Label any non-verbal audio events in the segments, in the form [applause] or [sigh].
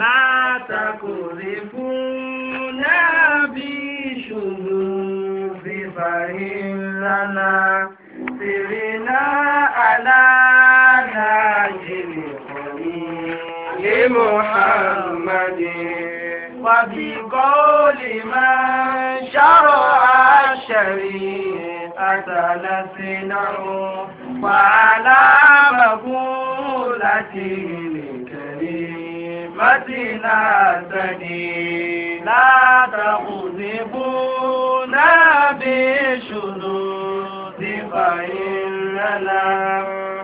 látàkùnrin fún náàbí ṣùgbọ́n fífà ìlànà sírìnà aláàdá jìnnìkọ̀ọ́ni ní muhammadu wàbí kọ́ọ̀lì máa ń ṣàrọ̀ àṣẹ̀rí. سنسمعه وعلى مقولته لا سني لا تخذبونا بشذوذ فإننا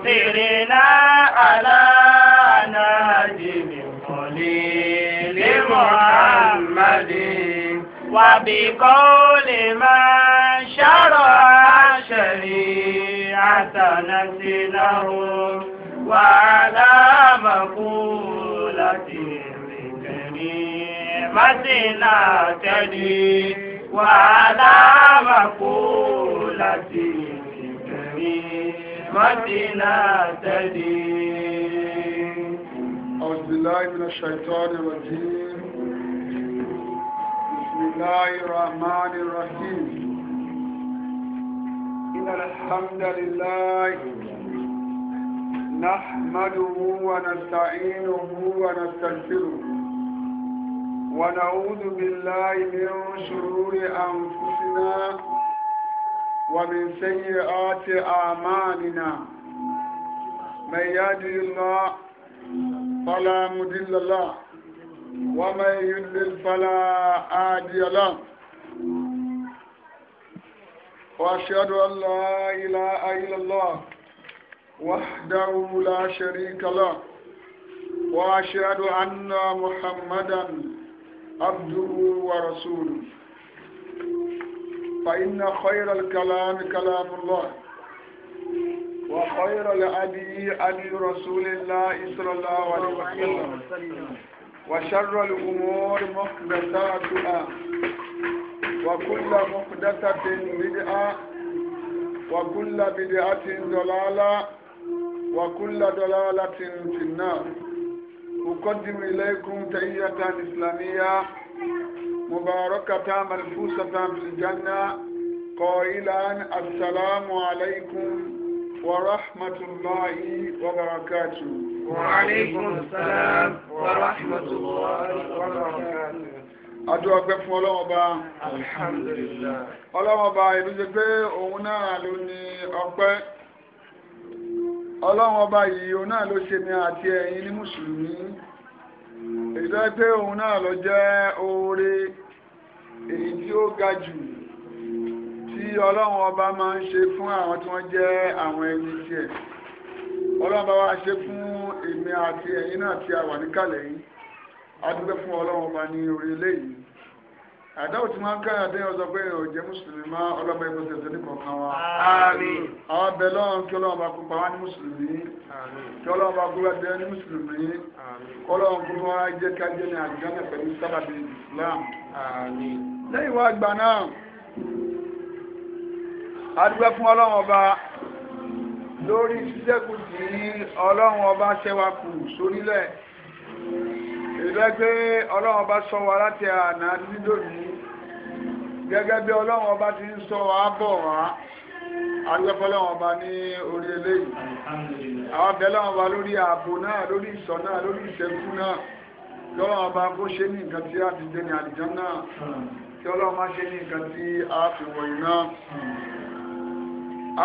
سرنا على نهج قليل محمد وبقول ما شرع شريعة نسله وعلى من كريمة لا وعلى مقولته لكريمة نعتدي أعوذ بالله من الشيطان الرجيم بسم الله الرحمن الرحيم إن الحمد لله نحمده ونستعينه ونستغفره ونعوذ بالله من شرور أنفسنا ومن سيئات أعمالنا من يهدي الله فلا مضل له ومن يضلل فلا هادي له وأشهد أن لا إله إلا الله وحده لا شريك له وأشهد أن محمدا عبده ورسوله فإن خير الكلام كلام الله وخير الأدي أدي رسول الله صلى الله عليه وسلم وشر الأمور محدثاتها وكل محدثة بدعة وكل بدعة ضلالة وكل ضلالة في النار أقدم إليكم تحية إسلامية مباركة ملفوسة في الجنة قائلا السلام عليكم ورحمة الله وبركاته وعليكم السلام ورحمة الله وبركاته Adúwà pẹ́ fún ọlọ́mọba. Alhamdulillah. Ọlọ́mọba ìlú ṣe pé òun náà ló ní ọpẹ́. Ọlọ́mọba yìí òun náà ló ṣe ní àti ẹ̀yin ní Mùsùlùmí. Èyí tó pé òun náà ló jẹ́ oore èyí tí ó ga jù tí ọlọ́mọba máa ń ṣe fún àwọn tí wọ́n jẹ́ àwọn ẹni tiẹ̀. Ọlọ́mọba wa ṣe fún èmi àti ẹ̀yin náà tí a wà níkàlẹ̀ yìí adúgbẹ́ fún ọlọ́run ọba ní orí eléyìí àdáwò tí máa ń káyà dé ọjọ́ pé òjẹ́ mùsùlùmí máa ọlọ́mọ ẹgbẹ́ tẹ̀sẹ̀ ní kọ̀ọ̀kan wa. àmín. àwọn abẹ lọ́run kí ọlọ́run bá kó pa wá ní mùsùlùmí. kí ọlọ́run bá kó jẹ́ ní mùsùlùmí. kọ́lọ́run kó wá jẹ́ ká jẹ́ ní àjọyọ̀ pẹ̀lú sábàbí Islam. àmín. lẹ́yìn wá gbà náà adúgbẹ́ fún ọlọ́run ọba lórí ṣíṣẹ́kù tí ọlọ́run ọba ṣẹ́wàkù sórílẹ̀ ìrẹ́ pé ọlọ́run bá sọ wa láti àná títí lónìí gẹ́gẹ́ bí ọlọ́run ọba ti ń sọ wa bọ̀ wá agbẹ́fọ́lọ́run ọba ní orí eléyìí àwọn abẹ́lọ́run ọba lórí ààbò náà lórí ìṣọ́ náà lórí ìṣẹ́kù náà lọ́run ọba kó ṣe ní nǹkan tí a ti dé ní àdìjọ́ náà tí ọlọ́run má ṣe ní nǹkan tí a fi wọ̀nyí náà àwọn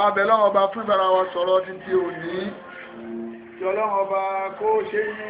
abẹ́lọ́run ọba fún ìbára wa sọ̀rọ̀ títí òní tí ọlọ́run ọba kó ṣe ní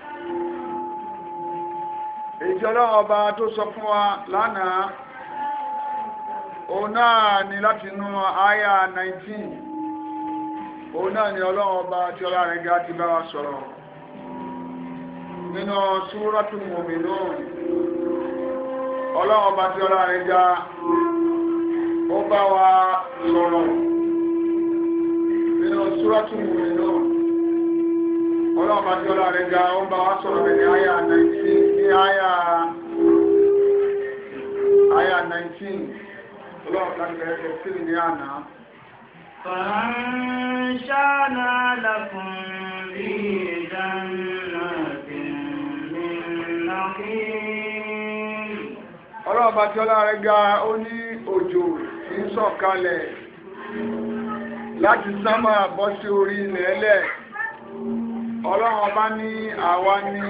èyí ọlọ́run ọba tó sọ fún wa lánàá òun náà ni láti inú àyà 19 òun náà ni ọlọ́run ọba tí ọlá rẹ̀ ga ti bá wa sọ̀rọ̀ nínú Suratul Mu'minun ọlọ́run ọba tí ọlá rẹ̀ ga ó bá wa sọ̀rọ̀ nínú Suratul Mu'minun ọlọ́run ọba tí ọlá rẹ̀ ga ó bá wa sọ̀rọ̀ nínú àyà 19 àyà 19 ọlọ́run ọba bẹ̀rẹ̀ sí ní ọlọ́run rẹ̀ ga ó ní òjò tí ń sọ̀kalẹ̀ láti sánmà bọ́ sí orí ilẹ̀ ẹlẹ́ ọlọ́run bá ní àwa ní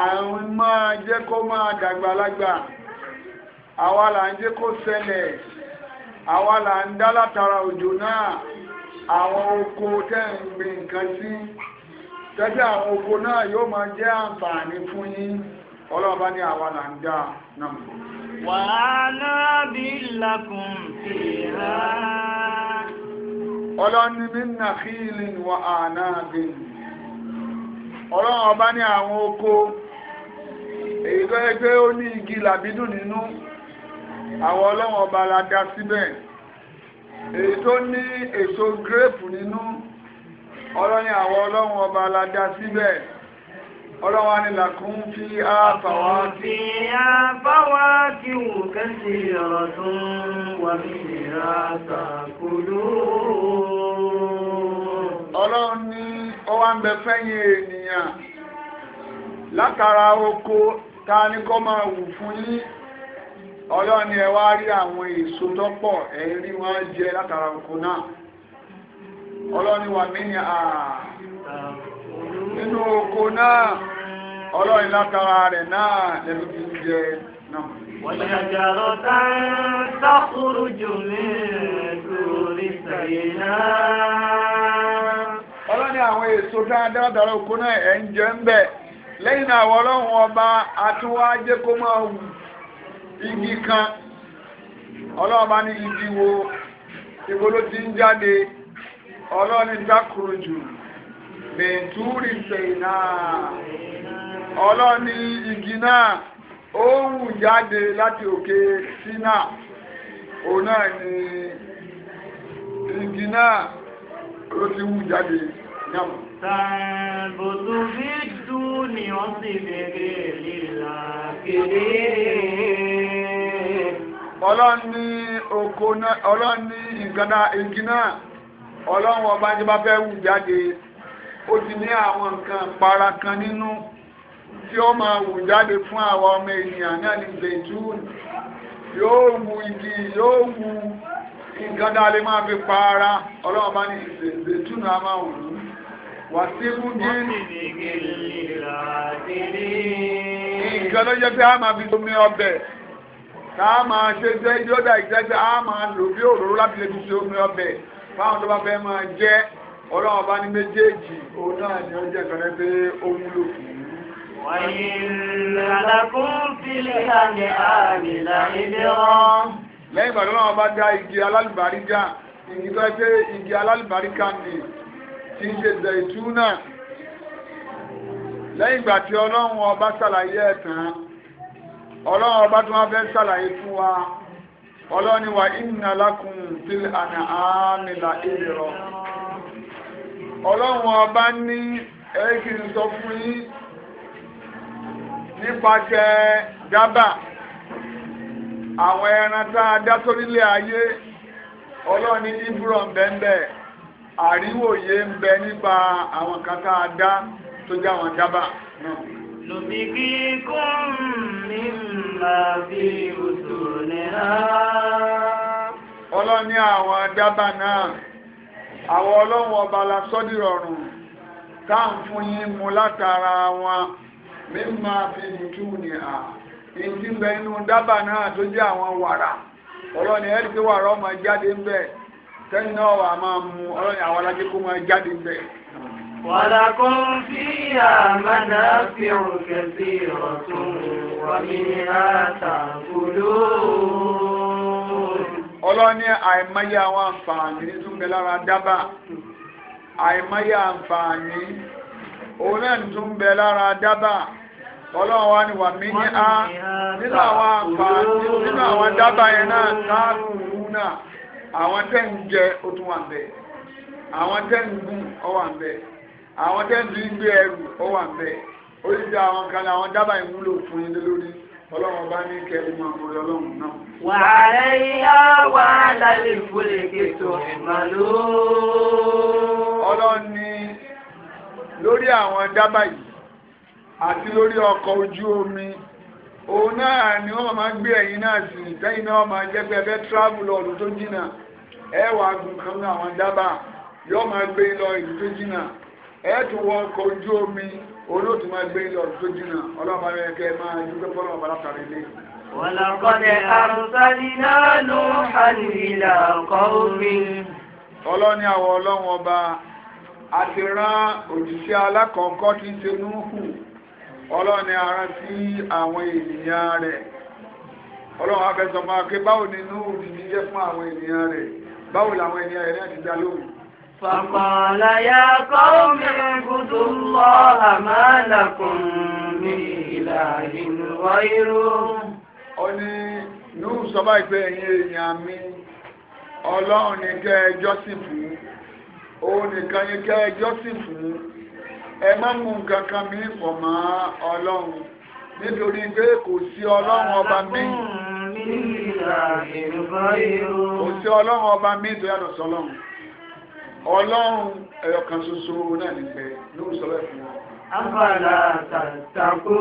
àrùn máa jẹ́ kó máa dàgbàlagbà àwa là ń jẹ́ kó ṣẹlẹ̀ àwa là ń dá látara òjò náà àwọn oko tẹ́ nǹkan sí tẹ́jẹ́ àwọn oko náà yóò máa jẹ́ àǹfààní fún yín ọlọ́run ní àwa là ń dá náà. wàhálà bí lakùn fìhà. ọlọ́ni mi nà kí ìlú wa àná ọlọ́run ọba ní àwọn oko èyí tó yẹ pé ó ní igi làbídùn nínú àwọn ọlọ́run ọba la dá síbẹ̀ èyí tó ní èso gírèpù nínú ọlọ́ni àwọn ọlọ́run ọba la síbẹ̀ ọlọ́wà ni làkún fi àfàwà kí àfàwà kí wù kẹ́sì ọ̀tún wà ní ìrà àtàkùlù ní wa ń bẹ fẹ́yìn ènìyàn látara oko ta ní kọ́ máa wù fún ọlọ́ni ẹ wá rí àwọn èso tọ́pọ̀ ẹ̀rí jẹ látara oko náà ọlọ́ni wà mí àà oko náà ọlọ́ni látara rẹ̀ náà lẹ́nu ti jẹ náà. وشجرة تخرج من دور ọlọ́ni àwọn èso dáadáa dára òkú náà ẹ̀ ń jẹ ń bẹ̀ lẹ́yìn àwọn ọlọ́run ọba àtúwájẹ́ kó máa wù igi kan ọlọ́run bá ní igi wo ibo ló ti ń jáde ọlọ́ni dákùrù jù igi náà ó wù jáde láti òkè sínà òun náà igi náà ló ti wù تنبت في الدون وصبر للآكلين ọlọ́ni oko náà ọlọ́ni ìgbàdá igi náà ọlọ́run ọba tí bá fẹ́ wù jáde ó ti ní àwọn nǹkan para kan nínú tí ó máa wù jáde fún àwọn ọmọ ènìyàn náà ní zaitun yóò wù igi yóò wù nǹkan dáa lè máa fi para ọlọ́run bá ní zaitun náà máa wù ú nǹkan ló jẹ́ pé a máa fi omi ọbẹ̀ ká máa ṣe jẹ́ yóòdà ìjẹ́jẹ́ a máa lò bí òróró láti lè fi ṣe omi ọbẹ̀ fáwọn tó bá fẹ́ máa jẹ́ ọlọ́run bá ní méjèèjì òun náà ni ó jẹ́ ìtọ́lẹ́ pé ó wúlò fún un. wàyí làlákún fílẹ̀ àmì àmì làmìlẹ́rán. lẹ́yìn ìgbà tó bá dá igi alálùbáríkà igi tó ẹ igi alálùbáríkà nìyí. tí ń ṣe zaituna lẹ́yìn ìgbà tí ọlọ́run ọba ṣàlàyé ẹ̀tàn ọlọ́run ọba tó wá fẹ́ ṣàlàyé fún wa ọlọ́ni wa inna lakum fil àmìlà la ọlọ́run ọba ní ẹ̀kí ń sọ fún yín nípasẹ̀ àwọn ẹran tá a dá sórílẹ̀ ayé ọlọ́run ní ibùrọ̀ bẹ́ẹ̀ bẹ́ẹ̀. àríwòye ń bẹ nípa àwọn kan àdá tó já wọn náà. lòmí kí kún mi ma fi òtò nìyà. ọlọ́ni àwọn adábà náà àwọn ọlọ́run ọba la sọ́dí rọrùn táà fún yín mu látara wọn fi ìdí bẹ dábà náà tó jẹ́ àwọn wàrà ọlọ́ni ẹ̀rí wàrà ọmọ jáde ń tẹ́yìn náà wà máa mú ọlọ́yìn àwọn alájẹ́ kó máa jáde bẹ́ẹ̀. Wàlákún fi àmàdà fi òkè sí ọ̀tún wàmí àtàkùlò. Ọlọ́ni àìmọye àwọn àǹfààní tún bẹ lára dábà. Àìmọye àǹfààní Ọlọ́run wa ni wà mí ní á nínú àwọn àǹfààní nínú àwọn dábà yẹn náà táàkùn náà àwọn tẹ́ ń jẹ ó tún wà ń bẹ̀ àwọn tẹ́ ń gùn ó wà ń bẹ̀ àwọn tẹ́ ń gbé ẹrù ó wà ń bẹ̀ oríṣi àwọn kan àwọn dábàá ìwúlò fún yín lórí ọlọ́run bá ní kẹrin máa mọ̀ ọlọ́run náà. wà á rẹ̀ yá wà ìfúnlẹ̀ kẹtọ̀ ìmọ̀ló. ọlọ́run ní lórí àwọn dábàá yìí àti lórí ọkọ̀ ojú omi òun náà ni wọ́n máa gbé ẹ̀yìn náà sí tẹ́yìn náà máa jẹ́ pé ẹgbẹ́ travel ọ̀dún tó jìnà ẹwà gùn kan ní àwọn dábà yóò máa gbé lọ ìlú tó jìnà ọkọ̀ ojú omi olóòtú máa gbé lọ ìlú tó jìnà ọlọ́mọ rẹ̀ kẹ́ máa dúpẹ́ fọ́lọ́ ọ̀bálátàrí lé. ولقد أرسلنا àwọn ọlọ́run ọba àti òjíṣẹ́ alákọ̀ọ́kọ́ ọlọ́run ni ara sí àwọn ènìyàn rẹ̀ ọlọ́run afẹ́sọ̀ máa ké báwo ni inú òdìdí jẹ́ fún àwọn ènìyàn rẹ̀ báwo làwọn ènìyàn rẹ̀ ti dá lóhùn. ọlọ́run ni kẹ́ ẹ jọ́sìn fún òun nìkan ni kẹ́ ẹ jọ́sìn fún ẹ má mú nǹkan kan mí pọ̀ mọ́ ọlọ́run nítorí pé kò sí ọlọ́run ọba mí kò sí ọlọ́run ọba mí tó yàtọ̀ sọlọ́run ọlọ́run ẹyọ kan ṣoṣo náà nígbẹ́ ló sọ bẹ́ẹ̀ fún wọn. abala tàtàkó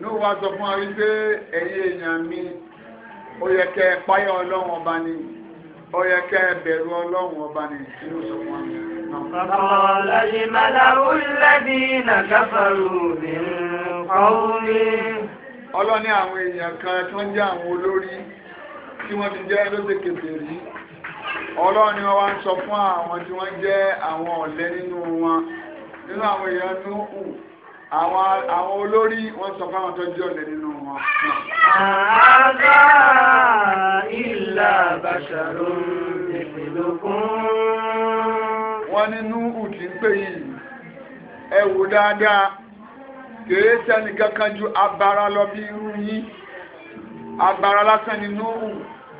ní wá sọ fún wa wípé ẹ̀yin èèyàn mi ó yẹ kẹ́ ẹ páyà ọlọ́run ọba ni ó yẹ kẹ́ ẹ bẹ̀rù ọlọ́run ọba ni inú sọ fún wa. فقال الملأ الذين كفروا من قومه ọlọ́ni àwọn èèyàn kan tí wọ́n jẹ́ àwọn olórí tí wọ́n ti jẹ́ lóde kèfèrí ọlọ́ni wọ́n wá ń sọ fún àwọn tí wọ́n jẹ́ àwọn ọ̀lẹ nínú wọn nínú àwọn èèyàn tó kù àwọn olórí wọ́n sọ fún àwọn tó jẹ́ ọ̀lẹ nínú wọn. àgbà wọ́n nínú ùtí ń pè yìí ẹ dáadáa kèé sẹ́ni kankan ju abara lọ bí irú yín abara lásán ni núhù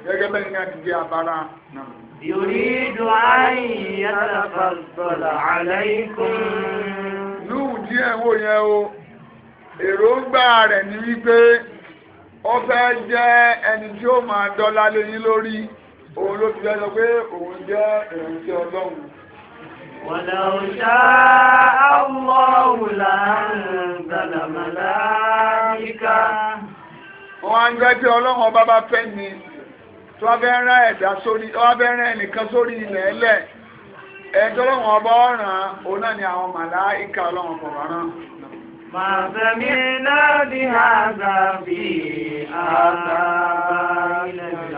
gẹ́gẹ́ bẹ́ẹ̀ ni a jẹ́ abara náà. Yòrídù àyìn yàtàfà sọ̀rọ̀ àlẹ́kùn. Núhù díẹ̀ wò yẹn o, èròǹgbà rẹ̀ ni wípé ó fẹ́ jẹ́ ẹni tí ó máa dọ́lá lé yín lórí, òun ló fi fẹ́ sọ pé òun jẹ́ èròǹṣẹ́ ọlọ́run. ولو شاء الله لأنزل ملائكة wọ́n á ń gbẹ́ pé ọlọ́run ọba fẹ́ tó rán ẹ̀dá sórí sórí ilẹ̀ ẹlẹ̀ ẹjọ́ ọba ọ̀ràn òun náà ni àwọn ọlọ́run rán.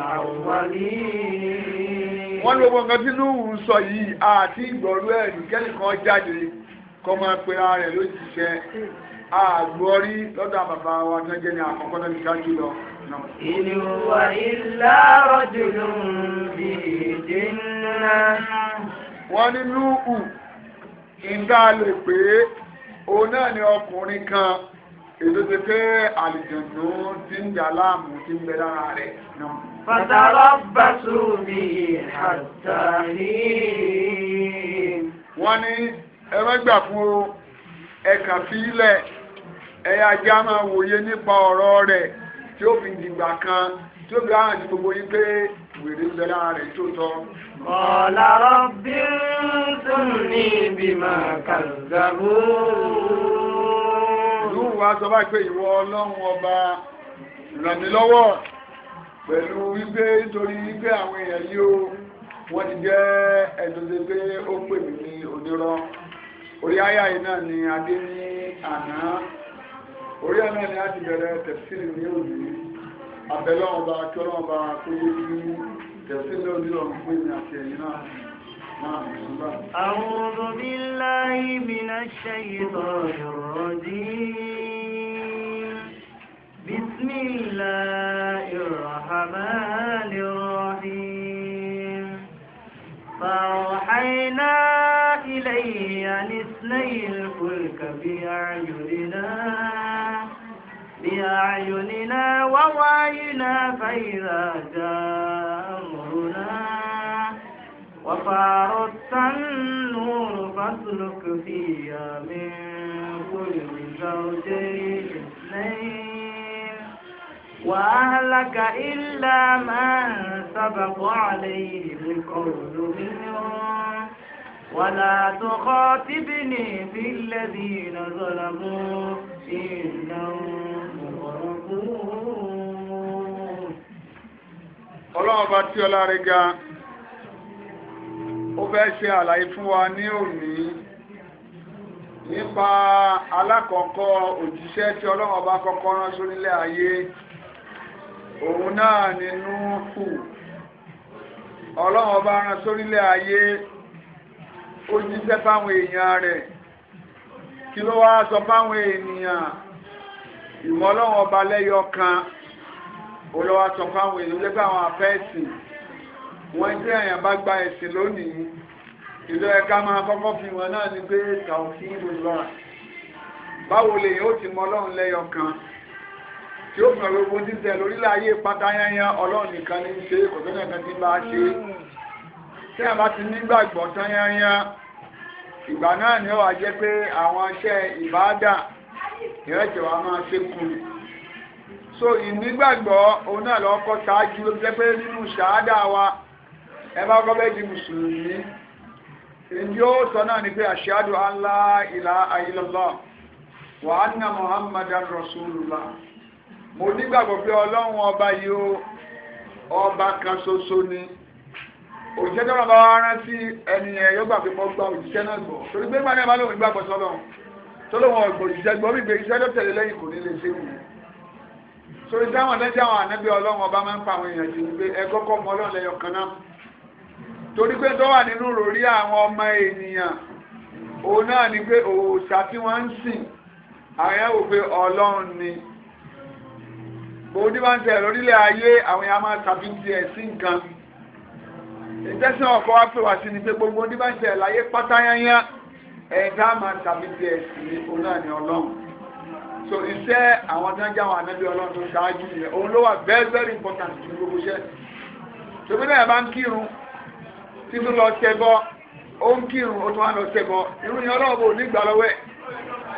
ha wọ́n ní gbogbo nǹkan tí lóhùn sọ yìí àti ìgbọ̀rú ẹ̀ nìkẹ́lì kan jáde kọ́ máa pe ara rẹ̀ lójíṣẹ́ lọ́dọ̀ àbàbà wa tó jẹ́ ní àkọ́kọ́ náà nìkan lọ. náà èdè ti pé àlìjẹ̀nù ti ń jà láàmù ti ń bẹ lára rẹ̀ náà. fatara basu mi àtàrí. wọ́n ní ẹgbẹ́gbà fún ẹ̀ka fílẹ̀ ẹ̀yà ajá máa wòye nípa ọ̀rọ̀ rẹ̀ tí ó fi dìgbà kan tí ó bí àwọn àti gbogbo yín pé wèrè ń bẹ lára rẹ̀ tó tọ́. ọ̀la ní Yúrù wá sọ bá pé ìwọ ọlọ́run ọba ràn pẹ̀lú wípé nítorí wípé àwọn èèyàn yìí ó wọ́n ti jẹ́ ẹ̀dọ́dẹ pé ó pè mí ní onírọ́. Orí àyà yìí náà ni Adé ní àná. Orí àná ni a ti bẹ̀rẹ̀ tẹ̀sílì ní òní. Àbẹ̀lọ́ kí ọlọ́run kó yé ní tẹ̀sílì ní òní ọ̀run pé ní àti ẹ̀yìn náà. أعوذ بالله من الشيطان الرجيم بسم الله الرحمن الرحيم فأوحينا إليه أن اثني الفلك بأعيننا بأعيننا ووعينا فإذا جاء أمرنا وفارت النور فاسلك فيها من كل زوجين اثنين وأهلك إلا من سبق عليه القول منهم ولا تخاطبني في الذين ظلموا إنهم مغرقون. ọlọ́run bá tí ọlá rẹ̀ ga ó fẹ́ ṣe àlàyé fún wa ní òní nípa alákọ̀ọ́kọ́ òjíṣẹ́ tí ọlọ́run ọba kọ́kọ́ rán sórílẹ̀ ayé òun náà ni Núhù ọlọ́run ọba rán sórílẹ̀ ayé ó jíṣẹ́ fáwọn èèyàn rẹ̀ kí ló wá sọ fáwọn ènìyàn ìmọ̀ ọlọ́run ọba lẹ́yọ kan olówó sọ fáwọn èèyàn lẹ́gbẹ̀ẹ́ àwọn afẹ́sìn wọ́n jẹ́ àyàn bá gba ẹ̀sìn lónìí ìlú ẹ̀ka máa kọ́kọ́ fi wọn náà ni pé tàwọn fi ń lọ báwo lèyìn ó ti mọ ọlọ́run lẹ́yọ kan tí ó fún ọgbogbo títẹ̀ lórílẹ̀ ayé pátá yányán ọlọ́run nìkan ní ṣe kò tó nìkan ti bá ṣe tí a bá ti nígbàgbọ́ tán yányán ìgbà náà ni ó wà jẹ́ pé àwọn iṣẹ́ ìbáàdà ìrẹ́jẹ̀ wa máa ṣe kù so ìnígbàgbọ́ òun náà lọ́kọ́ ṣáájú ló jẹ́ pé nínú ṣáádà wa ẹ bá kọ́ bẹ́ẹ̀ di mùsùlùmí èyí ó sọ náà ni pé ashhadu an la ilaha illallah wa anna muhammadan rasulullah mo nígbàgbọ́ pé ọlọ́run ọba yìí ó ọba kan ṣoṣo ni òjíṣẹ́ tọ́lọ́ bá wá rántí ẹni ẹ̀ yóò gbà pé mo gba òjíṣẹ́ náà gbọ́ torí pé mọ́ni ẹ̀ lóun ìgbàgbọ́ sọ́lọ́run tọ́lọ́wọ́n ọ̀gbọ̀n òjíṣẹ́ gbọ́ wípé iṣẹ́ tó lẹ́yìn kò ní lè ṣe wù sórí táwọn ọ̀dẹ́jà àwọn ànábì ọlọ́run ọba máa ń pa àwọn èèyàn jù ní pé ẹ kọ́kọ́ mọ ọlọ́run lẹ́yọ kan náà torí pé tó wà nínú ròrí àwọn ọmọ ènìyàn òun náà ni pé òòṣà tí wọ́n ń sìn àwọn yẹn pé ọlọ́run ni òun ní lórílẹ̀ ayé àwọn yẹn máa tàbí ti ẹ̀ sí nǹkan ìtẹ́sán ọkọ̀ wá pè wá sí ni pé gbogbo ní láyé pátáyányá ẹ̀dá máa tàbí ti ẹ̀ sí òun náà ni ọlọ́run so iṣẹ́ àwọn tí wọ́n já àwọn ànábì ọlọ́run tó ṣáájú yẹn òun ló wà very very important ní gbogbo iṣẹ́ tòmínà ẹ̀ bá ń kírun títú lọ ṣẹbọ ó ń kírun ó tún wá lọ ṣẹbọ irú yẹn ọlọ́run bò nígbà lọ́wọ́ ẹ̀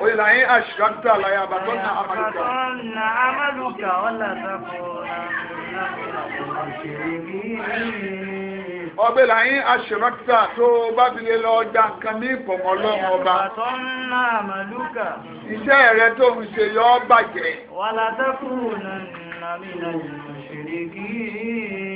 oyinlaye aṣirata alaya abatọ́nà amaluka. ọ̀nà amaluka ọ̀là ọbẹ̀ làyín aṣirata tó bá lọ da nǹkan ní ìpọ̀mọ́ ọlọ́run ọba. ọ̀nà amaluka. iṣẹ́ rẹ tó ń ṣe yọ ọ́ bàjẹ́. wàlá tẹ́kùn náà nínú ìṣèlérí.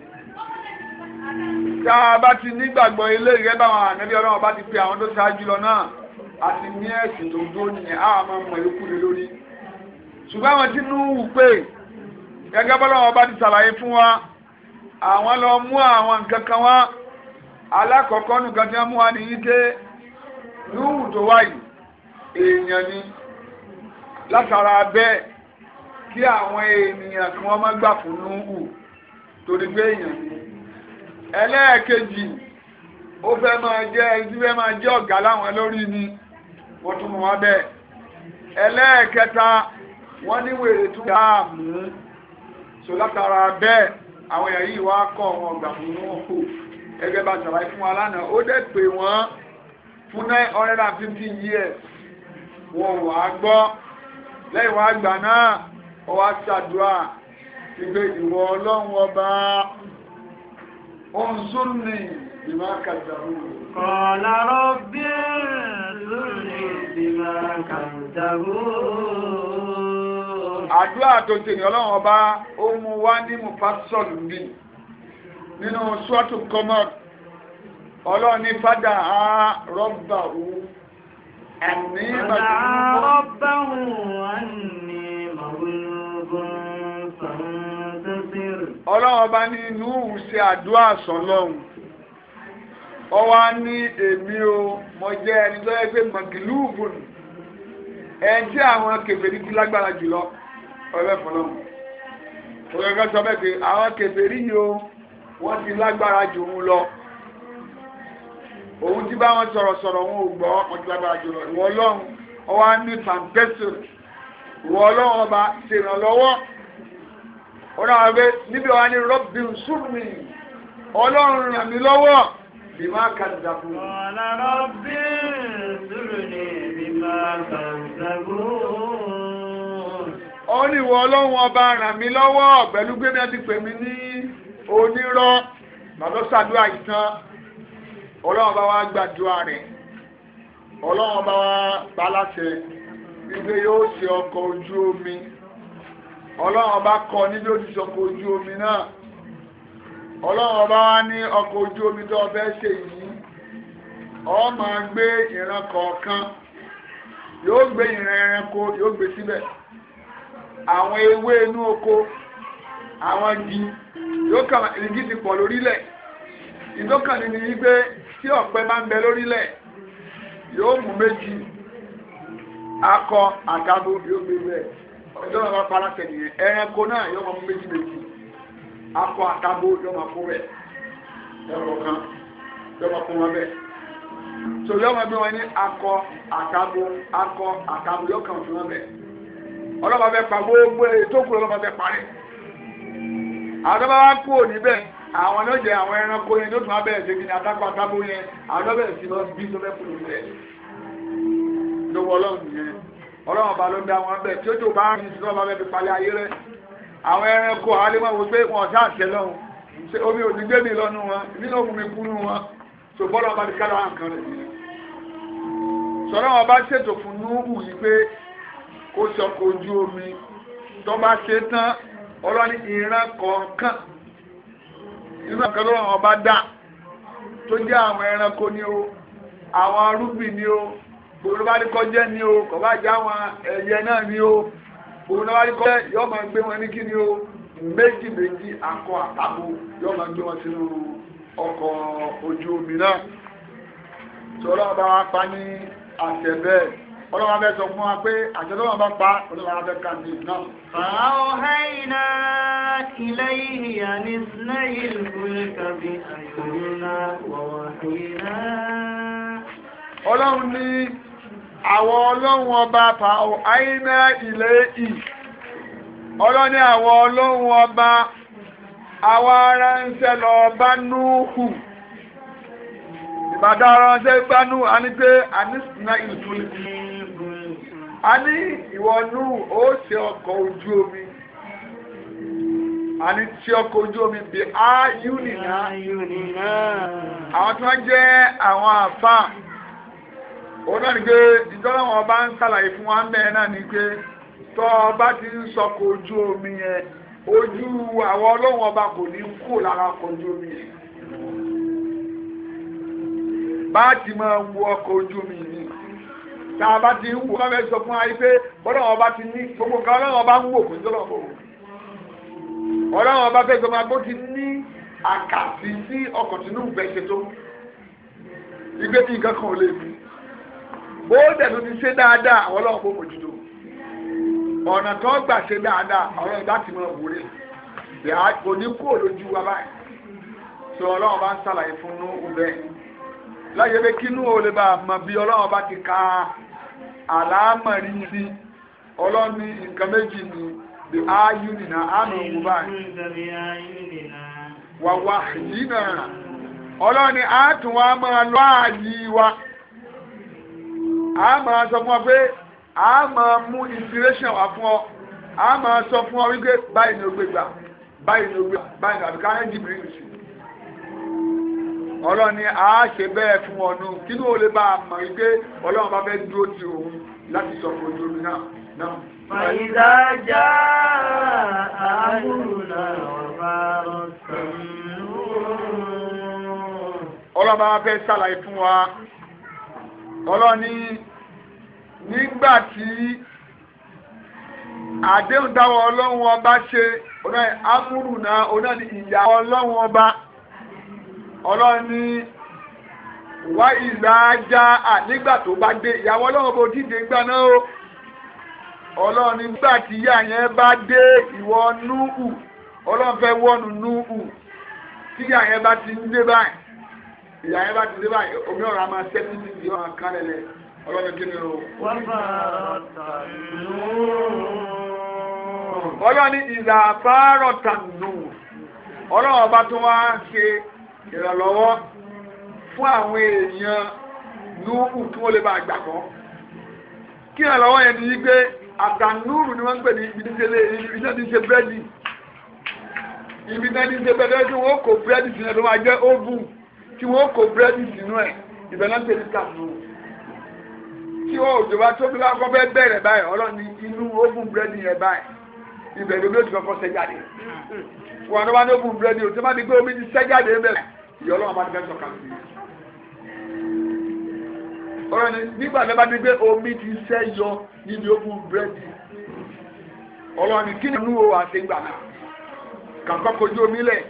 tá a bá ti nígbàgbọ́ ilé rẹ báwọn ànábí ọlọ́run bá ti pe àwọn tó ṣáájú lọ náà àti ní ẹ̀sìn tó dúró nìyẹn á máa mọ̀ ikú lé lórí ṣùgbọ́n àwọn tí nú wù pé gẹ́gẹ́ bọ́lọ́run bá ti ṣàlàyé fún wa àwọn lọ mú àwọn nǹkan kan wá alákọ̀ọ́kọ́ nǹkan tí wọ́n mú wa ní ike lúwù tó wáyìí èèyàn ni látara bẹ́ẹ̀ kí àwọn ènìyàn kí wọ́n má gbà fún lúwù torí pé èèyàn ni ẹlẹ́ẹ̀kejì ó fẹ́ máa jẹ́ ẹni fẹ́ máa jẹ́ ọ̀gá láwọn lórí ni wọ́n tún wọn bẹ́ẹ̀ ẹlẹ́ẹ̀kẹta wọ́n ní wèrè tún dáa mú so látara bẹ́ẹ̀ àwọn èèyàn yìí wá kọ́ wọn ọgbà fún wọn kù ẹgbẹ́ bá ṣàlàyé fún wa lánàá ó dẹ̀ pè wọ́n fún nine hundred and fifty years wọn wà á gbọ́ lẹ́yìn wá gbà náà ó wá ṣàdúrà ìgbé ìwọ ọlọ́run ọba. انظرني بما كذبون قال رب انظرني بما كذبون àdúrà tó ṣe ní ọlọ́run ọba ó mú wá ní mufasol mi nínú ṣọ́ọ̀tù kọ́mọ́t ọlọ́run ní fádà á ọlọ́run ọba ní Nuhu ṣe àdúrà sọlọ́run ọ wá ní èmi o mo jẹ́ ẹni tó yẹ pé mọ̀gìlúùbù ẹni tí àwọn kèfèrí ti lágbára jùlọ ọbẹ̀ fọlọ́run òkèkè sọ bẹ́ẹ̀ pé àwọn kèfèrí yìí o wọ́n ti lágbára jù òun lọ òun ti bá wọn sọ̀rọ̀ sọ̀rọ̀ wọn ò gbọ́ wọn ti lágbára jù lọ ìwọ ọlọ́run ọwọ́ á ní tàǹpẹ́sì ìwọ ọlọ́run ọba ṣèrànlọ́wọ́ ọlọ́run abẹ́ níbi wa ni rọ́bì sùnmi ọlọ́run ràn mí lọ́wọ́ bí máa kàdà fún mi. ọ̀la rọ́bì sùnmi bí máa kàdà fún mi. ó ní ìwọ ọlọ́run ọba ràn mí lọ́wọ́ pẹ̀lú gbé mi ti pè mí ní onírọ́ bàbọ́sàdúrà ìtàn ọlọ́run bá wa gbàdúrà rẹ̀ ọlọ́run bá wa pa láṣẹ wípé yóò ṣe ọkọ̀ ojú omi ọlọ́run ọba kọ níbi òjúṣe ọkọ̀ ojú omi náà ọlọ́run ọba wá ní ọkọ̀ ojú omi tó ọbẹ̀ ṣe yìí ó máa gbé ìran kọ̀ọ̀kan yóò gbé ìran ẹranko yóò gbé síbẹ̀ àwọn ewé inú oko àwọn igi yóò kà igi ti pọ̀ lórílẹ̀ ìdókànnì ni wípé tí ọ̀pẹ máa ń bẹ lórílẹ̀ yóò mú méjì akọ àtàbò yóò gbé bẹ́ẹ̀ ọjọ́ náà bá para tẹ̀lé ẹranko náà yọ ọmọ méjì méjì akọ àtàbó yọ ọmọ kó bẹ̀ ẹ̀rọ kan yọ ọmọ kó wọn bẹ̀ so yọ ọmọ bí wọn ní akọ àtàbó akọ àtàbó yọ kàn fún wọn bẹ̀ ọlọ́mọ bẹ pa gbogbo ètò òkú ọlọ́mọ bẹ parí àwọn bá wá kúrò níbẹ̀ àwọn náà jẹ àwọn ẹranko yẹn tó tún wá bẹ̀rẹ̀ sí ní atákọ̀ àtàbó yẹn àwọn bẹ̀rẹ̀ sí lọ bí tó fẹ́ fún un bẹ̀ lọ́wọ́ ọlọ́run yẹn ọlọ́run ọba ló ń dá wọn bẹ́ẹ̀ tí ó tó bá ń rìn sí ọba bẹ́ẹ̀ fi palẹ̀ ayé rẹ̀ àwọn ẹranko àálẹ́mọ̀ wo pé wọn ọ̀sá àṣẹ lọ́hùn ṣe omi ò ní gbé mi lọ́nu wọn nínú òkú mi kú nù wọn tó bọ́lọ́ ọba ti kára nǹkan rẹ̀ nìyẹn sọ̀rọ̀ wọn bá ṣètò fún núhù yìí pé kó sọkò ojú omi tó bá ṣe tán ọlọ́ni ìran kọ̀ọ̀kan ìran kan lọ́wọ́ wọn bá dà tó jẹ́ àwọn ẹranko ni o àwọn arúgbìn ni o gbogbo bá rí ni o kọ̀ bá wọn ẹ̀yẹ náà ni o gbogbo yọ máa gbé wọn ní kí ni o méjì méjì akọ àtàbò yọ máa gbé wọn sínú ọkọ̀ ojú omi náà pa ní àṣẹ bẹ́ẹ̀ ọlọ́wọ́ sọ fún wa pé bá pa ní snail àwọn ọlọ́run ọba pàó àìná ilẹ̀ ì ọlọ́ni àwọn ọlọ́run ọba àwọn ará ń ṣe lọ bá núhù ìbàdá ara ń ṣe bá núhù a ní pé a ní sinna ìlú a ní ìwọ núhù ó ọkọ̀ ojú omi àní tí ọkọ̀ ojú omi bí áyúnì náà àwọn tí wọ́n jẹ́ àwọn àfáà òun náà ni pé ọba ń ṣàlàyé fún wa mẹ́ẹ̀ náà ni pé tọ́ ọba ti ń sọkò omi yẹn ojú àwọn ọlọ́wọ́n ọba kò ní kó lára ọkọ̀ ojú omi yẹn bá ti máa wo ọkọ̀ ojú omi yìí tá a bá ti ń wò káfẹ́ sọ fún ọba ti ní gbogbo nǹkan ọba ń wò kò ọba fẹ́ sọ fún ti ní àkàtì sí ọkọ̀ bó dẹ̀nu ti ṣe dáadáa àwọn ọlọ́run ọ̀nà tó gbà ṣe dáadáa ọlọ́run bá ti mọ òwúrè kò lójú wa báyìí sọ ọlọ́run bá ń ṣàlàyé fún nú láyé kínú ò lè bá a ti ka àlámọ̀rí nǹkan méjì àmì báyìí yìí náà máa wa. a máa sọ fún ọ pé a máa mú inspiration wá fún ọ a máa sọ fún ọ wípé báyìí ni ó gbé gbà báyìí ni ó gbé báyìí ni àbíká ẹ̀ jìbìrì nìṣẹ́ ọlọ́run ni a ṣe bẹ́ẹ̀ fún ọ̀nù kí ni ó lè bá a mọ̀ wípé ọlọ́run bá fẹ́ dúró ti òun láti sọ fún ojú omi náà náà. Fàyídá já àmúrùnà ọ̀bá ọ̀sán. Ọlọ́run bá fẹ́ ṣàlàyé fún wa ọlọ́ni nígbà tí àdéhùn dáwọ́ ọlọ́run ọba ṣe ọ̀nà amúrù náà ọ̀nà ni ìyá ọlọ́run ọba ọlọ́ni wá ìlà ajá nígbà tó bá dé ìyàwó ọlọ́run bó dìde gbà náà o ọlọ́run nígbà tí ìyá yẹn bá dé ìwọ núhù ọlọ́run fẹ́ wọ́nu núhù tí ìyá yẹn bá ti ń dé báyìí ìyá yẹn bá ti dé báyìí omi ọ̀rọ̀ a máa ṣẹ́kù sí ìdí ọ̀rọ̀ kan lẹ̀ ọlọ́run kí ni o. wọ́n bá tànú. ọlọ́run ní ìlà àbárọ̀ tànú ọlọ́run ọba tó wá ṣe ìrànlọ́wọ́ fún àwọn èèyàn núhù kí wọ́n lè bá gbàgbọ́ kí ìrànlọ́wọ́ yẹn ti yí pé àtànúrù ni wọ́n ń pè ní ibi tí ti ṣe búrẹ́dì ibi tí ti ṣe búrẹ́dì wọ́n kò búrẹ́dì sí ẹ̀ tó máa jẹ́ óvùn tí wọ́n kó búrẹ́dì sínú ẹ̀ ìbẹ̀ náà tẹ̀lé kàmú tí wọ́n òjò bá tó bí wọ́n kọ́ fẹ́ bẹ̀rẹ̀ báyìí ọlọ́run ní inú ogun búrẹ́dì yẹn báyìí ibẹ̀ ló ló ti kọ́kọ́ sẹ́ jáde wọn ló bá ní ogun búrẹ́dì òtí má ti gbé omi ti sẹ́ jáde bẹ̀rẹ̀ ìyọ́ ọlọ́run bá ti fẹ́ sọ̀kan sí i ọ̀rọ̀ ni nígbà mẹ́bàá ní pé omi ti sẹ́ yọ níbi ogun búrẹ́dì ọlọ́run ní kí ni inú o àti ìgbà náà kàkọ́ kojú omi lẹ̀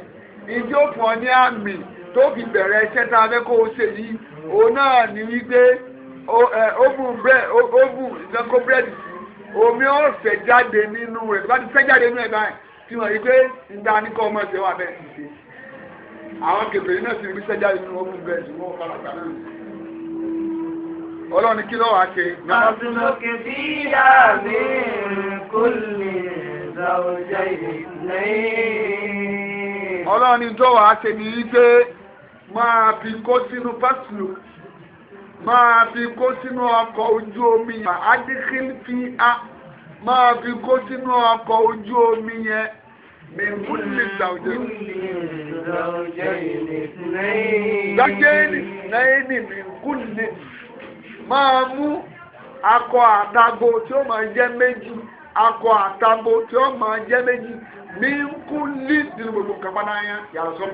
ìjọ́ fún ọ tó bẹ̀rẹ̀ iṣẹ́ tá o yìí òun náà ní wípé omi ọ̀sẹ̀ jáde nínú rẹ̀ bá ti fẹ́ jáde nínú ẹ̀ báyìí tí wọ́n rí nígbà ní ọmọ ẹ̀sẹ̀ wà bẹ́ẹ̀ sì àwọn kẹfẹ́rí náà sì rí sẹ́jà nínú oven bread wọ́n fara gbà ọlọ́run kí ló wàá ṣe. àtúnlọ́kẹ́ bí yá mi kò lè ra ọjà ni wípé. máa fi kó sínú pásìlù máa fi kó sínú ọkọ̀ ojú omi yẹn adékèlì fi á máa fi kó sínú ọkọ̀ ojú omi yẹn mẹ̀kúnlẹ̀ ṣàwùjẹ́ máa mú akọ àtagbo tí ó máa jẹ́ méjì akọ àtagbo tí ó máa méjì gbogbo kàpánáyà yàrá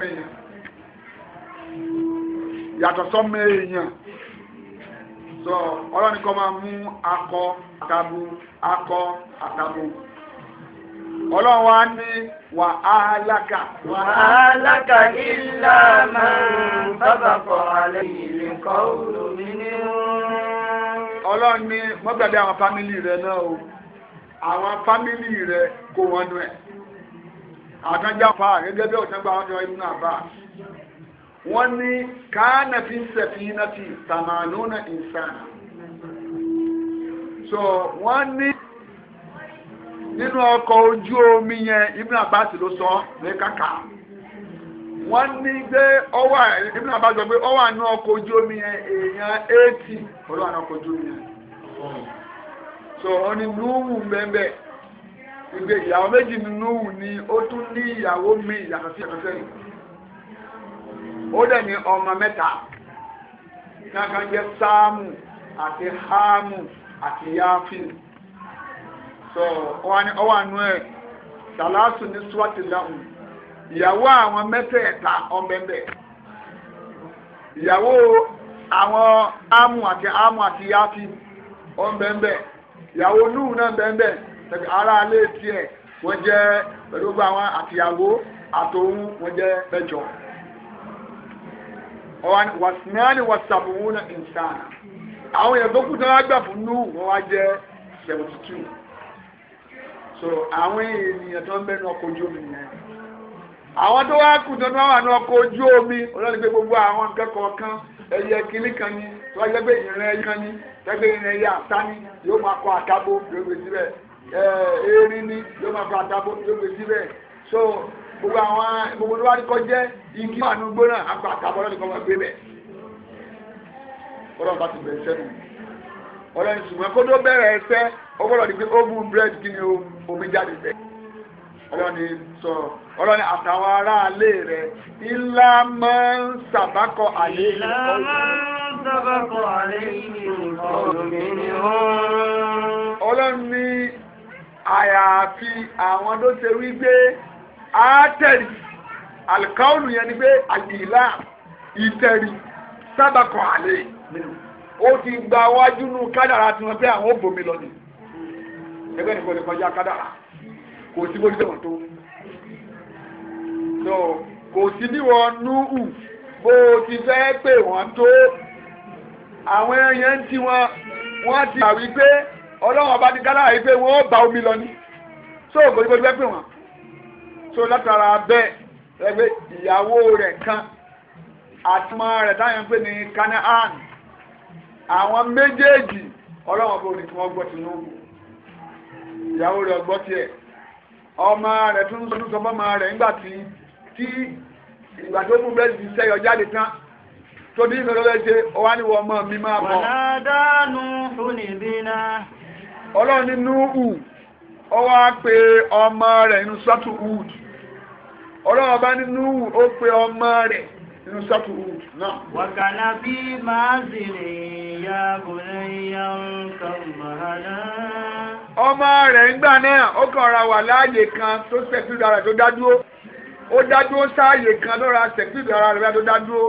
yàtọ̀ sọ́mọ èèyàn sọ ọlọ́ni kọ́ máa akọ àtàbù akọ àtàbù ọlọ́run wa ní wà á lákà. wà á lákà ìlà máa ń alẹ́ ìlẹ̀ kọ́ òmìnir ní. ọlọ́run ní mọ́gbàgbé àwọn fámìlì rẹ náà o àwọn fámìlì rẹ kó wọn nú ẹ̀ àtàjà fa gẹ́gẹ́ bí ọ̀sán gba inú àbá. wọ́n ní káànà fi sẹ̀fínà ti tàmánúnà ìsànà so wọ́n ní nínú ọkọ̀ ojú omi yẹn Ibn Abbas ló sọ ní kàkà wọ́n ní gbé ọwà Ibn Abbas sọ pé ọwà nínú ọkọ̀ ojú omi yẹn èèyàn eighty olúwa ní ọkọ̀ ojú omi yẹn so wọ́n ní núhù bẹ́ẹ̀ ìgbé ìyàwó méjì nínú núhù ni ó tún ní ìyàwó mi ìyàtọ̀ sí ẹ̀kọ́ sẹ́yìn. ó dẹ̀ ní ọmọ mẹ́ta kankan jẹ́ sáàmù àti háàmù àti yáfìn so ọwà nú ẹ̀ sàlásù ní swati lahun ìyàwó àwọn mẹ́tẹ̀ẹ̀ta ọ̀bẹ̀bẹ̀ ìyàwó àwọn ámù àti ámù àti yáfìn ọ̀bẹ̀bẹ̀ ìyàwó núù náà bẹ̀ẹ̀bẹ̀ tẹ̀bí ara alé tiẹ̀ wọ́n jẹ́ pẹ̀lú gbogbo àwọn àtìyàwó àtòun wọ́n jẹ́ mẹ́jọ. wàsínáàni wàsàbùwò na ìsáàna àwọn èèyàn tó kú tó wá gbà fún núù wọ́n wá jẹ́ seventy two so àwọn èèyàn tó ń bẹ ní ọkọ̀ ojú omi yẹn àwọn tó wá kú tó wá wà ní ọkọ̀ ojú omi olóòtú pé gbogbo àwọn nǹkan kọ̀ọ̀kan ẹyẹ kìíní kan ni tó wáyé pé ìrìn ẹyẹ kan ni tẹ́gbẹ́ ìrìn ẹyẹ àtá ni yóò máa kọ àtàbó yóò gbé síbẹ̀ ẹ̀ẹ́rín ni yóò máa kọ àtàbó yóò gbé síbẹ̀ so gbogbo àwọn gbogbo tó bá rí kọjẹ́ igi máa nú gbóná àgbà àtàbọ̀lọ́ nìkan máa gbé bẹ̀. ọlọ́run bá ti bẹ̀rẹ̀ sẹ́nu ọlọ́run ṣùgbọ́n kó tó bẹ̀rẹ̀ ẹsẹ́ ó gbọ́dọ̀ pé ó mú bread kí ni omi jáde bẹ̀. ọlọ́run sọ ọlọ́run àtàwọn aráalé rẹ̀ ńlá máa ń sàbákọ̀ àlè ìlú ọlọ́run ní àyàfi àwọn tó ṣe wí àátẹ̀rì àlùkáwùlù yẹn ni pé àdìlá ìtẹ̀rì sábàkọ̀ àlè ó ti gba wájú nù kádàrà tí wọ́n pé àwọn òbòmí lọ ni ẹgbẹ́ nìkan lè kọjá kádàrà kò sí bó dídọ̀wọ̀n tó so kò sí bí wọ́n núhù bó ti fẹ́ pè wọ́n tó àwọn ẹyẹ ń tí wọn wọ́n ti gbà wípé ọlọ́wọ́n bá ti kádàrà wípé wọ́n ó omi lọ ni so kò sí bó ti fẹ́ pè wọ́n. so látara bẹ́ẹ̀ ẹgbẹ́ ìyàwó rẹ̀ kan àtúmọ̀ rẹ̀ táyọ̀ ń pè ní Canaan àwọn méjèèjì ọlọ́wọ́n bò ní kí wọ́n gbọ́ ìyàwó rẹ̀ gbọ́ tiẹ̀ ọmọ rẹ̀ tún ń sọ fọ́mọ rẹ̀ nígbà tí tí ìgbà tó mú bẹ́ẹ̀ ti sẹ́yọ jáde tán tó ní ṣe wọ́n máa bọ̀. ọlọ́wọ́ bá nínú ó pe ọmọ rẹ̀ nínú sọ́tù wood náà. wàkàlà bí máa zèrè ya bùrẹ̀ ya ń kàn mọ̀hánà. ọmọ rẹ̀ ńgbà náà ó kàn ra kan tó sẹ́kì ara tó dádúró ó dádúró sáàyè kan lọ́ra sẹ́kì dára rẹ̀ tó dádúró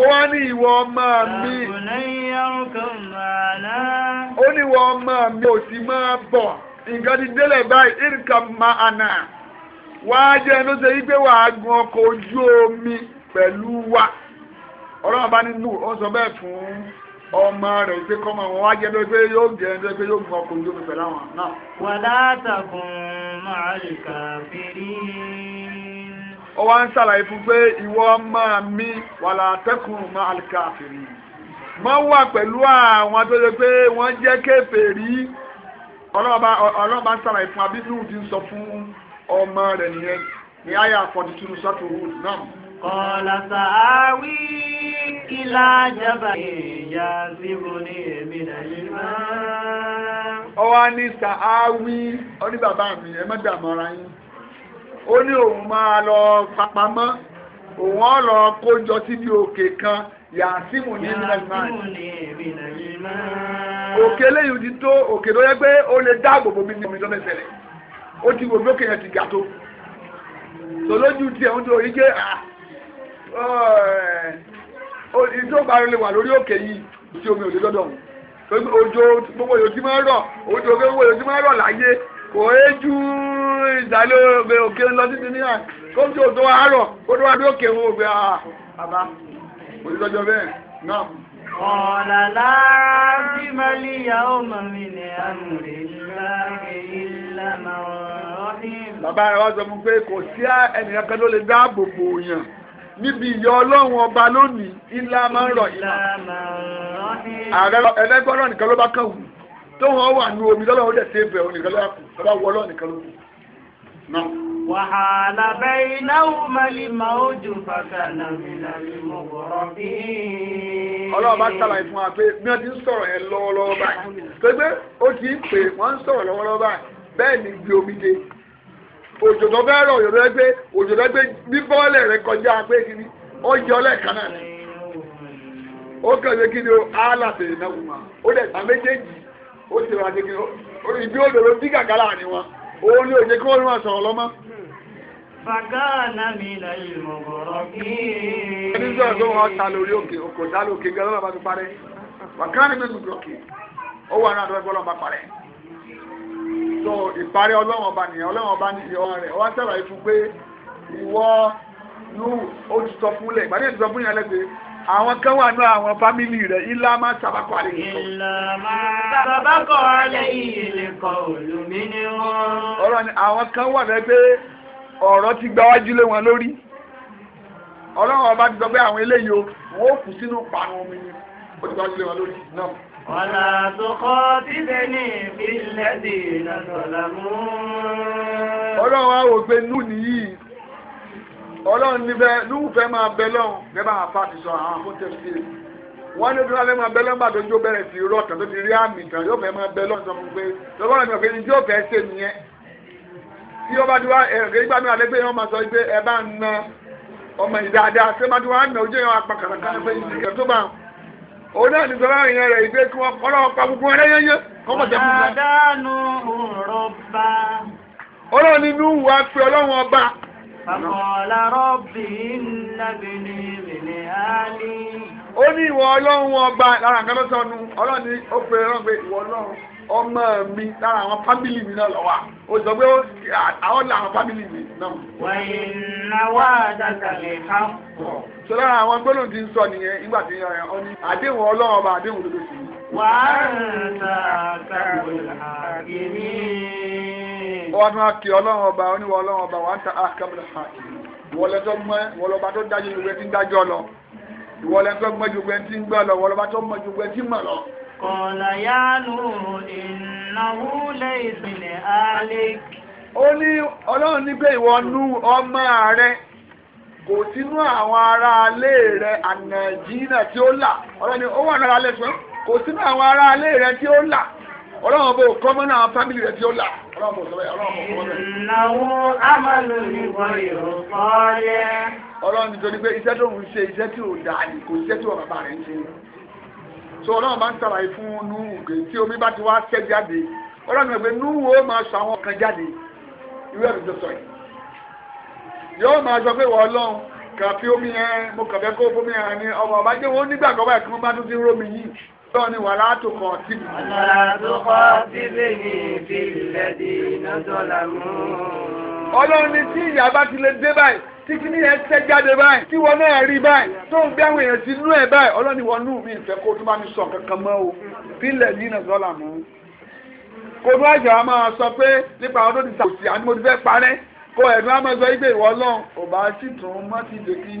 ó wá ní ìwọ ọmọ mi ó ní ìwọ ọmọ mi ò sì máa bọ̀ nǹkan ti délẹ̀ báyìí nǹkan máa àná. wàá jẹ́ ẹni tó ṣe wípé wàá gun ọkọ̀ ojú omi pẹ̀lú wa ọlọ́run bá ní nù ó sọ bẹ́ẹ̀ fún ọmọ rẹ̀ wípé kọ́mọ wọn wá jẹ́ ẹni pé yóò jẹ́ ẹni pé yóò gun ọkọ̀ ojú omi pẹ̀lú àwọn náà. wà látàkùn máa lè kà fèrè. ó wá ń ṣàlàyé fún pé ìwọ ọmọ mi wà látàkùn máa lè kà fèrè. wà pẹ̀lú àwọn tó ṣe pé wọ́n jẹ́ kèfèrí ọlọ́run bá ń ṣàlàyé fún abídùn ti ń sọ fún ọmọ rẹ̀ nìyẹn ní àyà 42 sọ́tò wood náà. Kọ̀ọ̀lá sàáwí ìlà jábà ìyá síbò ní èmi nàìjíríà. Ó wá ní sàáwí, ó ní bàbá mi, ẹ má dààmú ara yín. Ó ní òun máa lọ papamọ́, òun ó lọ kójọ síbi òkè kan yàásímù ní nàìjíríà. Òkè lẹ́yìn ti tó òkè tó yẹ pé ó lè dáàbò bo mi ní omi tó fẹ́ ṣẹlẹ̀ ó ti wò lókè yẹn ti ga tó tó lójú tí ẹ̀hún tó rí gé ìdí tó parí lè wà lórí òkè yìí tí omi ò lè dọ́dọ̀ òun òjò gbogbo yòó ti máa ń rọ̀ òjò gbogbo yòó ti máa ń rọ̀ láyé kò é ju ìdálé ògbé òkè lọ sí ní à kó tó tó wá rọ̀ kó tó wá dé òkè òun ògbé àbá òjòjọ bẹ́ẹ̀ náà. Ọ̀làlá bí Màlíyà ó mọ̀ àmúrè ńlá èyí bàbá rẹ̀ wá sọ fún pé kò sí ẹnìkan kan ló lè dáàbò bò yàn níbi ìyọ ọlọ́run ọba lónìí ilá máa ń rọ ìlà ààrẹ nìkan ló bá kàn wù tó wà omi dẹ̀ ṣe bẹ̀rù nìkan lọ́wọ́ kù tó bá wọ ọlọ́run nìkan wàhálà bẹ́ẹ̀ máa ó jù ọlọ́run bá fún wa pé bí wọ́n ti ń sọ̀rọ̀ bẹ́ẹ̀ ni ibi omi dé òjò tó fẹ́ rọ̀ òjò tó gbé òjò tó gbé bí bọ́ọ̀lù rẹ kọjá pé kíni ó yọ lẹ́ẹ̀kan náà ni ó kẹ̀lé kíni ó álàtẹ̀ ìnáwó ó dẹ̀ méjèèjì ó ti rà ó ibi ó lòlò bí gàgàlà ni wọn òun ni òjò kí wọ́n máa sọ̀rọ̀ lọ́mọ́. Fàgánà mi là ìmọ̀gọ̀rọ̀ kí. Ẹni ta lórí òkè òkò dá lókè gẹ́gẹ́ so ìparí ọlọ́run ọba nìyẹn ọlọ́run ọba ní ìyọ́ rẹ̀ ọwá sábà ìfún pé ìwọ nú ó ti sọ fún lẹ̀ ìgbàdí ìsọ fún yẹn lẹ́gbẹ̀ẹ́ àwọn kan wà ní àwọn fámìlì rẹ̀ ilá máa sàbákọ̀ àlẹ́ yìí kọ́. ilá máa sàbákọ̀ àlẹ́ yìí lè kọ olùmíní wọn. ọ̀rọ̀ ni àwọn kan wà lẹ́gbẹ́ ọ̀rọ̀ ti gba wájú lé wọn lórí ọlọ́run ọba ti sọ pé àwọn eléyìí o wọ́n ó kù sínú pàrọ̀ omi ni ó ti gba wájú lé wọn lórí náà. ولا تخاطبني في الذين ظلموا ọlọ́run á wò pé nù nìyí ọlọ́run níbẹ̀ nù fẹ́ máa bẹ lọ́hùn bẹ́ẹ̀ bá àfa ti sọ àwọn àfọ́n tẹ̀sí wọ́n ní ìdúrà fẹ́ máa bẹ lọ́hùn bàtọ́ jó bẹ̀rẹ̀ sí irọ́ kan tó ti rí àmì kan yóò fẹ́ máa bẹ lọ́hùn sọ fún pé lọ́wọ́ rẹ̀ mi ò pé fẹ́ ṣe nìyẹn tí ọba tí wàá ẹ̀rẹ́ ìgbà mi wà lẹ́gbẹ̀ẹ́ wọ́n máa sọ pé ẹ bá ń na ọmọ ìdáadáa ṣé má tí wàá nà ojú yẹn wà pa kàràkàrà pé tó bá ń òun náà ti sọ láwọn èèyàn rẹ̀ ìgbé kí wọ́n kọ́lọ́ pa gbogbo ẹ̀rẹ́ yẹ́yẹ́ kọ́ mọ̀ jẹ́kùn ọlọ́run ọba. ọlọ́run ọba lára ọlọ́run ó ọmọ mi lára àwọn fámìlì mi náà lọ wà ó sọ pé àwọn là àwọn fámìlì mi náà. wàyí náwó àdàkàlẹ̀ ká pọ̀. sọ lára àwọn gbólóhùn tí ń sọ nìyẹn nígbà tí ọ ní àdéhùn ọlọ́run ọba àdéhùn òdodo sí. wàá ń ta àkàrò àgbèmí. wọ́n tún á kí ọlọ́run ọba oníwọ̀ ọlọ́run ọba wàá ń ta àkàrò àgbèmí ìwọlẹ́tọ́ mọ́ قال يا نوح إنه ليس لأهلك ó ní ọlọ́run ní pé ìwọ rẹ kò sínú àwọn ará alé rẹ ànàjínà tí ó là ọlọ́run ó wà lára alẹ́ sùn kò sínú àwọn ará alé rẹ tí ó là ọlọ́run bò kọ́ mọ́nà àwọn fámìlì rẹ tí ó là ọlọ́run bò sọ́wọ́ ọlọ́run bò kọ́ mọ́nà. ìnáwó wọ́n yóò kọ́ so ọlọ́run bá ń sàlàyé fún núhù pé tí omi bá ti wá ṣẹ́ jáde ọlọ́run ẹgbẹ́ núhù ó máa sọ àwọn kan jáde irú ẹ̀rù tó sọ yìí yóò máa sọ pé wọ́n ọlọ́run kàfi omi yẹn mo kàfẹ́ kó fún yẹn ni ọmọ ọba jẹ́ wọn nígbàgbọ́ báyìí kí wọ́n bá tún ti rómi yìí lọ́wọ́ ni wàhálà tó kọ́ síbi. wàhálà tó kọ́ síbi ní ìfìlẹ̀ dì náà tó làmú. ọlọ́run ni tí ìyá bá ti lè dé báyìí Tikini kí ni ẹ tẹ́ jáde báyìí tí wọn náà rí báyìí tó ń gbé àwọn èèyàn sí inú ẹ̀ báyìí ọlọ́ni wọn nù mí ìfẹ́ kó tó bá mi sọ kankan mọ́ o bílẹ̀ yìí náà sọ́là kò ní àjọ àmọ́ sọ pé nípa ọdún ti sàkóso àti mo ti fẹ́ parẹ́ kó ẹ̀dùn àmọ́ sọ ìgbé ìwọ lọ́n ò bá tún mọ́ ti dè kí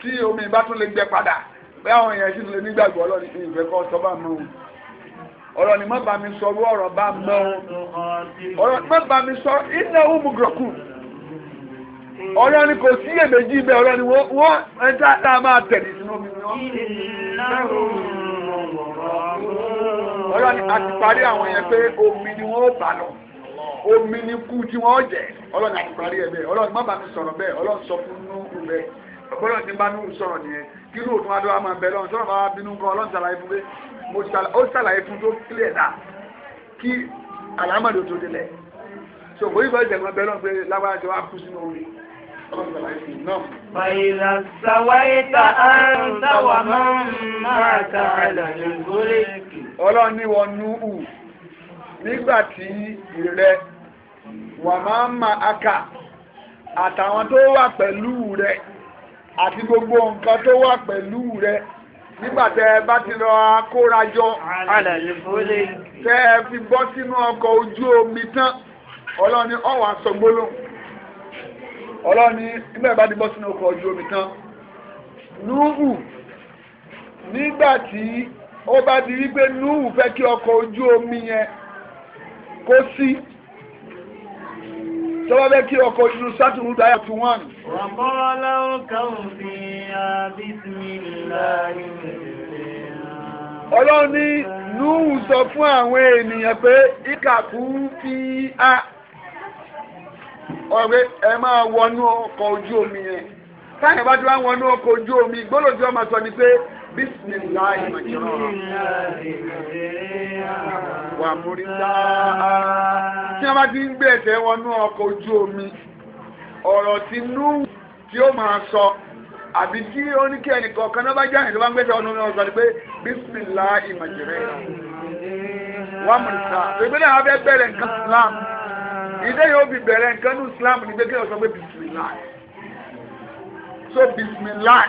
tí omi bá tún lè gbẹ padà pé àwọn èèyàn sì tún lè nígbàgbọ́ ọlọ́ni ìfẹ́ kọ́ sọ bá mọ́ ọ̀rọ̀ ni má bá mi sọ ọ̀rọ̀ bá mọ́ o ọ̀rọ̀ má bá mi sọ iná ó mú gọ̀kùn ọ̀rọ̀ ni kò sí èméjì ibẹ̀ ọ̀rọ̀ ni wọ́n ẹni tá a máa tẹ̀lé sínú omi wọn. ọ̀rọ̀ ni a ti parí àwọn yẹn pé omi ni wọ́n bá lọ omi ni kú tí wọ́n jẹ ọlọ́ni a ti parí ẹ bẹ́ẹ̀ ọlọ́ni má bàa mi sọ̀rọ̀ bẹ́ẹ̀ ọlọ́ni sọ fún nínú bẹ́ẹ̀ ọgbọ́dọ̀ ti bá nínú sọ̀rọ̀ nìyẹn kí ló tún adọ́ àmọ́ bẹ́ẹ̀ lọ́n sọ̀rọ̀ bá bínú kan ọlọ́ni ṣàlàyé fún pé ó ṣàlàyé fún tó kílẹ̀ dà kí àlámọ̀dé tó délẹ̀ ṣòkòyí bá jẹ̀ mọ́ bẹ́ẹ̀ lọ́n pé lágbára ti wá kú sínú omi. فإذا سويت أنت ومن معك على الفلك ọlọ́run ní wọn nú wà máa ma aka àtàwọn tó wà pẹ̀lú rẹ àti gbogbo nǹkan tó wà pẹ̀lú rẹ nígbà tẹ ẹ bá ti lọ akórajọ tẹ ẹ fi bọ́ sínú ọkọ̀ ojú omi tán ọlọ́run ní ọ̀wà sọgbólóhùn ọlọ́ni nígbà ìbá ti bọ́ sínú ọkọ̀ ojú omi tán núhù nígbà tí ó bá di wípé núhù fẹ́ kí ọkọ̀ ojú omi yẹn kó sí tó bá fẹ́ kí ọkọ̀ ojú sátúrú dáyà tí wọ́n. wàbọ́lá ó ọlọ́ni núhù sọ fún àwọn ènìyàn pé ìkàkú fi á. ọ̀rẹ́ ẹ máa wọnú ọkọ̀ ojú omi yẹn táyà bá ti wá wọnú ọkọ̀ ojú omi gbọ́dọ̀ tí wọ́n máa sọ ni pé bisimilahi majoro wà tí wọ́n bá ti ń gbé wọnú ọkọ̀ ojú omi ọ̀rọ̀ tí nú tí ó máa sọ àbí tí ó ní kí ẹnìkan kan náà bá bá ń ni pé wà bẹ̀rẹ̀ nǹkan ìdè yóò fi bẹ̀rẹ̀ nǹkan ní Islam ní pé kí ọ̀sán pé bismillah so bismillah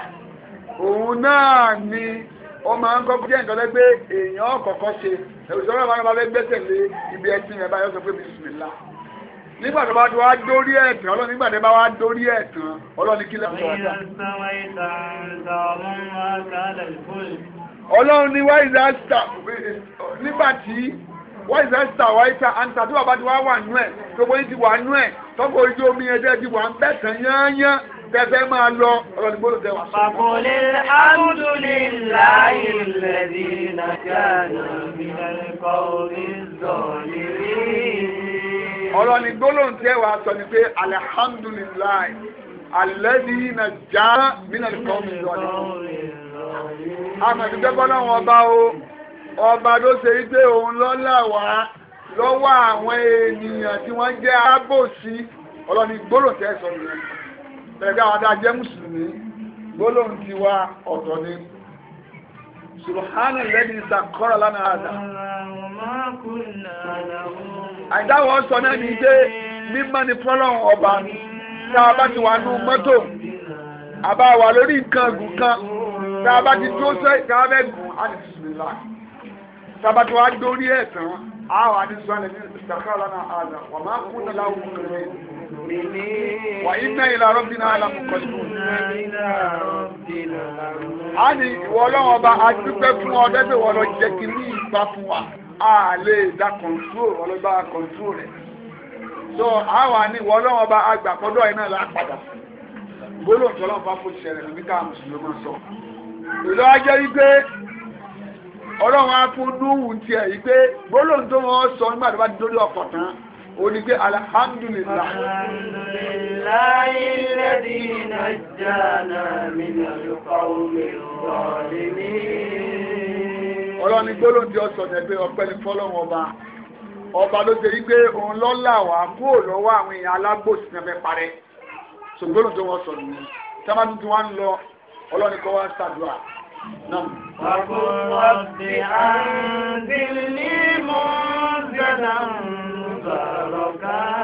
òun náà ni ó máa ń kọ́kọ́ jẹ́ nǹkan lẹ́ pé èèyàn kọ̀ọ̀kan ṣe ẹ̀rùsọ́ bá bá fẹ́ gbẹ́sẹ̀ lé ibi ẹtí rẹ̀ báyọ̀ sọ pé bismillah nígbà tó bá tó wá dórí ẹ̀tàn ọlọ́run nígbà tó bá wá dórí ẹ̀tàn ọlọ́run kí lẹ́kọ̀ọ́ wájà. ọlọ́run ni wáyé nígbà tí wọ́n ìfẹ́ sà wá ìta àǹtà tí bàbá ti wà nú ẹ̀ gbogbo yìí ti wà nú ẹ̀ tọ́kọ̀ ojú omi ẹ̀dẹ́ ti wà ń bẹ̀ tán tẹ́fẹ́ máa lọ ọ̀rọ̀ ìgbó ló tẹ́wà. Fàkùnlé alhamdulillahi alladhi nàkàlù ìrẹ́kọ̀ orí zọ̀lì rí. ọ̀rọ̀ ni gbólóhùn tẹ́wà sọ ni pé alhamdulillahi alladhi nàjà mí ọba tó ṣe wípé òun lọ́lá wá lọ́wọ́ àwọn ènìyàn tí wọ́n jẹ́ abòsí ọlọ́ni gbólóhùn tẹ́ sọ nìyẹn pẹ̀lú àwọn adájẹ́ ti wá ọ̀tọ̀ ni lẹ́ni lánàá àdá àìdáwọ̀ sọ náà ní pé mímọ́ ni fọ́lọ́hún ọba tá a bá ti wà nú mọ́tò àbá wà lórí nǹkan kan na a bá ti dúró sẹ́yìn tá sábàtì wa dórí ẹ̀ tán á wà ní sọ́ọ̀lẹ̀ ní ìsàkà lọ́nà àdà wà máa kú ní láwùjọ rẹ̀. wà iná ìlà rọ́bì náà lámú kọ́sù. a ní ìwọ ọlọ́run ọba a dúpẹ́ fún ọ dẹ́gbẹ́ wọ́n lọ jẹ́ kí ní fún wa a lè da kọ̀ǹtúrò ọlọ́gbà kọ̀ǹtúrò rẹ̀. so a wà ní ìwọ ọlọ́run ọba agbàpọ̀dọ̀ ẹ̀ náà lápadà gbólóhùn tọ́lọ́ ọlọ́run á fún núhùn tiẹ̀ yìí pé gbólóhùn tó wọ́n sọ nígbà tó bá ti dórí ọkọ̀ tán ó ní pé alhamdulillah. ọlọ́run ní gbólóhùn tí ó sọ yẹn pé ọpẹ́ ni fọ́lọ́run ọba ọba ló ṣe wípé òun lọ́lá wà kúrò lọ́wọ́ àwọn èèyàn alágbòsí náà fẹ́ parẹ́ ṣùgbọ́n tó wọ́n sọ nìyẹn tábàtútù wa ń lọ ọlọ́run kọ́ wa ṣàdúrà وقل رب أنزلني منزلا مباركا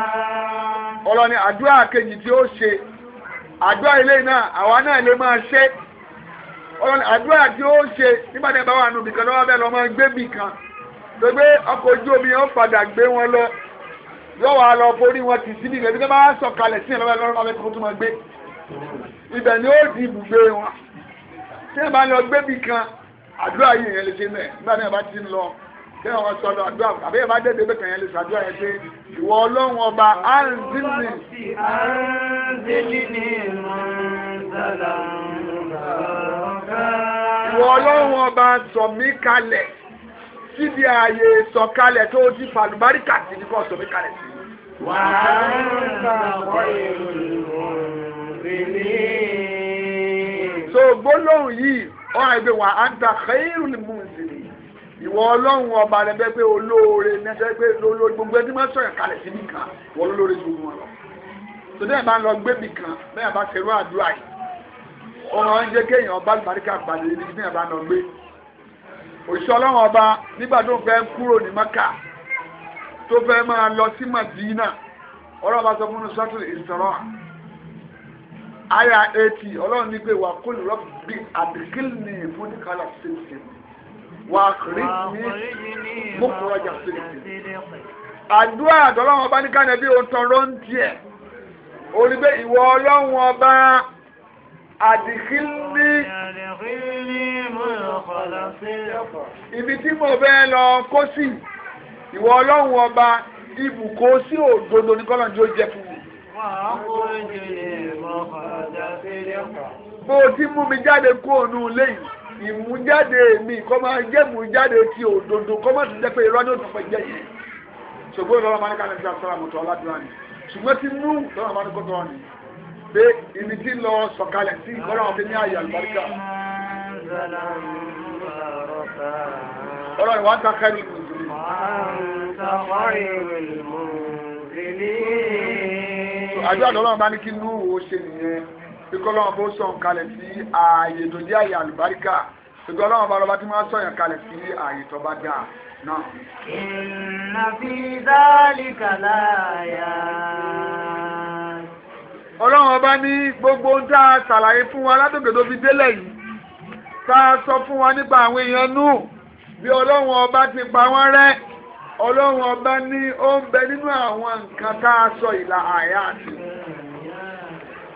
ọlọ́ni àdúrà kejì tí ó ṣe àdúrà ilé náà àwa náà lè máa ṣe ọlọ́ni àdúrà tí ó ṣe nígbà tí ẹ bá wà nù bìkan lọ́wọ́ bẹ́ẹ̀ lọ́ máa gbé bìkan tó gbé ọkọ̀ ojú omi ó padà gbé wọn lọ yóò wá lọ borí wọn tì síbi ìgbẹ́ bí wọ́n bá sọ̀kalẹ̀ sí ìrànlọ́wọ́ lọ́wọ́ bẹ́ẹ̀ tó máa gbé ibẹ̀ ni ó di ibùgbé wọn tẹ́yìn bá lọ gbébì kan àdúrà yìí yẹn lè ṣe mẹ́ nígbà náà bá ti ń lọ tẹ́yìn wọn sọ lọ àdúrà àbí ìbá dẹ́gbẹ́ bẹ́ẹ̀ kàn yẹn lè ṣàdúrà yẹn pé ìwọ ọlọ́run ọba anzilni. ìwọ ọlọ́run ọba sọ mí kalẹ̀ síbi ààyè ìsọ̀kalẹ̀ tó ti fàlùbáríkà sí ní kò sọ̀mí kalẹ̀ sí. wàá ń sàkóyè olùrànlẹ́ so gbólóhùn yìí ọ àìgbé wà á ń ta khairul munzili ìwọ ọlọ́run ọba rẹ bẹ́ẹ̀ pé olóore nẹ́sẹ̀ pé olóore gbogbo ẹni máa ń sọ̀rọ̀ kalẹ̀ sí nìkan ìwọ olóore ju wọn lọ tó dẹ́ẹ̀ bá ń lọ gbé bì kan bẹ́ẹ̀ bá ṣerú àdúrà yìí ọmọ oúnjẹ kéèyàn ọba àlùbáríkà pàdé ibi tí bẹ́ẹ̀ bá ń lọ gbé òṣìṣẹ́ ọlọ́run ọba nígbà tó fẹ́ kúrò ní Mẹ́kà tó fẹ́ máa lọ sí Màdínà ọlọ́run ọba sọ fún un sọ́tún ìsọ̀rọ̀ àyà eighty ọlọ́run ní pé wà kó lè rọ́bì bí àdìgíl ní ìfúnikàlà sílẹ̀ wà rí ní mọ́kúrọ́jà sílẹ̀. àdúrà àdọ́lọ́run ọba ní kánẹ bí ohun tọrọ ń tiẹ̀ orí pé ìwọ ọlọ́run ọba àdìgíl ní. ibi tí mo fẹ́ lọ kó sí ìwọ ọlọ́run ọba ibùkó sí òdodo ní kọ́lọ́njú ó jẹ fún mi bó o ti mú mi jáde kú ònú lẹ́yìn ìmújáde mi kọ́ máa jẹ́ ìmújáde ti òdodo kọ́ máa ti jẹ́ pé irọ́ ni ó ti fẹ́ jẹ́ yìí ṣùgbọ́n ìlọ́wọ́ máa ní kálí ìjà sọ́ra mọ̀tọ́ ọ̀làdúrà ni ṣùgbọ́n tí mú ìlọ́wọ́ máa ní kó ni pé ibi tí ń lọ sọ̀kalẹ̀ sí ìkọ́ra wọn fi ní àyè àlùbáríkà. ọ̀rọ̀ ìwà ń ta kẹ́rin ìlú àdúrà lọ́lọ́run bá ní kí nú wo ṣe nìyẹn ikọ́ lọ́wọ́ bó sọ̀ kalẹ̀ sí ààyè tó jẹ́ ààyè àlùbáríkà ikọ́ lọ́wọ́ bá lọ́ba tí wọ́n ọlọ́run ọba ní gbogbo ohun tá ṣàlàyé fún wa látòkè fi délẹ̀ yìí tá a sọ fún wa nípa àwọn èèyàn nù bí ọlọ́run ọba ti pa wọ́n rẹ́ ọlọ́run ọba ní ó ń bẹ nínú àwọn nǹkan tá a sọ ìlà àyà àti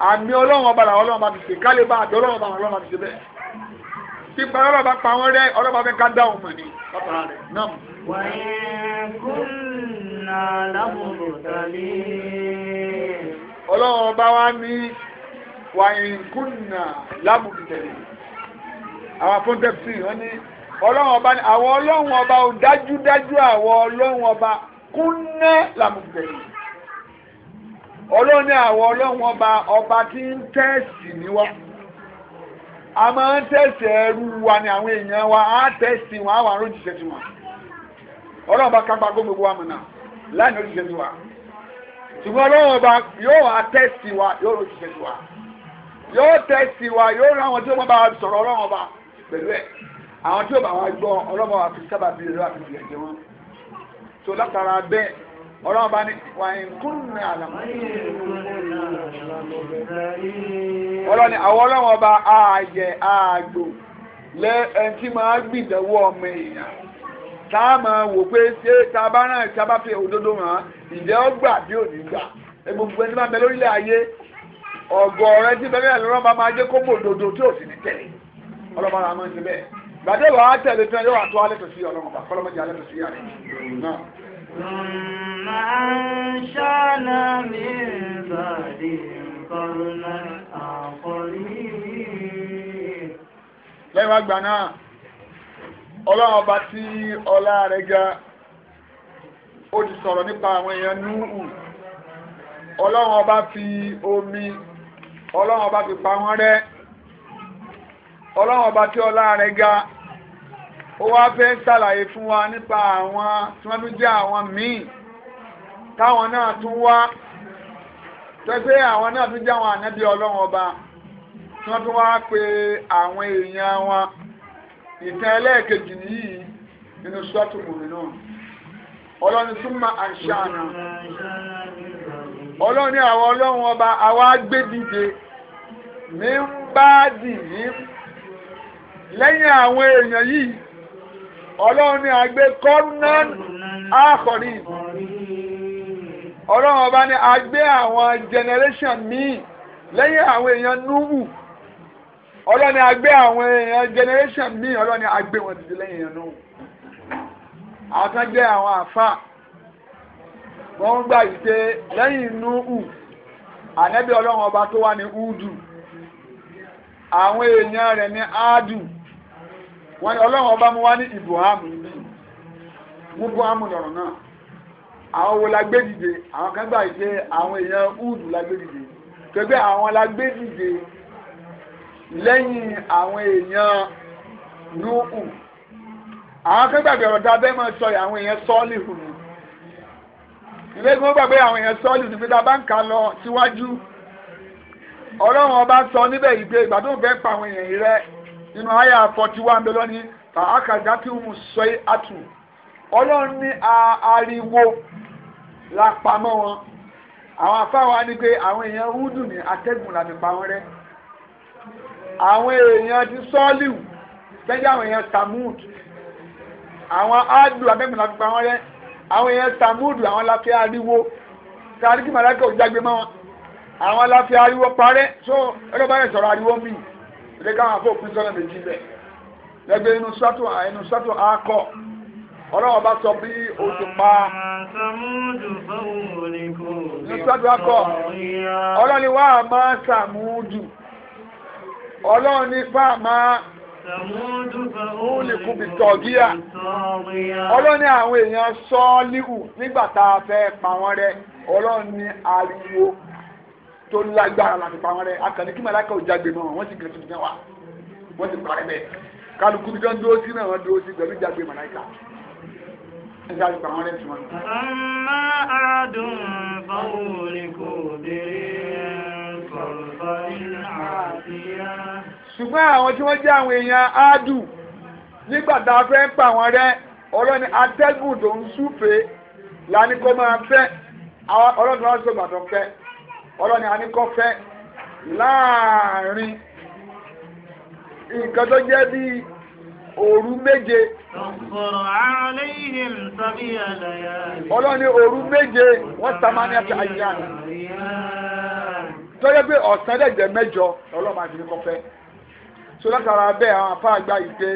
àmì ọlọ́run ọba làwọn ọlọ́run bá ti ṣe kálí bá àti ọlọ́run ọba àwọn ọlọ́run bá ti ṣe bẹ́ẹ̀ tí pa ọlọ́run bá pa wọ́n rẹ́ ọlọ́run bá fẹ́ ká dáhùn mọ̀ ní ọlọ́run ọba wa ní wàyínkùnà lábùkù tẹ̀lé àwọn afọ́ńtẹ́pì wọ́n ní ọlọ́run ọba ni àwọn ọlọ́run ọba ò dájúdájú àwọn ọlọ́run ọba kúnná làmùgbẹ̀yìn ọlọ́run ní àwọn ọlọ́run ọba ọba tí ń tẹ̀sì ní wa a máa ń tẹ̀sì ẹrú wa ni àwọn èèyàn wa á tẹ̀sì wọn á wà ló jíṣẹ́ tiwọn ọlọ́run ọba kápá gbogbo wa mọ̀nà láì ní ó tiwa ṣùgbọ́n ọlọ́run ọba yóò wá tẹ̀sì wa yóò ló jíṣẹ́ tiwa yóò tẹ̀sì wa yóò ráwọn tí wọ́n bá sọ̀rọ̀ ọlọ́run ọba pẹ̀lú ẹ̀ àwọn tí ó bá wá gbọ́ ọlọ́mọ wa fi sábà bí ìlú àti ìfìyà jẹ wọn tó látara bẹ́ẹ̀ ọlọ́mọ bá ní wà ní kúrúnà àlàmú. ọlọ́ni àwọn ọlọ́mọ bá ààyè ààgbò lẹ ẹni tí máa gbìdánwó ọmọ èèyàn tá a máa wò pé ṣé tá a bá náà tá a bá fi òdodo hàn ìjẹ́ ó gbà bí ò ní gbà gbogbo ẹni máa bẹ lórílẹ̀ ayé ọ̀gọ̀ rẹ ti bẹ́ẹ̀ lọ́rọ́ bá máa jẹ́ kó mọ̀ òdodo tí ò sì ní tẹ̀lé ọlọ́mọ àwọn ọmọ ti bẹ́ẹ̀ gbàdé wà á tẹ̀lé tí wọn yóò wà tó alẹ́ tó sí ọlọ́run bá kọ́lọ́mọ́ jẹ́ alẹ́ tó sí yàrá náà. ń ṣáná mi bàdé kọ́rọ́nà àkọ́rí. Lẹ́yìn wá náà, ọlọ́run ọba tí ọlá rẹ̀ ga, ó ti sọ̀rọ̀ nípa àwọn èèyàn núhù. Ọlọ́run ọba fi omi, ọlọ́run ọba fi pa wọ́n rẹ́ ọlọ́run ọba tí ọlá rẹ̀ ga ó wá fẹ́ ṣàlàyé fún wa nípa àwọn tí wọ́n tún jẹ́ àwọn míì táwọn náà tún wá tẹ́gbẹ́ àwọn náà tún jẹ́ àwọn ànábì ọlọ́run ọba tí wọ́n tún wá pe àwọn èèyàn wọn ìtàn ẹlẹ́ẹ̀kejì nìyí nínú sọ́ọ̀tù mùmínú ọlọ́run túmọ̀ àṣà àná àwọn ọlọ́run ọba àwa gbé dìde mi ń bá dì ní lẹ́yìn àwọn èèyàn yìí ọlọ́run ní àgbẹ̀ kọ́nán àkọ́rí ọlọ́run ọba ní àgbẹ̀ àwọn generation míì lẹ́yìn àwọn èèyàn núwù ọlọ́run ní àgbẹ̀ àwọn èèyàn generation míì ọlọ́run ní àgbẹ̀ wọn dìde lẹ́yìn èèyàn núwù àwọn tó ń jẹ́ àwọn àfa wọ́n ń gbà yìí pé lẹ́yìn núwù ànẹ́bí ọlọ́run ọba tó wà ní údù àwọn èèyàn rẹ̀ ní áádùn wọ́n ní ọlọ́run ọba mú wá ní ibuhamu ibi mubuhamu lọ̀rọ̀ náà àwọn wo la gbé dìde àwọn kan gbà pé àwọn èèyàn húdù la gbé dìde pẹ̀lú àwọn la gbé dìde lẹ́yìn àwọn èèyàn núhù àwọn kan gbàgbé ọ̀rọ̀ tá a bẹ́ẹ̀ máa sọ yìí àwọn èèyàn sọ́ọ̀lì hù ní ìwé tí wọ́n gbàgbé àwọn èèyàn sọ́ọ̀lì ní pété abáǹkà lọ síwájú ọlọ́run ọba sọ níbẹ̀ yìí pé ìgbà tó ń fẹ́ pa àwọn èèyàn yìí rẹ́ nínú àyà forty one bẹ́ẹ̀ lọ́ni ta àkàdá kí wọ́n sọ é àtù ọlọ́run ní ariwo la pamọ́ wọn àwọn afáwa ni pé àwọn èèyàn húdù ní atẹ́gùn làmì pa wọn rẹ́ àwọn èèyàn ti sọ́ọ́lìwù bẹ́ẹ̀ àwọn èèyàn samud àwọn áàdù atẹ́gùn làmì pa wọn rẹ́ àwọn èèyàn samud àwọn láfẹ́ ariwo tàbí kí màlákà ò jágbe mọ́ wọn àwọn láfẹ́ ariwo parẹ́ so ẹgbẹ́ bá yẹ sọ̀rọ̀ ariwo mìíràn ilé káwọn afọ òpin sọ́nà méjì bẹ̀ lẹ́gbẹ̀ẹ́ inú sátò inú sátò akọ ọlọ́wọ́ bá sọ bí oṣù pa inú sátò akọ ọlọ́ni wà á máa sàmúdù ọlọ́ni pa máa Olùkú bí tọ̀gíyà. Ọlọ́ni àwọn èèyàn sọ́ọ́líhù nígbà tá a fẹ́ pa wọ́n rẹ́. Ọlọ́ni ariwo tó lágbára láti pa wọn rẹ akànnì kí màláka ò jágbe mọ́ wọn sì gbé tuntun wa wọn sì parẹ́ bẹ́ẹ̀ kálukú bí wọn dúró sí náà wọn dúró sí pẹ̀lú jágbe màláka ẹ̀ka lè pa wọn rẹ tiwọn. ọmọ àádùn fáwọn oníkó bèrè kọ̀ọ̀bá ilé àtìyá. ṣùgbọ́n àwọn tí wọ́n jẹ́ àwọn èèyàn áádù nígbà tá a ọlọ́ni àníkọ́fẹ́ láàrin nǹkan tó jẹ́ bí òru méje ọlọ́ni òru méje wọ́n tamani àti àyíyàn tó yẹ pé ọ̀sán dẹ̀jẹ̀ mẹ́jọ ọlọ́mà àníkọ́fẹ́ so látara bẹ́ẹ̀ àwọn apá àgbà yìí pé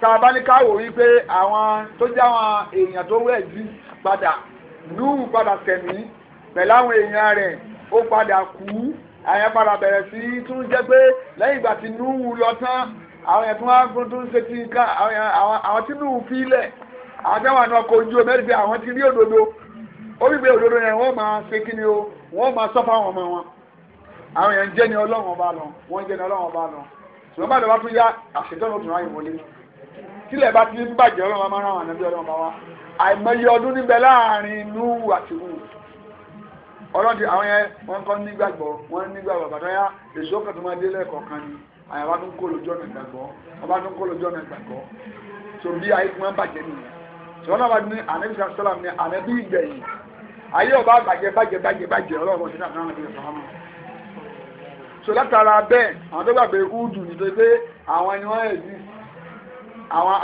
tá a bá ní ká wò wípé àwọn tó jẹ́ àwọn èèyàn tó wẹ̀ jí padà lúù padà tẹ̀mí pẹ̀lú àwọn èèyàn rẹ̀ ó padà kú àyẹn padà bẹ̀rẹ̀ sí tún jẹ́ pé lẹ́yìn ìgbà tí núhù lọ tán àwọn yẹn tún wá gún tún ṣe ti nǹkan àwọn tí núhù fi lẹ̀ àwọn tẹ́wọ̀n àná ọkọ̀ ojú omi ẹ̀rí àwọn ti rí òdodo ó rí pé òdodo yẹn wọ́n máa ṣe kí ni o wọ́n máa sọ fáwọn ọmọ wọn àwọn yẹn jẹ́ ni ọlọ́run ọba lọ wọ́n jẹ́ ni ọlọ́run ọba lọ ṣùgbọ́n bàdàn bá tún yá àṣetọ́nù òtún ráyè wọlé tílẹ̀ bá ti ń bàjẹ́ ọlọ́run ọba máa ń àná ọlọ́dì àwọn yẹn wọ́n kọ́ nígbàgbọ́ wọ́n nígbàgbọ́ bàtà yá èso ọkọ̀ tó máa ni àyàwó tó ń kó lójú ọ̀nà ìgbàgbọ́ ọba tó ń kó lójú ọ̀nà ìgbàgbọ́ tó bí ayé tí wọ́n bàjẹ́ nìyẹn sọ́nà bá ní ànábì sàlám ní ànábì ìgbẹ̀yìn ayé ọba bàjẹ́ bàjẹ́ bàjẹ́ bàjẹ́ ọlọ́run ṣe náà náà ní ìfọ̀hámà so látara bẹ́ẹ̀ àwọn tó gbàgbé údù ní tó pé àwọn ẹni wọ́n ẹ̀dí àwọn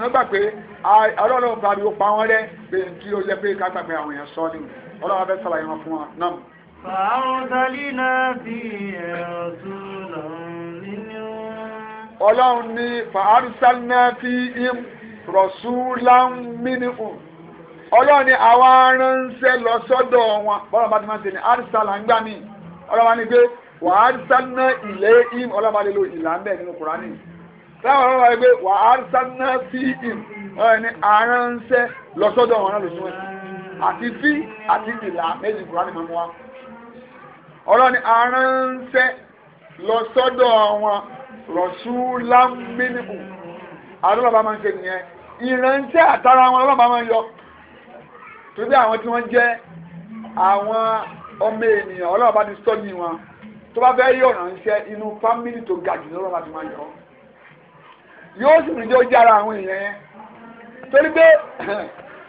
áàdùlọ́ ọlọ́run bá bí ó pa wọ́n rẹ́ pé kí ó jẹ́ pé kápẹ́pẹ́ àwọn èèyàn sọ ní ọlọ́run fẹ́ sàlàyé wọn fún wa náà. ọlọ́run ní fàárùsálínà fi im rọ̀súlán mínú. ọlọ́run ní àwa aránṣẹ́ lọ sọ́dọ̀ wọn bọ́lá ti máa ń ṣe àrùsálà ń gbà mí ọlọ́run ní pé wàárùsálínà ilé im ọlọ́run bá lè lo ìlànà bẹ́ẹ̀ nínú kùránì táwọn ọlọ́run bá lè wàárùsálínà fi im ẹni aránṣẹ́ lọ́sọ́dọ̀ wọn náà lọ́sọ́dọ̀ àti fí àti ìlà méjì kúrò ní mọ́mọ́ wa ọlọ́ni aránṣẹ́ lọ́sọ́dọ̀ wọn rọ̀ṣúlámínìbù adọ́lọ́ba máa ń ṣe nìyẹn ìránṣẹ́ àtàrà wọn ọlọ́ba máa ń yọ torí àwọn tí wọ́n jẹ́ àwọn ọmọ ènìyàn ọlọ́ba ti sọ́ọ̀nì wọn tó bá fẹ́ yọ ránṣẹ́ inú fámìlì tó ga jù lọ́wọ́ láti máa yọ yóò sì rí jẹ́ ó jára àwọn èèyàn yẹn torí pé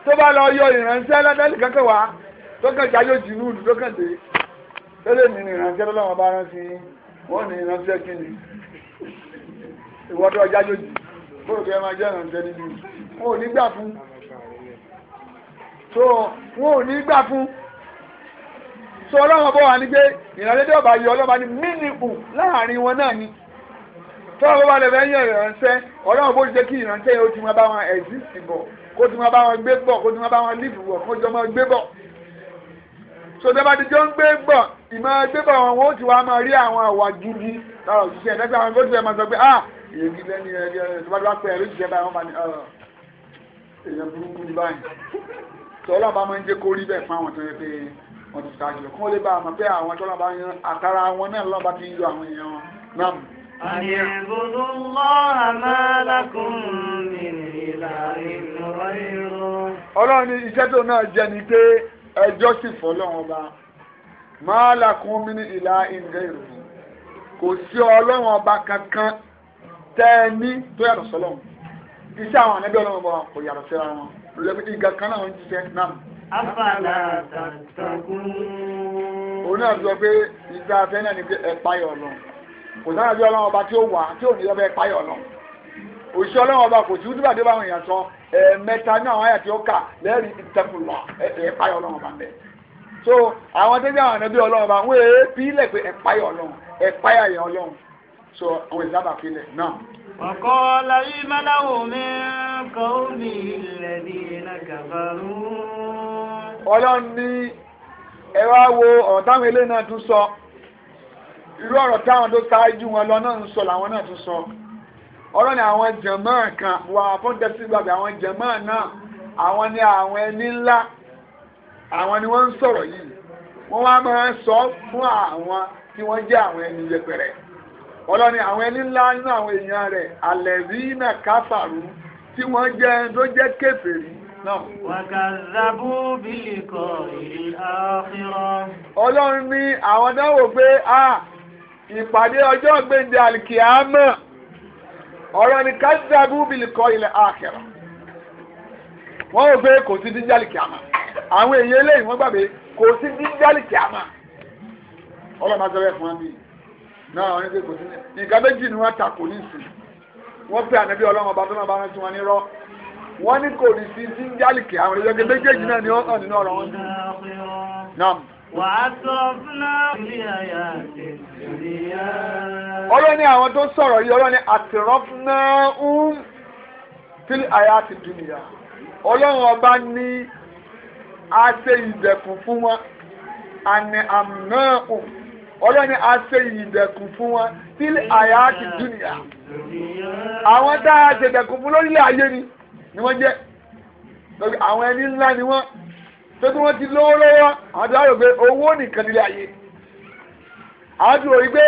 tó bá lọ yọ ìrànṣẹ́ lọ́dẹ́lì kankan wá tó kàn jáyó jù ní ìlú tó kàn dé tó lè ní ìrànṣẹ́ lọ́wọ́ bá rán sí wọ́n ní ìrànṣẹ́ kí ni ìwọ́dọ̀ jáyó jù bóòrò kí máa jẹ́ ìrànṣẹ́ nínú wọn ò ní gbà fún so wọn ò ní gbà fún so ọlọ́wọ́n bọ́ wa ní pé ìrànlẹ́dẹ́ ọ̀bà yọ ọlọ́ba ní mínìkù láàrin wọn náà ni tọ́wọ́ bá lè fẹ́ yàn ìrànṣẹ́ ọlọ́run bó ti jẹ́ kí ìrànṣẹ́ yẹn ó ti máa bá wọn exist bọ̀ kó ti máa bá wọn gbé bọ̀ kó ti máa bá wọn live bọ̀ kó jọ máa gbé bọ̀ sọdọ́ba ti jọ ń gbé bọ̀ ìmọ̀ gbé bọ̀ wọn ó ti wá máa rí àwọn àwà gidi lára òṣìṣẹ́ ẹ̀dẹ́gbẹ́ àwọn tó ti fẹ́ máa sọ pé ah èyí lẹ́ni ẹ̀ẹ́dẹ́gbẹ́ tó bá dúró pé ẹ̀rí ti jẹ́ báyìí wọ́n máa ní ah, èèyàn burúkú ní báyìí tọ́lọ́ bá máa ń jẹ́ kó rí bẹ́ẹ̀ fún àwọn tó yẹ pé wọ́n ti ṣáájú kó lè bá àmọ́ pé àwọn tọ́lọ́ bá yan àtàrà wọn náà lọ́ba ti yọ àwọn èèyàn náà أن اعبدوا الله ما لكم من إله غيره ọlọ́run ní iṣẹ́ tó náà jẹ́ ni pé ẹjọ́ sì fọlọ́run ọba máa làkún mi ní ìlà ìǹgẹ́ ìròyìn kò sí ọlọ́run ọba kankan tẹ́ ẹ ní tó yàtọ̀ sọlọ́run iṣẹ́ àwọn ànábì ọlọ́run ọba kò yàtọ̀ síra wọn lórí ìgbà kan náà ń jíṣẹ́ náà. afala tàtàkùn. òun náà sọ pé ìgbà afẹ́ náà ni pé ẹ páyọ̀ ọlọ́run kò sára bí ọlọ́run ọba tí ó wà tí ò ní lọ́bẹ̀ páyọ̀ náà òṣìṣẹ́ ọlọ́run ọba kò sí ojúbà dé báwọn èèyàn sọ ẹ̀ẹ̀mẹta ní àwọn àyà tí ó kà lẹ́rìí ìtẹ́kùlọ̀ ẹ̀ páyọ̀ ọlọ́run ọba bẹ́ẹ̀ so àwọn tó jẹ́ àwọn ẹ̀nàbí ọlọ́run ọba wọ́n èé pílẹ̀ pé ẹ̀páyà ọlọ́run ẹ̀páyà yẹn ọlọ́run so àwọn ìsábà pílẹ̀ náà. ọ̀kọ́ láyé mi kọ́ mi irú ọ̀rọ̀ táwọn tó ṣáájú wọn lọ náà ń sọ làwọn náà tún sọ ọ̀rọ̀ ni àwọn jẹ̀mọ́ kan wà fún tẹ́sí gbàgbé àwọn jẹ̀mọ́ náà àwọn ni àwọn ẹni ńlá àwọn ni wọ́n ń sọ̀rọ̀ yìí wọ́n wá máa ń sọ fún àwọn tí wọ́n jẹ́ àwọn ẹni yẹpẹrẹ ọ̀rọ̀ ni àwọn ẹni ńlá nínú àwọn èèyàn rẹ̀ àlẹ́bí náà káfàrú tí wọ́n jẹ́ ẹni tó jẹ́ kèfèrí náà. wàkàzàbù bílíkọ̀ ìlú àfihàn. ọlọ́run ní àwọn náà wò pé a. Ah, ìpàdé ọjọ́ gbẹ̀ndẹ̀ àlìkìámà ọ̀rọ̀ ni kájíjábù bìlì kọ́ ilẹ̀ àkẹ́rà wọ́n rò pé kò sí díjálì kìámà àwọn èèyàn eléyìí wọ́n gbàgbé kò sí díjálì kìámà ọlọ́mọ asọ́rẹ́ fún wa bíi náà wọ́n ní kò sí nǹkan méjì ni wọ́n ní wọ́n pe ànábì ọlọ́mọ ọba náà bá wọn wọ́n ní kò ní Ọlọ́run ní àwọn tó sọ̀rọ̀ yìí ọlọ́run ní àtìrọ́fúnná ń fílí àyà ti dùnìyà. Ọlọ́run ọba ní a ṣe ìdẹ̀kùn fún wọn. Àní àmì ọ̀hún. Ọlọ́run ní a ṣe ìdẹ̀kùn fún wọn. Fílí àyà ti dùnìyà. Àwọn tá a ṣe ìdẹ̀kùn fún lórílẹ̀ ayé ni ni wọ́n jẹ́. Àwọn ẹni ńlá ni wọ́n pé bí wọ́n ti lówó lọ́wọ́ àwọn ti pé owó nìkan nílé ayé àwọn ti pé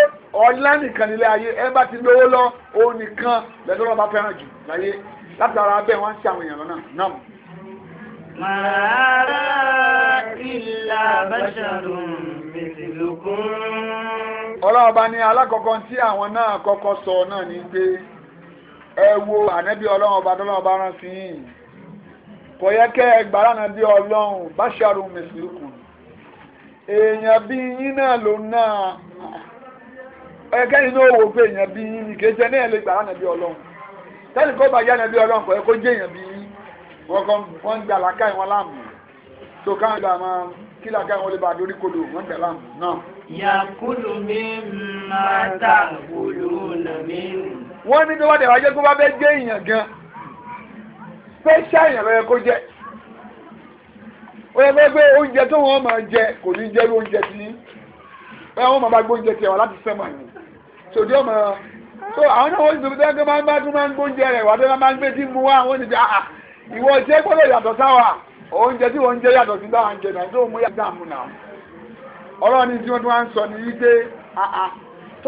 ọ̀la nìkan nílé ayé ẹ bá ti lówó lọ òun nìkan lẹ́nu ọba fẹ́ràn jù láyé látara bẹ́ẹ̀ wọ́n ń ṣe àwọn èèyàn lọ́nà náà. Màárá ìlà bàṣàrùn mìtìlókun. Ọlọ́ọ̀ba ni alákọ̀ọ́kọ́ tí àwọn náà kọ́kọ́ sọ náà ni pé ẹ wo ànẹ́bí ọlọ́run ọba rán sí yìí kò yẹ kẹ́ ẹ gbàrà náà bí ọlọ́run báṣàrù mẹsìlùkù èèyàn bí yín náà ló náà ẹ̀kẹ́ yín náà wò pé èèyàn bí yín ni kéjẹ náà lè gbàrà náà bí ọlọ́run tẹ́lẹ̀ kó bá yá náà bí ọlọ́run kò yẹ kó jẹ́ èèyàn bí yín wọ́n gbà lákàyè wọn láàmú tó káwọn gbà máa kí lákàyè wọn lè bá dorí kodò wọ́n gbà láàmú náà. yàkúlù mi máa ta òlù nà mí. wọ́n ní bí wọ́n dẹ̀ wá jẹ́ kó bá bẹ́ jẹ́ èèyàn gan-an special yẹn lọ́yẹ kó jẹ́ ó yẹ fẹ́ pé oúnjẹ tó wọ́n máa jẹ kò ní jẹ́ ló oúnjẹ tí bẹ́ẹ̀ wọ́n máa bá gbóúnjẹ tiẹ̀ wá láti sẹ́mà yìí sòdí so àwọn náà wọ́n ti sọ pé bá tún máa ń gbóúnjẹ wà máa ń gbé tí mu wá àwọn oníjà ah, ìwọ ìṣe sáwà oúnjẹ tí jẹ sí báwọn jẹ náà tó mú yàtọ̀ àmú náà ọ̀rọ̀ ni tí wá ń sọ ah, ah, tó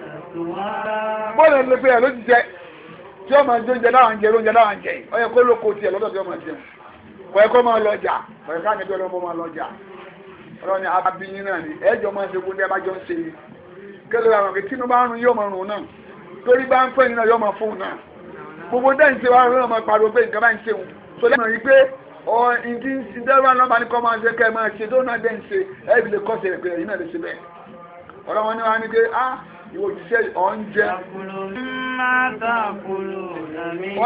bọ́ọ̀lù ẹni pé ẹ̀ ló ti jẹ tí ọmọ ẹjọ́ oúnjẹ jẹ oúnjẹ jẹ ó kó lóko tiẹ̀ lọ́dọ̀ tí ọmọ ẹjẹ kò kó máa lọ jà kò yẹ ọlọ́mọ máa náà ni máa ń ní ń ṣe ni kẹlẹ́ kí yóò máa náà torí bá ń fẹ́ yóò máa náà gbogbo dẹ́yìn wàá máa pariwo pé nǹkan bá ń ṣe ìwọ òjíṣẹ́ ọ̀njẹ. wọ́n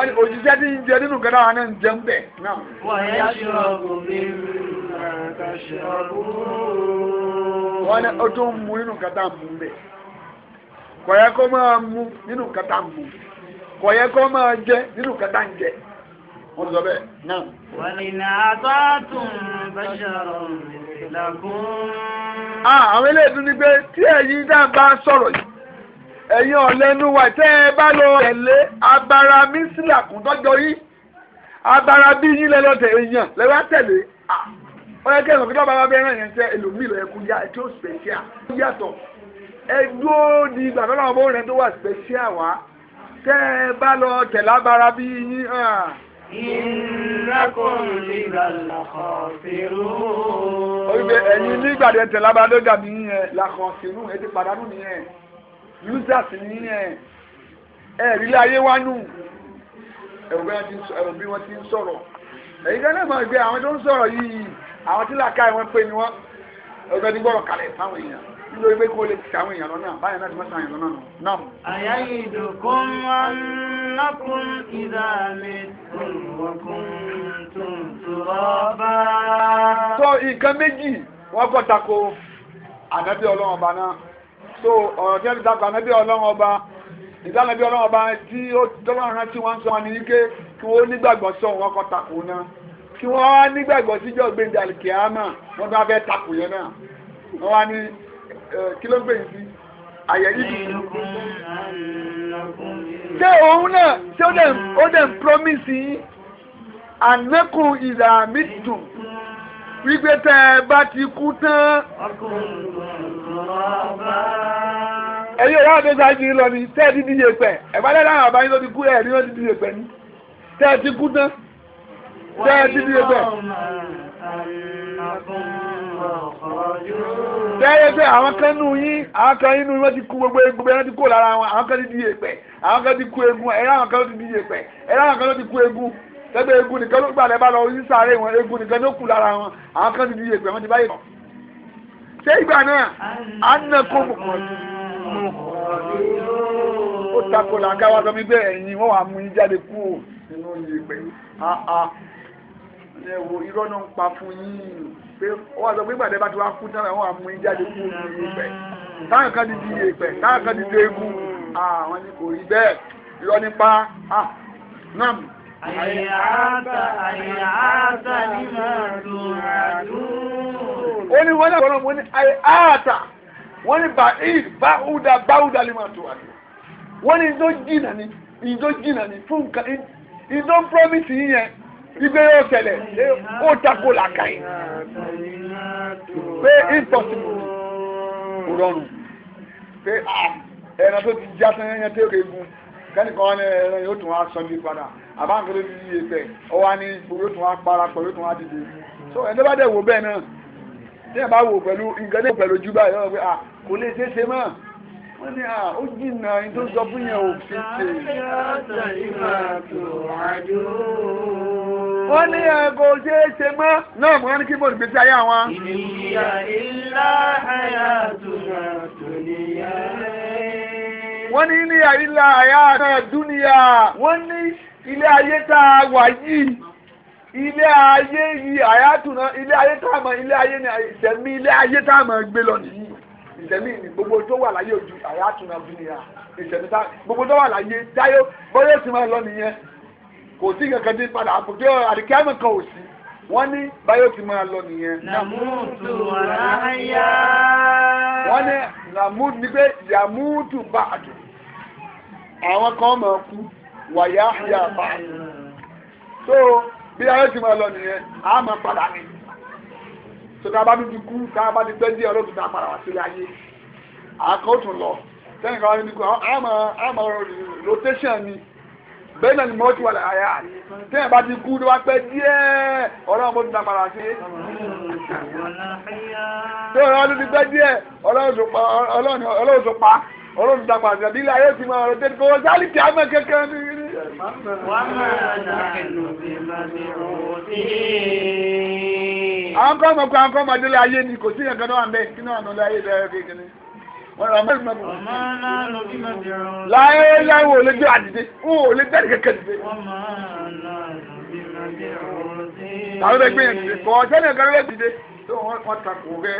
ní òjíṣẹ́ tí ń jẹ nínú gẹ́gẹ́ àwọn náà ń bẹ̀. wọ́n ní o tó ń mu nínú kàtà mú bẹ̀. kò yẹ kó máa mu nínú kàtà mú kò yẹ kó máa jẹ nínú kàtà ń jẹ wọ́n sọ bẹ́ẹ̀ náà. wàlìnà àtọ́tún bẹ́ṣọ̀rọ̀ ìlàkùn. àwọn eléyìí tún ní pé tí ẹ̀yin náà bá sọ̀rọ̀ yìí ẹ̀yin ọ̀lẹ́nu wa tẹ́ ẹ bá lọ tẹ̀lé abara mísílà kún tọ́jọ́ yìí abara bí yín lẹ́lọ́ tẹ̀ èèyàn lẹ́wọ́ tẹ̀lé ọ yẹ kí ẹ̀sán kí lọ́ba bá bẹ́ẹ̀ yẹn tẹ́ ẹlòmíì lọ́yẹ kú yá ẹtí ó spẹ̀ṣíà yàtọ̀ ẹ di ìgbà tó náà bóun rẹ tó wà spẹ̀ṣíà wá tẹ́ ẹ bá lọ tẹ̀lé abara bí yín hàn. Ìnákùn ìgbà làkọ̀ fèrú. Oríṣi ẹ̀yin nígbà tẹ̀ tẹ̀lé abara tó dàbí users ní ẹ̀ ẹ̀rí láyé wá nù ẹ̀rọ bí wọ́n ti ń sọ̀rọ̀ èyí kan náà mọ̀ àwọn tó ń sọ̀rọ̀ yìí àwọn tí làákà wọn pé ni wọ́n ọ̀gbẹ́ ní gbọ́rọ̀ kalẹ̀ fáwọn èèyàn nítorí pé kó lè ti àwọn èèyàn lọ́nà báyìí láti mọ́ta èèyàn lọ́nà náà. àyà ìdòkún ọ̀nàkùn ìdààmú ìwọ̀kùn tòǹtòrọ̀bà. sọ nǹkan méjì wọ́n kọ́ tako ànábì ọlọ́run ọba náà so ọ̀rọ̀ tí wọ́n ti dàgbà mẹ́bí ọlọ́run ọba ìdáná bí ọlọ́run ọba tí ó dọ́gba ọ̀ràn tí wọ́n ń sọ wọn ní wípé kí wọ́n nígbàgbọ́ sọ wọn kọ́ takò náà kí wọ́n wá nígbàgbọ́ síjọ́ gbèǹdé àlìkèámà wọ́n bá fẹ́ takò yẹn náà wọ́n wá ní kí ló ń gbèyìn sí àyẹ̀ yìí dùn. ṣé òun náà ṣé ó dẹ̀ ń promise yín ànákùn ìlà mi dùn wípé tẹ́ ẹ bá ti kú tán. ẹ̀yin ìyá àti ìsáájú lọ ni tẹ́ ẹ ti di yèpẹ̀ ẹ̀fọ́lẹ́ láwọn àbáyé tó ti kú ẹ̀ ní wọ́n ti di yèpẹ̀ ni tẹ́ ẹ ti kú tán tẹ́ ẹ ti di yèpẹ̀. tẹ́ ẹ yẹ pé àwọn kan nù yín àwọn kan inú wọn ti kú gbogbo egun ẹran ti kú lára wọn àwọn kan ti di yèpẹ̀ àwọn kan ti kú egun ẹran àwọn kan ti di yèpẹ̀ ẹran àwọn kan ti kú egun tẹ́gbẹ́ egun nìkan ló gbà lẹ́bàá lọ sí sáré wọn egun nìkan ló kù lára wọn àwọn kan ti di ìyẹ̀pẹ̀ wọn ti báyìí lọ. ṣé ìgbà náà á nà kó mọ̀ ó takò làǹkà wa sọ mi pé ẹ̀yin wọ́n wà mú yín jáde kú ò nínú ìyẹ̀pẹ̀ ẹ wo irọ́ náà ń pa fún yín pé wọ́n sọ pé gbàdé bá ti wá kú náà wọ́n á mú yín jáde kú òní ìyẹ̀pẹ̀ táwọn kan ti di ìyẹ̀pẹ̀ táwọn kan ti di egun àwọn ni kò rí bẹ́ẹ̀ irọ́ nípa náà ó ní wọ́n lẹ́kọ̀ọ́ wọ́n ní àyàtà wọ́n ní bàíd báúdà báúdà lè máa tó wà ní wọ́n ní ìjọ jìnà ní ìjọ jìnà ní fún nǹkan ìjọ promise yìí yẹn ibẹ̀ yóò tẹ̀lẹ̀ ó tako làkàyè pé impossible kò rọrùn pé ẹran tó ti já sẹ́yìn yẹn tó kéegun kẹ́nìkan ẹran yóò tún wá sọ́ndí padà àbáǹkẹ́ ló ti yí ẹsẹ̀ ọwọ́ ní gbogbo tó wá para pẹ̀lú tó wá dìde so ẹni bá dẹ̀ wò bẹ́ẹ̀ náà tí ẹ bá wò pẹ̀lú nǹkan dẹ̀ pẹ̀lú ojú báyìí lọ́wọ́ pé à kò lè ṣeé ṣe mọ́ wọ́n ní ó jìnnà ní tó sọ fún yẹn ò fi ṣe. wọ́n ní ẹ kò ṣeé ṣe náà mo rán ní kí gbèsè ayé àwọn. ìyá ìlà àyà tó rà tó níyà ní ní àyílá àyà náà dúnìyà wọ́n ní ilé ayé tá a wà yìí ilé ayé yìí àyàtúná ilé ayé tá a mọ̀ ilé ayé ni ìtẹ̀mí ilé ayé tá a mọ̀ gbé lọ nìyí ìtẹ̀mí ni gbogbo tó wà láyé ojú àyàtúná dúnìyà ìtẹ̀mí tá gbogbo tó wà láyé dáyé bóyá ti máa lọ nìyẹn kò sí kankan dín padà àpòjọ àdìkẹ́ kan ò sí wọ́n ní báyọ̀ ti máa lọ nìyẹn. nàmúùtù ráyà. wọ́n ní nàmúùtù ní pé yàmúùtù bàdù àwọn kan máa kú wàyà àyà bá so bí ayé ti máa lọ nìyẹn a máa padà ní sọdọ abá mi ti kú tá a bá ti pẹ́ díẹ̀ ọlọ́dún tá a padà wá sílé ayé àkọ́tún lọ sẹ́yìn kan wá níbi kú a máa a máa rotation ni bẹ́ẹ̀ náà ni mọ́tò wà láyà sẹ́yìn bá ti kú tó wá pẹ́ díẹ̀ ọlọ́run bó ti dá padà sí. sẹ́yìn bá ti pẹ́ díẹ̀ ọlọ́run tó pa ọlọ́run dàpọ̀ àti àdílé ayé ti máa rẹ̀ tẹ́lẹ̀ kọ́wọ́ sálì tí a mọ̀ kẹ́kẹ́ ní. àwọn kọ́ ọmọkùnrin àwọn kọ́ ọmọdélé ayé ni kò sí ẹ̀kan náà mẹ́ kí náà nọlé ayé kékeré wọ́n rà mẹ́rin mẹ́rin. láyé láwọ ò lè gbé àdìdé ó lè tẹ́lẹ̀ kẹ́kẹ́ dìde. àwọn ẹgbẹ́ yẹn kọ́ ọ̀sẹ́ni ẹ̀kan lọ́wọ́ dìde tó wọ́n takò rẹ̀.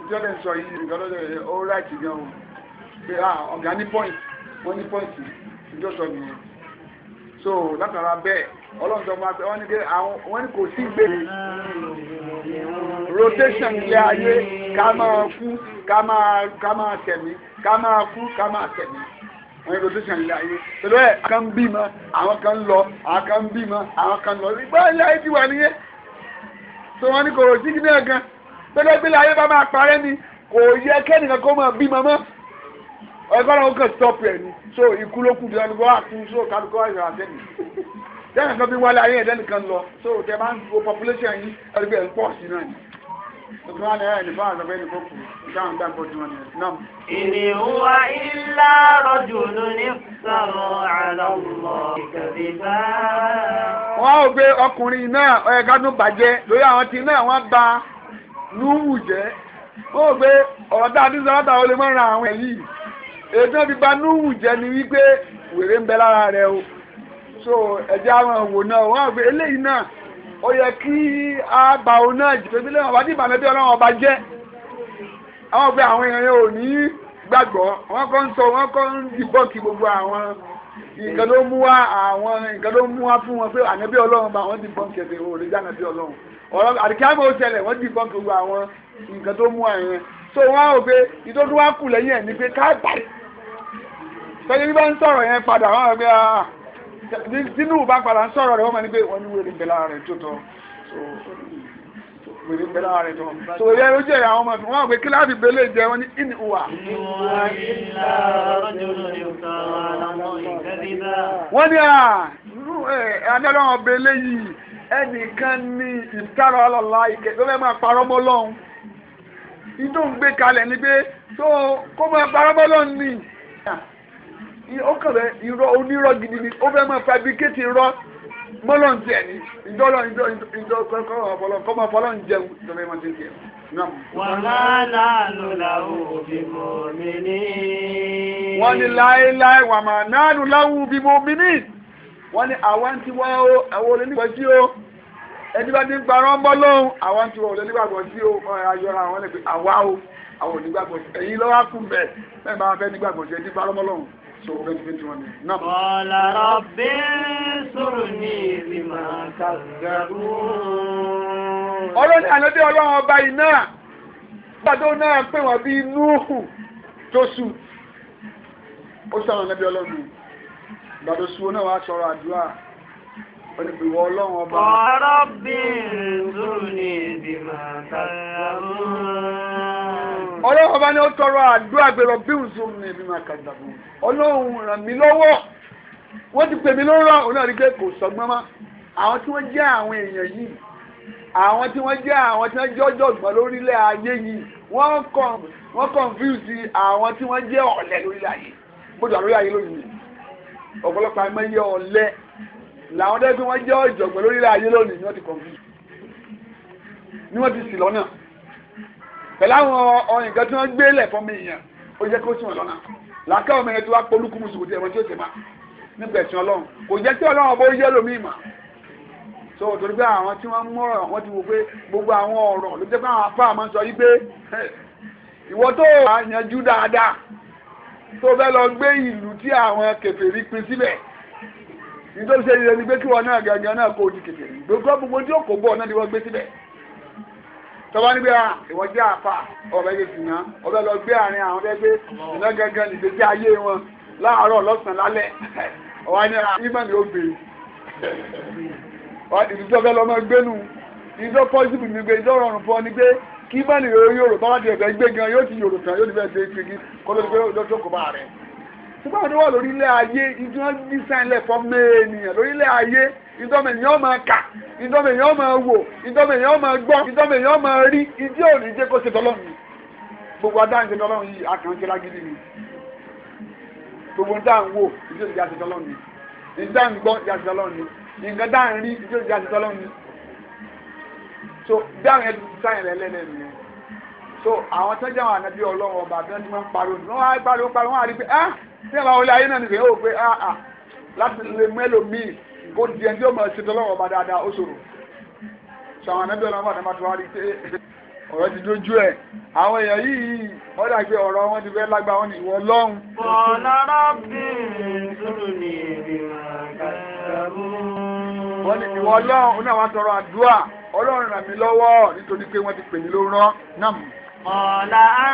ìjọ́dẹ̀ sọ yìí nìkan lọ́dọ̀ rẹ̀ ó ráìtì gan o pé à ah, ọ̀gá ní point wọ́n ní point ìjọ sọ nìyẹn so látara bẹ́ẹ̀ ọlọ́run sọ máa bẹ wọ́n ní pé àwọn wọ́n ní kò sí ìgbèrè rotation ilé ayé ká máa kú ká máa ká máa tẹ̀mí ká máa kú ká máa tẹ̀mí wọ́n ní rotation ilé ayé pẹ̀lú ẹ̀ kan ń bímọ àwọn kan ń lọ àwọn kan ń bímọ àwọn kan ń lọ ìgbà ilé ayé ti wà nìyẹn so wọ́n ní kò sí ìgbèrè gan gbẹlẹgbẹlẹ ayé bá máa parẹ́ ni kò yẹ kẹ́nìkan kó máa bí mọ́mọ́ ọ̀gá náà ó kàn stọ́ọ̀pù ẹ̀ ni so ikú ló kù díẹ̀ lọ́wọ́ àti so kálukọ́ àyọ̀ àtẹ́ni dẹ́nà kan bí wọ́n lé ayé ẹ̀ dẹ́nìkan lọ so tẹ máa ń wo population yìí ẹgbẹ́ ẹ̀ ń pọ̀ sí náà ni. Ìgbà wọn lẹ́yìn ìdìbò àwọn ọ̀gbẹ́ni kò kù dáhùn dáhùn bó ti wọn yẹn náà. Ìníwá ilá rọ̀jò lóní sọ̀rọ̀ àlọ́mọ̀ ìkàbí bá. Wọ́n á gbé ọkùnrin náà ọ̀ẹ́gádùn bàjẹ́ lórí àwọn tí náà wọ́n bá núhù jẹ́ ó gbé ọ̀rọ̀ tá a ti sọ látàwọn olè mọ́ra àwọn èyí ètò ti ba núhù jẹ́ ni wípé wèrè ń bẹ lára rẹ o so ẹ̀jẹ̀ àwọn òwò náà wọ́n àgbẹ̀ eléyìí náà ó yẹ kí a bá òun náà jù pépé lẹ́wọ̀n àbájú ìbànújẹ́ ọlọ́run ọba jẹ́ àwọn ọgbẹ́ àwọn èèyàn yẹn ò ní gbàgbọ́ wọ́n kọ́ ń sọ wọ́n kọ́ ń dìbọ́ọ̀kì gbogbo àwọn nǹkan ló mú wá àwọn nǹkan ló mú wá fún wọn pé ànábí ọlọ́run bá wọn dìbọ́ọ̀kì ẹ̀sìn òòrè jẹ́ ànábí ọlọ́run ọ̀rọ̀ àdìkáàmù òṣẹlẹ̀ wọ́n ti nǹkan gbogbo àwọn nǹkan tó mú àyẹn so wọ́n á rò pé ìtọ́jú wá kù lẹ́yìn ẹ̀ ní pé ká parí bí bá ń sọ̀rọ̀ yẹn padà wọ́n rò pé ah, tinubu bá padà ń sọ̀rọ̀ rẹ̀ wọ́n máa ní pé wọ́n ní wèrè ìbẹ̀lá rẹ̀ tó tọ́ wèrè ìbẹ̀lá rẹ̀ tó so ìyá ló jẹ́ àwọn ọmọ pé kíláàbì bẹ́lẹ̀ jẹ́ wọn ní wọ́n ní ah, eh, adájọ́ ọbẹ̀ eléyìí ẹnìkan ní ìtàrọ̀ ọlọ́lá ìkẹ́ tó fẹ́ máa parọ́ mọ́ lọ́hùn ìdó ń gbé kalẹ̀ ni pé tó kó máa parọ́ mọ́ ni ó kàn irọ́ onírọ́ gidi ni ó fẹ́ máa fabricate irọ́ mọ́ tiẹ̀ ni kọ́ máa jẹun tó fẹ́ máa ti tiẹ̀. Wọ́n ní láéláé nánú wọ́n ní àwọn tí wọ́n ó àwọn olè nígbà tí ó ẹni bá ti ń parọ́ ń bọ́ lóhùn àwọn tí wọ́n olè nígbàgbọ́ tí ó ayọ̀ra àwọn lè pe àwa o àwọn onígbàgbọ́ ẹ̀yin lọ́wọ́ kún bẹ́ẹ̀ bẹ́ẹ̀ bá fẹ́ nígbàgbọ́ tí ẹni parọ́ mọ́ lóhùn so ọ̀gá ti fi tiwọn ni. ọ̀la rabbi sọ̀rọ̀ ní ìrì máa ka gàrú. ọlọ́ni àlọ́dé ọlọ́run ọba iná gbàdó náà pè wọ́n bíi núhù tó sùn ó sọ̀rọ̀ gbàdọ̀ sí oná wa sọ̀rọ̀ àdúrà olùgbìwọ̀ ọlọ́run ọba. ọ̀rọ̀ bí ìrìnzúrù ní èdè máa kàdà mú. ọlọ́run ọba ni ó tọrọ àdúrà gbèrò bí ìrìnzúrù ní èdè máa kàdà mú. ọlọ́run ràn mí lọ́wọ́ wọ́n ti pè mí lọ́rọ̀ òun náà rí pé kò sọgbọ́n mọ́ àwọn tí wọ́n jẹ́ àwọn èèyàn yìí àwọn tí wọ́n jẹ́ àwọn tí wọ́n jẹ́ ọ̀jọ̀gbọ́n lórílẹ̀ ayé yìí wọ́n confuse àwọn tí wọ́n jẹ́ ọ̀lẹ lórílẹ̀ ayé mo dà lórí ayé lónìí ọ̀pọ̀lọpọ̀ àmọ́ iye ọ̀lẹ làwọn dẹ́ bí wọ́n jẹ́ ọ̀jọ̀gbọ́n lórí ayé lónìí ni wọ́n ti kọ̀ǹfì ni wọ́n ti sì lọ́nà pẹ̀lú àwọn ọ̀yìn kan tí wọ́n gbé lẹ̀ fún mi yẹn ó jẹ́ kó sì wọ́n lọ́nà làákà ọmọ yẹn tí wàá polúkú mùsùlùmí tí ẹ̀mọ́ tí ó ti má nípa ẹ̀sìn ọlọ́run kò jẹ́ tí ọlọ́run bó yẹ́ lómi mà so torí pé àwọn tí wọ́n mú ọ̀rọ̀ wọ́n ti wò pé gbogbo àwọn ọ̀rọ̀ ló jẹ́ pé àwọn afá àmọ́ sọ yí pé ìwọ tó yanjú dáadáa tó fẹ́ lọ gbé ìlú tí àwọn kèfèrí pín síbẹ̀ nítorí ṣe ìrẹni pé kí wọn náà gangan náà kó di kèfèrí gbogbo gbogbo tí ó kò bọ̀ náà ni wọ́n gbé síbẹ̀ tọ́ba níbi à ah, ìwọ jẹ́ àfa ọ̀bẹ yẹn sùnà ọ̀bẹ lọ gbé àárín àwọn ọ̀bẹ gbé ìná gangan nìgbésí ayé wọn láàárọ̀ lọ́sàn-án lálẹ́ [laughs] ọ̀wá ní ah, ìmọ̀ ni ó bèrè [laughs] ìdúdọ́fẹ́ lọ́mọ gbénu ìdúdọ́ pọ́sibù ni gbé ìdúdọ́ rọrùn fún ọ ni gbé kí bá ní ìròyìn yòrò bá wá di ẹ̀fẹ̀ gbé gan yóò ti yòrò tán yóò ti fẹ́ ṣe kiri kọ́ ló ti pé lọ́jọ́ kò bá rẹ̀. ṣùgbọ́n àwọn tó wà lórí ilẹ̀ ayé ìdí wọn ní sáìlẹ̀ fọ́ mẹ́ẹ̀nìyàn lórí ilẹ̀ ayé ìdọ́mẹ̀yàn máa kà ìdọ́mẹ̀yàn máa wò ìdọ́mẹ̀yàn máa gbọ́ ìdọ́mẹ̀yàn máa rí ìdí òní jẹ́ kó ṣe tọ́lọ́run gbogbo adáǹṣe tọ́lọ́run yìí àkànṣe lágídí ni gbogbo dáhùn wò ìdí òní jẹ́ àṣetọ́lọ́run ni ìdáhùn gbọ́ ìdí àṣetọ́lọ́run ni ìgbẹ́dáhùn rí ìdí òní jẹ́ àṣetọ́lọ́run ni so bí àwọn yẹn ti sáyẹn lẹ́lẹ́lẹ́ nìyẹn so àwọn tó jẹ́ àwọn ànábí ọlọ́run ọba tó ń mọ́ pariwo ní wọ́n á pariwo pariwo wọ́n á rí pé ah tí ẹ bá wọlé ayé náà nìyẹn ó pé ah ah láti lè mélòó míì kó di ẹni tí ó mọ̀ ṣe tọ́lọ́run ọba dáadáa ó ṣòro so àwọn ànábí ọlọ́run ọba tó máa tó wá rí pé ọ̀rọ̀ ti dójú ẹ̀ àwọn èèyàn yìí wọ́n dà pé ọ̀rọ̀ wọn ti fẹ́ lágbá wọn ìwọ lọ́hùn. ọ̀nàrà bíi sùúrù ní ìbí wọn kàtàkùn. ní ìwọ lọ́hùn ọlọ́run ràn mí lọ́wọ́ nítorí pé wọ́n ti pè mí ló rán náà. ọ̀la á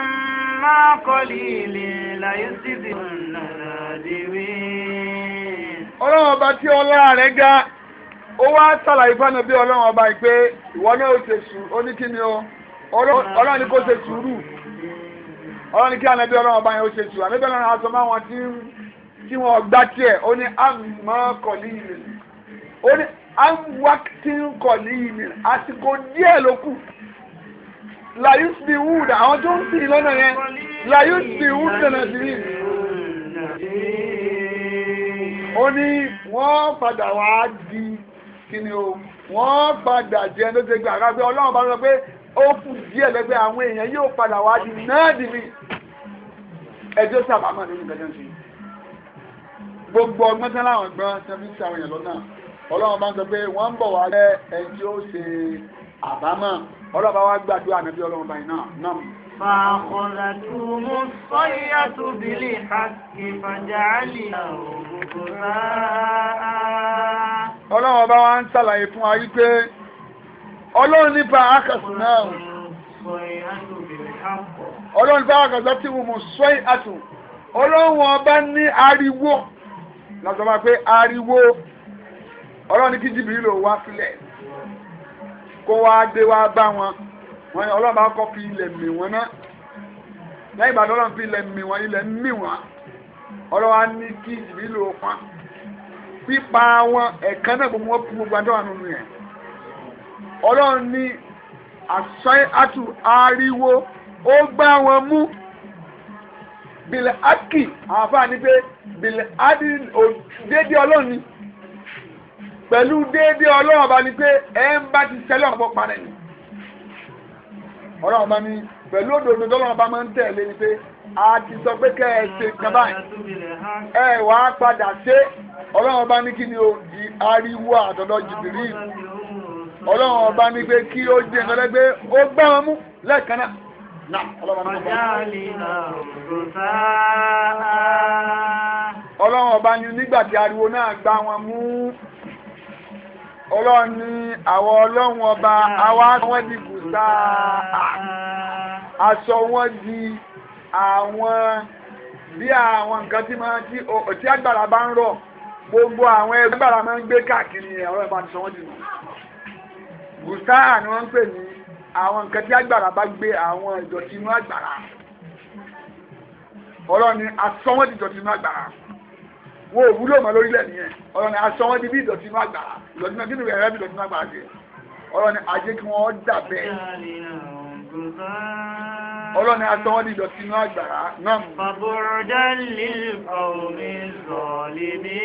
máa kọ́lì ilé láyé síbi ọ̀nà ọlọ́run ọba tí rẹ̀ ga ó wá sàlàyé fáná bí ọlọ́run ọba yìí ìwọ náà ó ṣe sùúrù ó ní kí ni o ọlọ́run ní kó ṣe sùúrù ọlọ́run ní kí ọlọ́run ọba yẹn ó ṣe I'm working mi àsìkò díẹ̀ ló kù layus bi wood àwọn tó ń sìn lọ́nà yẹn layus bi wood nana bìrì ó ní wọ́n padà wá di kíni o wọ́n padà jẹ́ ló ṣe gbà ká pé ọlọ́run bá sọ pé ó kù díẹ̀ lẹ́gbẹ́ àwọn èèyàn yóò padà wá di náà dì mí ẹjọ́ sábà máa ní ìgbẹ́jọ́ sí gbogbo ọgbọ́n tán láwọn gbọ́n tẹ́bí sí àwọn èèyàn lọ́nà ọlọ́run bá ń sọ pé wọ́n ń bọ̀ wá rẹ́ ẹni tí ó ṣe àbámọ̀ ọlọ́run bá wá gbàdúrà ànábì ọlọ́run báyìí náà náà. فأخذتهم الصيحة بالحق فجعلها غثاء ọlọ́run ọba wa ń ṣàlàyé fún wa wípé ọlọ́run nípa ọlọ́run nípa àkàsùn tí mo mọ̀ sọ́yìn àtò ọlọ́run ọba ní ariwo lọ́sọ̀ọ́ máa pé ariwo ọlọ́run ní kí jìbìrì lò wá sílẹ̀ kó wá dé wá bá wọn wọn ni ọlọ́run bá kọ́ fi ilẹ̀ mì wọn náà lẹ́yìn ìgbà tó ọlọ́run fi ilẹ̀ mì wọn ilẹ̀ mì wọn ọlọ́run á ní kí jìbìrì lò pọn pípa wọn ẹ̀kan náà gbogbo wọn kú gbogbo àdéhùn nínú yẹn ọlọ́run ní àṣọ àtù ariwo ó gbá wọn mú bìlẹ̀ ákì àwọn afáàní pé bìlẹ̀ ádì òdédé ọlọ́run ni pẹ̀lú déédé ọlọ́run ọba ni pé ẹ ń bá ti sẹ́lẹ̀ ọ̀pọ̀ parẹ́ ni ọlọ́run ọba ni pẹ̀lú òdòdó tọ́lọ́run ọba máa ń tẹ̀lé ni pé a ti sọ pé kẹ́ ẹ ṣe kan báyìí ẹ wà á padà ṣe ọlọ́run ọba ní kí ni o di ariwo àtọ̀dọ̀ jìbìrì ọlọ́run ọba ní pé kí ó jẹ́ ìtọ́lẹ́ pé ó gbá wọn mú lẹ́ẹ̀kan náà. Ọlọ́run ọba ni nígbà tí ariwo náà gbá wọn mú ọlọ́run ní àwọn ọlọ́run ọba àwa wọ́n di gùsà aṣọ wọn di àwọn bí àwọn nǹkan tí máa tí ọtí àgbàrá bá ń rọ̀ gbogbo àwọn ẹgbẹ́ àgbàrá máa ń gbé káàkiri ọ̀rọ̀ ìbánisọ̀ wọn dìbò gùsà ni wọ́n ń pè ní àwọn nǹkan tí àgbàrá bá gbé àwọn ìdọ̀tí inú àgbàrá ọlọ́run ní aṣọ wọn di ìdọ̀tí inú àgbàrá wo òwúlò mọ́ lórílẹ̀ nìyẹn ọ̀rọ̀ ni aṣọ wọn di bí ìdọ̀tí má gbà ìdọ̀tí náà gínú rẹ̀ bí ìdọ̀tí má gbà ṣe ọ̀rọ̀ ni ajé kí wọ́n dà bẹ́ẹ̀ ọ̀rọ̀ ni aṣọ wọn di ìdọ̀tí má gbà náà mú. fàbùrọ̀dá lílù kọ̀ọ̀mí sọ̀lìmí.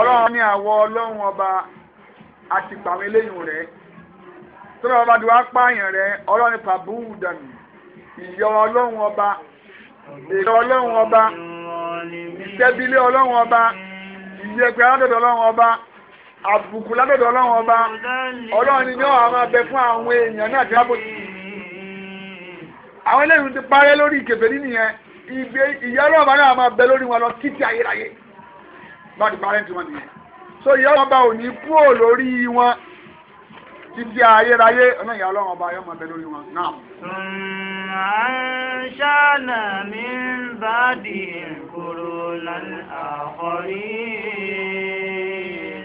ọlọ́run ní àwọ ọlọ́run ọba àti pàwọn eléyìn rẹ̀ tó lọ́wọ́ di wá pààyàn rẹ̀ ọlọ́run fàbùrọ̀dá ìyọ ọlọ́run ọba ìyọ ọlọ́run ọba. ìtẹ́bílé ọlọ́run ọba ìyẹ̀pẹ̀ aládọ́dọ̀ ọlọ́run ọba àbùkù ládọ́dọ̀ ọlọ́run ọba ọlọ́run ni yóò máa bẹ fún àwọn èèyàn náà tí wọ́n àwọn eléyìí ti parẹ́ lórí ìyá ọlọ́run ọba náà máa bẹ lórí wọn lọ títí ayérayé bá ti parẹ́ nìyẹn. so ìyá ọlọ́run ọba ò ní lórí wọn títí ayérayé ọlọ́run ọba yóò máa bẹ lórí wọn náà. أنشأنا من بعدهم قرونا آخرين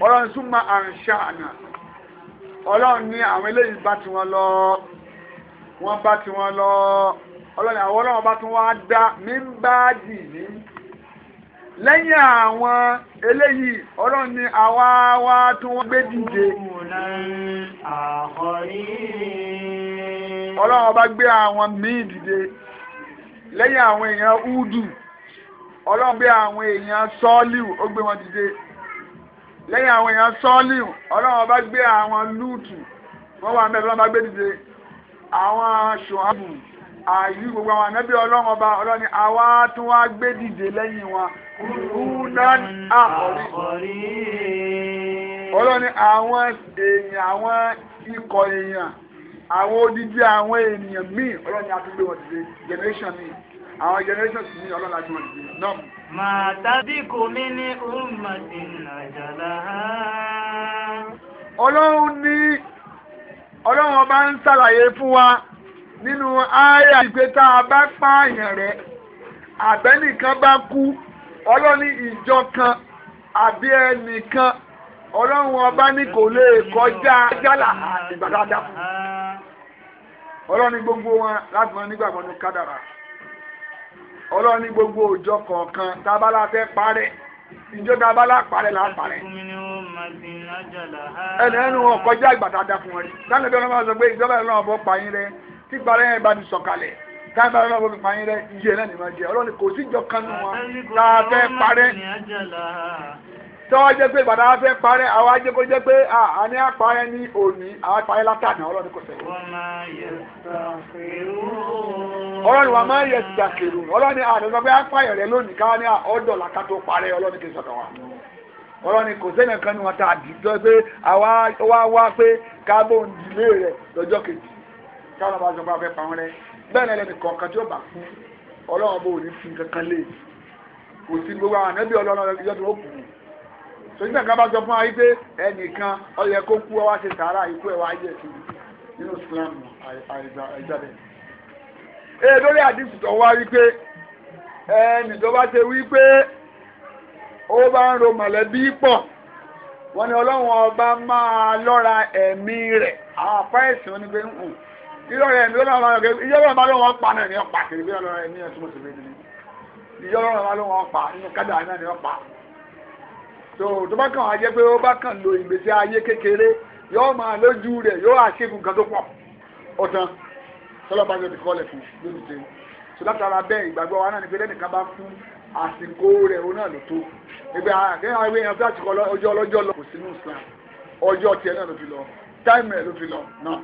ọlọ́run súnmọ́ àǹṣáàna ọlọ́run ní àwọn eléyìí bá tiwọn lọ wọ́n bá tiwọn lọ ọlọ́run àwọn ọlọ́run bá tún wá dá mímbáàdì ní lẹ́yìn àwọn eléyìí ọlọ́run ni àwa wa tún wọ́n gbé dìde ọlọ́run ọba gbé àwọn míì dìde lẹ́yìn àwọn èèyàn údù ọlọ́run gbé àwọn èèyàn sọ́ọ́lìwù ó gbé wọn dìde lẹ́yìn àwọn èèyàn sọ́ọ́lìwù ọlọ́run ọba gbé àwọn lúùtù wọ́n wà mẹ́fẹ́ ọlọ́run ọba gbé dìde àwọn ṣòhánbù àyù gbogbo àwọn ànábì ọlọ́run ọba ọlọ́run ni àwa tún wá gbé dìde lẹ́yìn wọn kúrúnán àkọ́rí. ọlọ́ni àwọn èèyàn àwọn ikọ̀ èèyàn àwọn odidi àwọn ènìyàn míì ọlọ́ni àtúgbò wọn dìde generation míì àwọn generation sì ní ọlọ́ni àti wọn dìde náà. màá tàbí kò mí ní ọmọdé nàjàlá. ọlọ́run ní ọlọ́run ọba ń ṣàlàyé fún wa nínú àyà ìgbé tá a bá pààyàn rẹ̀ àbẹ́nìkan bá kú ọlọ́ni ìjọ kan àbí ẹnìkan ọlọ́run ọba ní kò lè kọjá jálà ìgbàdáadáa fún ọlọ́ni gbogbo wọn láti wọn nígbàgbọ́ ní kádàrà ọlọ́ni gbogbo òjọ kọ̀ọ̀kan tábàlà fẹ́ parẹ́ ìjọ tábàlà parẹ́ là ń parẹ́ ẹnì ẹnu wọn kọjá ìgbàdáadáa fún wọn rí sanni bí wọn bá sọ pé ìjọba ìlú ọ̀bọ pààyàn rẹ tí parẹ́ yẹn bá ti sọ̀kalẹ̀ táìbà rẹ̀ lọ́wọ́ olùpàá yín rẹ̀ iye náà ni máa jẹ ọlọ́ni kò sí ìjọ kan wọn tá fẹ́ parẹ́ tọ́wọ́ jẹ́ pé ìbàdàn fẹ́ parẹ́ àwọn ajé jẹ́ pé a ní ní òní àwọn àparẹ́ ọlọ́ni kò sẹ́yìn. ọlọ́ni wa máa ń yẹ sàkèrò ọlọ́ni àdàgbà pé àpáyọ̀ rẹ̀ lónìí káwọn ní ọ̀dọ̀ làkà parẹ́ ọlọ́ni kì í sọ̀tọ̀ wa ọlọ́ni kò sẹ́yìn kan ní wọn tá a dì tọ́ pé àwa wá pé káàbọ̀ òǹdílé rẹ̀ lọ́jọ́ kejì káwọn bá sọ pé a fẹ́ pa wọn rẹ̀ bẹ́ẹ̀ lẹ́nu kọ̀ọ̀kan tí ó bá ọlọ́run bó ní fi kankan lé kò sí gbogbo àwọn ànábì ọlọ́run yọ tó kù sọ́jú náà kábà sọ fún wa wípé ẹnìkan ó kó kú ọwá sàárà ikú ẹ̀ ee lórí àdìsí tó wá wípé ẹnì tó bá ṣe wípé ó bá ń ro mọ̀lẹ́bí pọ̀ ọba máa lọ́ra ẹ̀mí rẹ̀ àwọn wọn ni irọ́ rẹ̀ mi ó lọ́wọ́ ọ̀gẹ́ ìjọ́ lọ́wọ́ ló wọ́n pa náà ni wọ́n pa kiri bí ọlọ́rọ̀ ẹni ẹ̀ túmọ̀ sí méjì ni ìjọ́ lọ́wọ́ ló wọ́n pa inú kádà náà ni wọ́n pa. tó tó bá kàn wá jẹ́ pé ó bá kàn lo ìgbésí ayé kékeré yóò máa lójú rẹ̀ yóò àṣegun kan tó pọ̀ ọ̀tàn tọ́lọ́ba yóò ti kọ́lẹ̀ fún lórí ṣe so látara bẹ́ẹ̀ ìgbàgbọ́ wa náà ni pé lẹ́nìkan bá fún àsìkò rẹ̀ òun náà ló tó ìgbà àgbẹ̀yà ìwé yẹn bí àsìkò ọjọ́ ọlọ́jọ́ lọ kò sínú Islam ọjọ́ tiẹ̀ náà ló fi lọ táìmù rẹ̀ ló fi lọ náà.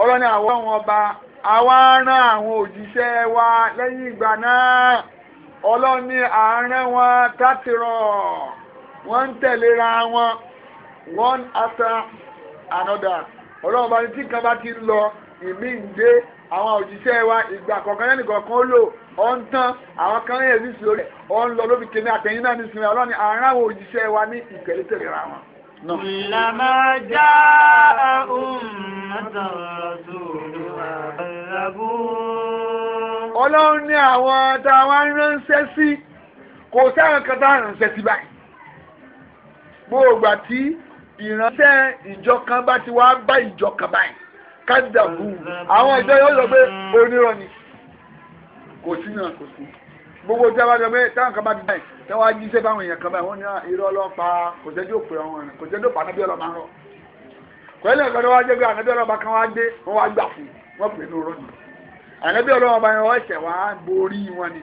ọ̀rọ̀ ni àwọn ọ̀hún ọba àwa rán àwọn òjíṣẹ́ wa lẹ́yìn ìgbà náà ọlọ́ni àárẹ̀ wọn kátìrọ̀ wọ́n ń tẹ̀lera wọn one after another ọlọ́run ọba ní tí kan bá ti lọ ìmí ń dé àwọn òjíṣẹ́ wa ìgbà kọ̀ọ̀kan lẹ́nìkọ̀ọ̀kan ó lò ọ̀ ń tán àwọn kan yẹ nísìnyí rẹ̀ ọ̀ ń lọ lóbi kèmí àtẹ̀yìn náà nísìnyí ọlọ́ni aráwọ̀ òjíṣẹ́ wa ní ìtẹ̀lé tẹ̀lé ra wọn. Lama já ummatan rasuluna labu. Ọlọ́run ní àwọn tá a wá ránṣẹ́ sí kò sáwọn kan tá a ránṣẹ́ sí báyìí. Gbogbo àti ìránṣẹ́ ìjọ kan bá ti wá bá ìjọ kan báyìí. Kádàbù àwọn ìjọ yóò sọ pé onírọ̀ ni kò sí náà kò sí gbogbo tí a bá jọ pé táwọn kan bá ti báyìí táwọn ajíṣẹ́ báwọn èèyàn kan báyìí wọ́n ní ah, irọ́ ọlọ́pàá kò sẹ́ni ó pè wọn kò sẹ́ni ó pa anábí ọlọ́pàá rọ pẹ̀lú ẹ̀kọ́ tó wá jẹ́ pé anábí ọlọ́pàá kan wá dé wọ́n wá gbà fún wọ́n pè ní orọ́ ni anábí ọlọ́pàá yẹn wọ́n ṣẹ̀ wá borí wọn ni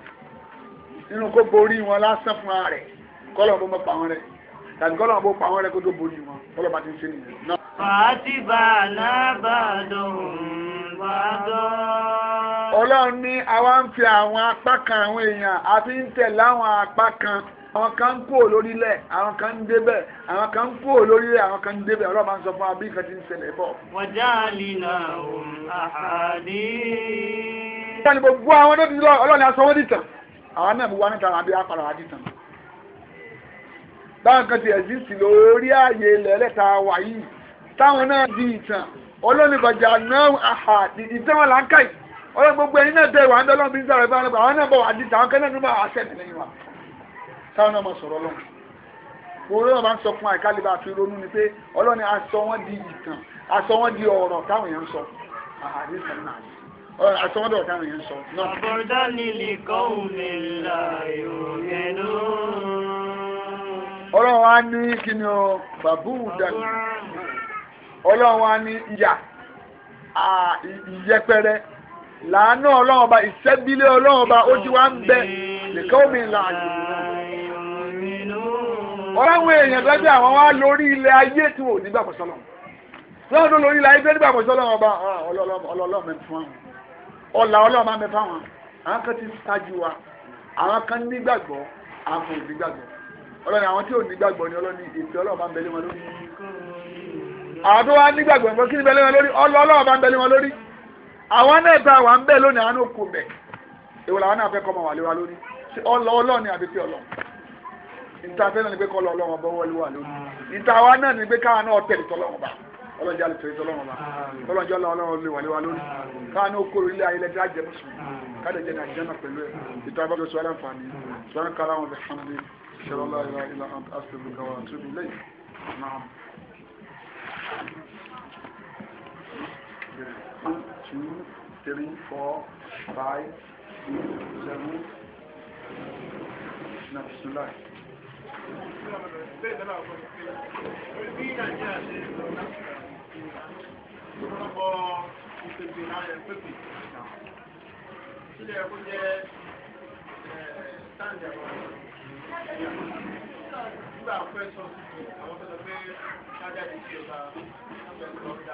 nínú kó borí wọn lásán fún ara rẹ̀ kọ́lọ̀ bó mọ̀ pa wọn rẹ̀ tàbí kọ́lọ̀ bó pa wọn rẹ̀ ọlọ́run ní àwa ń fi àwọn apá kan àwọn èèyàn àfi ń tẹ̀ láwọn apá kan àwọn kan ń kúrò lórílẹ̀ àwọn kan ń débẹ̀ àwọn kan ń kúrò lórílẹ̀ àwọn kan ń débẹ̀ ọlọ́run máa ń sọ fún wa bí nǹkan ti ń ṣẹlẹ̀ bọ̀. wọ́jà lìlà ni náà mú wa níta ti ẹ̀sìn sí lórí ààyè lẹ́lẹ́ta wà táwọn náà di ìtàn ọlọ́run ìbàjẹ́ àná àhàdí ìtàn wọn là ń ọlọ́run gbogbo ẹni náà tẹ ìwà ń dọ́lọ́run bí ń sọ̀rọ̀ ìbára àwọn náà bọ̀ wà dìtà àwọn kẹ́nà nígbà àṣẹ mi lẹ́yìn wa táwọn náà mọ̀ sọ̀rọ̀ ọlọ́run òun náà bá ń sọ fún àìkálẹ̀ bá fi ronú ni pé ọlọ́run ni aṣọ wọn di ìtàn aṣọ wọn di ọ̀rọ̀ táwọn èèyàn ń sọ àdìsàn náà aṣọ wọn dọ̀rọ̀ táwọn èèyàn ń sọ. àbọ̀dá nílì kọ́ùnmí là yóò yẹn ọlọ́run wa ní kí ni ọ bàbúùdà ọlọ́run wa ní ìyà ìyẹpẹrẹ làánú ọlọ́run ọba ìṣẹ́bílẹ̀ ọlọ́run ọba ó ti wá ń bẹ nìkan omi làánú. ọlọ́run èèyàn tó jẹ́ àwọn wá lórí ilẹ̀ ayé tí wò nígbà pọ̀ sọ́lọ́run lọ́wọ́ tó lórí ilẹ̀ ayé tó nígbà pọ̀ sọ́lọ́run ọba ah, ọlọ́run mẹ́fún àwọn ọ̀là ọlọ́run máa mẹ́fún àwọn àwọn kan ti ṣáájú wa àwọn kan nígbàgbọ́ àwọn kò nígbàgbọ́ ọlọ́run àwọn tí ò nígbàgbọ́ ni ọlọ́run ìfẹ́ ọlọ́run máa àwọn náà bá wà ń bẹ̀ lónìí àánú kù bẹ̀ èwo làwọn náà fẹ́ kọ́ ọmọ wà léwa lónìí ṣe ọlọ ọlọ́ọ̀ni àbí pé ọlọ́ọ̀ níta fẹ́ náà ni pé kọ́ lọ ọlọ́wọ́ bọ́ wọlé wà lónìí níta wa náà ni pé káwọn náà tẹ̀lé tọ́lọ́wọ́ bá ọlọ́jà lè tẹ̀lé tọ́lọ́wọ́ bá ọlọ́jà ọlọ́wọ́ lè wà léwa lónìí káwọn náà kóró ilé ayé lẹ́tẹ̀ àjẹ mùsùlùmí káde jẹ́ ní àjẹ́ náà pẹ̀lú ẹ̀ ìta bá gbèsè aláǹfààní sọ́n kálá wọn bẹ̀ hàmdi ṣẹlọ́ láyé ilá àtúbìkà wà tóbi lẹ́yìn náà. one, two, three, four, five, six, seven. Now, Bismillah. nígbà pẹ́ sọ sí àwọn tó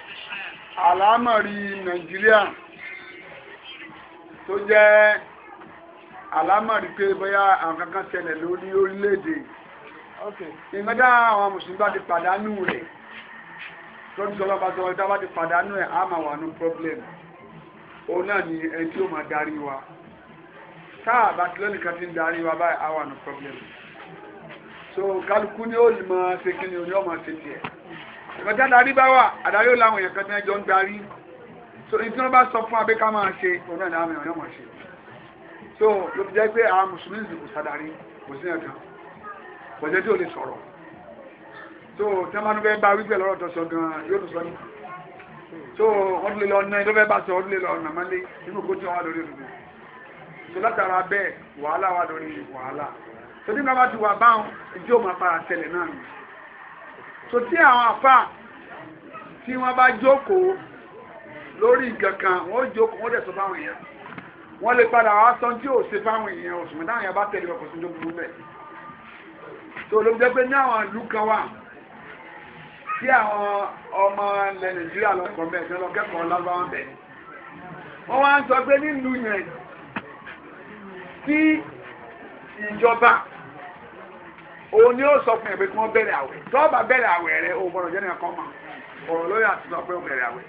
àlámọ̀rí nàìjíríà tó jẹ́ àlámọ̀rí pé bóyá àwọn kankan ṣẹlẹ̀ lórí orílẹ̀-èdè ìmọ̀dá àwọn mùsùlùmí bá ti pàdánù rẹ̀ lọ́dún tó lọ́ba sọ ìta bá ti pàdánù ẹ̀ á máa wà ní problem òun náà ni ẹni tí ó máa darí wa táà bá ti lónìí kan ti ń darí wa báyìí á ní problem so kálukú ni ó lè máa ṣe kí ni ó ní ṣe tiẹ̀ ìgbàjá darí bá wà àdarí ó láwọn èèyàn kan tí ń darí so ní tí wọ́n bá sọ fún abẹ́ ká máa ṣe òun náà láwọn èèyàn máa ṣe so ló fi jẹ́ pé àwọn mùsùlùmí kò sàdarí kò sí ẹ̀kan kò jẹ́ tí ò lè sọ̀rọ̀ so tí wọ́n bá bá wípé lọ́rọ̀ tó sọ gan-an yóò tún sọ ní so wọ́n lè lọ ọ̀nà ẹ̀ ló fẹ́ bá sọ wọ́n lè lọ ọ̀nà mọ́lé nínú kó tí wọ́n wá lórí òdòdó so látara bẹ́ẹ̀ wàhálà wà lórí wàhálà so nígbà bá ti wà báwọn ìjọ máa para tẹ̀lẹ̀ náà nìyẹn so tí àwọn àfà tí wọ́n bá jókòó lórí nǹkan kan wọ́n jókòó wọ́n dẹ̀ sọ fáwọn èèyàn wọ́n lè padà wá sọ tí ò ṣe fáwọn èèyàn òṣùwọ̀n táwọn èèyàn bá tẹ̀lé ọkọ̀ sí lóko lóko bẹ́ẹ̀ so ló jẹ́ pé ní àwọn ìlú kan wà tí àwọn ọmọ ilẹ̀ Nàìjíríà lọ kọ́ bẹ́ẹ̀ tí wọ́n lọ kẹ́kọ̀ọ́ lábáwọn bẹ́ẹ̀ wọ́n wá ń sọ pé nílùú yẹn tí ìjọba òun ni ó sọ fún ẹ pé kí wọ́n bẹ̀rẹ̀ àwẹ̀ tọ́ọ̀bà bẹ̀rẹ̀ àwẹ̀ rẹ o gbọ́dọ̀ jẹ́ kan mọ̀ ọ̀rọ̀ lórí àti sọ pé ó bẹ̀rẹ̀ àwẹ̀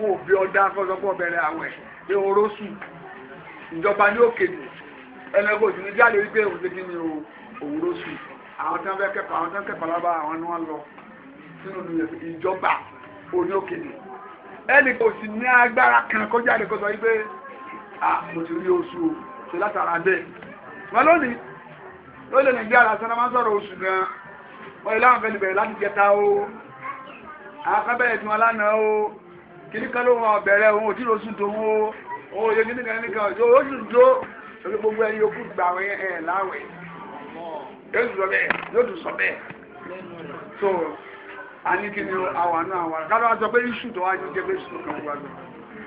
wọn ò bí ọdá fọ́sọ́pọ̀ bẹ̀rẹ̀ àwẹ̀ pé oró sùn ìjọba ní òkè nù ẹlẹ́gbẹ́ òsì ní jáde wípé òun ti kí ni òwúrọ̀ sùn àwọn tí àwọn tí ni lọ kan wípé ah mo ti rí lórílẹ̀ nàìjíríà lásán máa ń sọ̀rọ̀ oṣù gan wọ́n ilé àwọn fẹ́lẹ̀ bẹ̀rẹ̀ láti jẹta o àkábẹ̀rẹ̀ tí wọ́n lánàá o kìníkan ló wọn bẹ̀rẹ̀ òun òtí lóṣù tó mú o òye kìníkan nìkan òjò oṣù tó lórí gbogbo ẹni yókù gbà wẹ́ ẹ̀ láwẹ̀ yóò sọ bẹ́ẹ̀ yóò tún sọ bẹ́ẹ̀ so a ní kí ni àwọn àánú àwọn kálọ́ àti ọpẹ́ iṣu tó wájú jẹ́ pé iṣu tó kàn wá lọ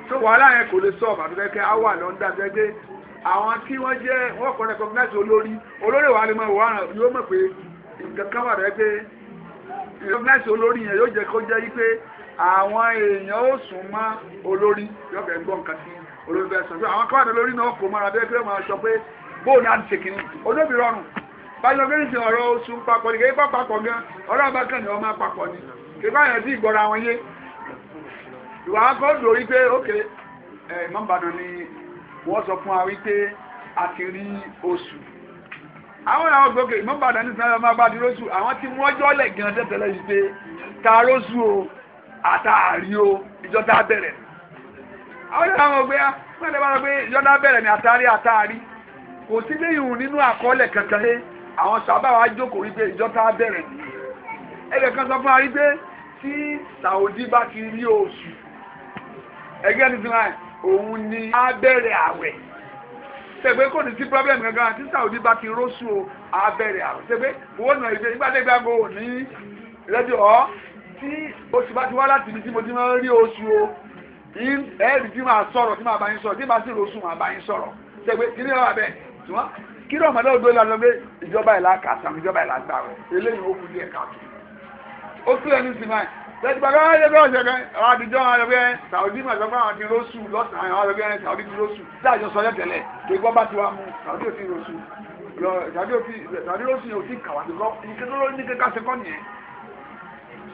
so wàhálà yẹn kò lè sọ ọ̀bà tó fẹ́ kẹ́ á wà lọ́ńdà tó fẹ́ àwọn tí wọ́n jẹ́ wọ́n kọ́ recognize olórí olórí wa lè mọ̀ wọ́n àrùn yóò mọ̀ pé nǹkan kan wà rẹ̀ pé recognize olórí yẹn yóò jẹ́ kó jẹ́ wípé àwọn èèyàn ó sùn mọ́ olórí yóò fẹ́ gbọ́ nǹkan sí olórí fẹ́ sọ pé àwọn kan wà rẹ̀ lórí náà kò mọ́ra bẹ́ẹ̀ pé wọ́n sọ pé bóun náà ti ṣe kìnnì olóbi rọrùn báyọ̀ gbé nìṣẹ́ ọ̀rọ̀ oṣù papọ̀ nìkan ipá papọ̀ gan ọ̀rọ̀ abákan ni wọ́n papọ̀ ni kíkọ́ yẹn sì gbọ́ra wọn yé ìwà akọ́ dòrí pé ókè ẹ̀ mọ́bàdàn ni wọ́n sọ fún wa wípé a ti rí oṣù àwọn àwọn gbòkè ìmọ̀bàdàn ní sinadà máa bá di róṣù àwọn tí wọ́n jọ́lẹ̀ gan tẹ́tẹ́lẹ́ yìí pé ta róṣù o àtàrí o ìjọ tá a bẹ̀rẹ̀ àwọn ìjọba àwọn ọgbẹ́ wọn lè bá sọ pé ìjọ tá a bẹ̀rẹ̀ ni àtàrí àtàrí kò sí léyìn nínú àkọọ́lẹ̀ kankan yé àwọn sábà wa jókòó rí pé ìjọ tá a bẹ̀rẹ̀ ni ẹgbẹ́ kan sọ fún wa rí pé tí Saudi bá ti rí oṣù ẹgbẹ́ ni sinadà òun ni á bẹ̀rẹ̀ àwẹ̀ tẹ̀gbẹ́ kò ní sí problem gangan tí Saudi bá ti róṣù o á bẹ̀rẹ̀ àwẹ̀ tẹ̀gbẹ́ owó nà ìgbẹ́ nígbà tẹ́gbẹ́ àgbo ò ní rẹ́díò ọ́ tí oṣù bá ti wá láti ibi tí mo ti máa ń rí oṣù o ẹ̀ẹ́dì tí màá sọ̀rọ̀ tí màá bá yín sọ̀rọ̀ tí màá sì róṣù màá bá yín sọ̀rọ̀ tẹ̀gbẹ́ kí ni ọ̀rọ̀ abẹ́ ṣùgbọ́n kí ni ọ̀mọdé òdo lọ́dọ̀ pé ìjọba ìlà kàtàm ìjọba ìlà gbà rẹ̀ eléyìí ó kú díẹ̀ káàtó ó tún ẹni sí máa lẹ́tí bàbá wáyé lọ́wọ́ ṣẹ̀kẹ́ àwọn àdìjọ́ àwọn ẹgbẹ́ sàwọ́dí mà sọ́kọ́ àwọn ti róṣù lọ́sàn-án àwọn ẹgbẹ́ sàwọ́dí ti róṣù láàjọ sọ lẹ́tẹ̀lẹ̀ tó gbọ́ bá ti wá mú sàwọ́dí ò ti róṣù sàwọ́dí róṣù yẹn ò ti kàwá ti kọ́ nǹkan tó ní kíkà ṣe kọ́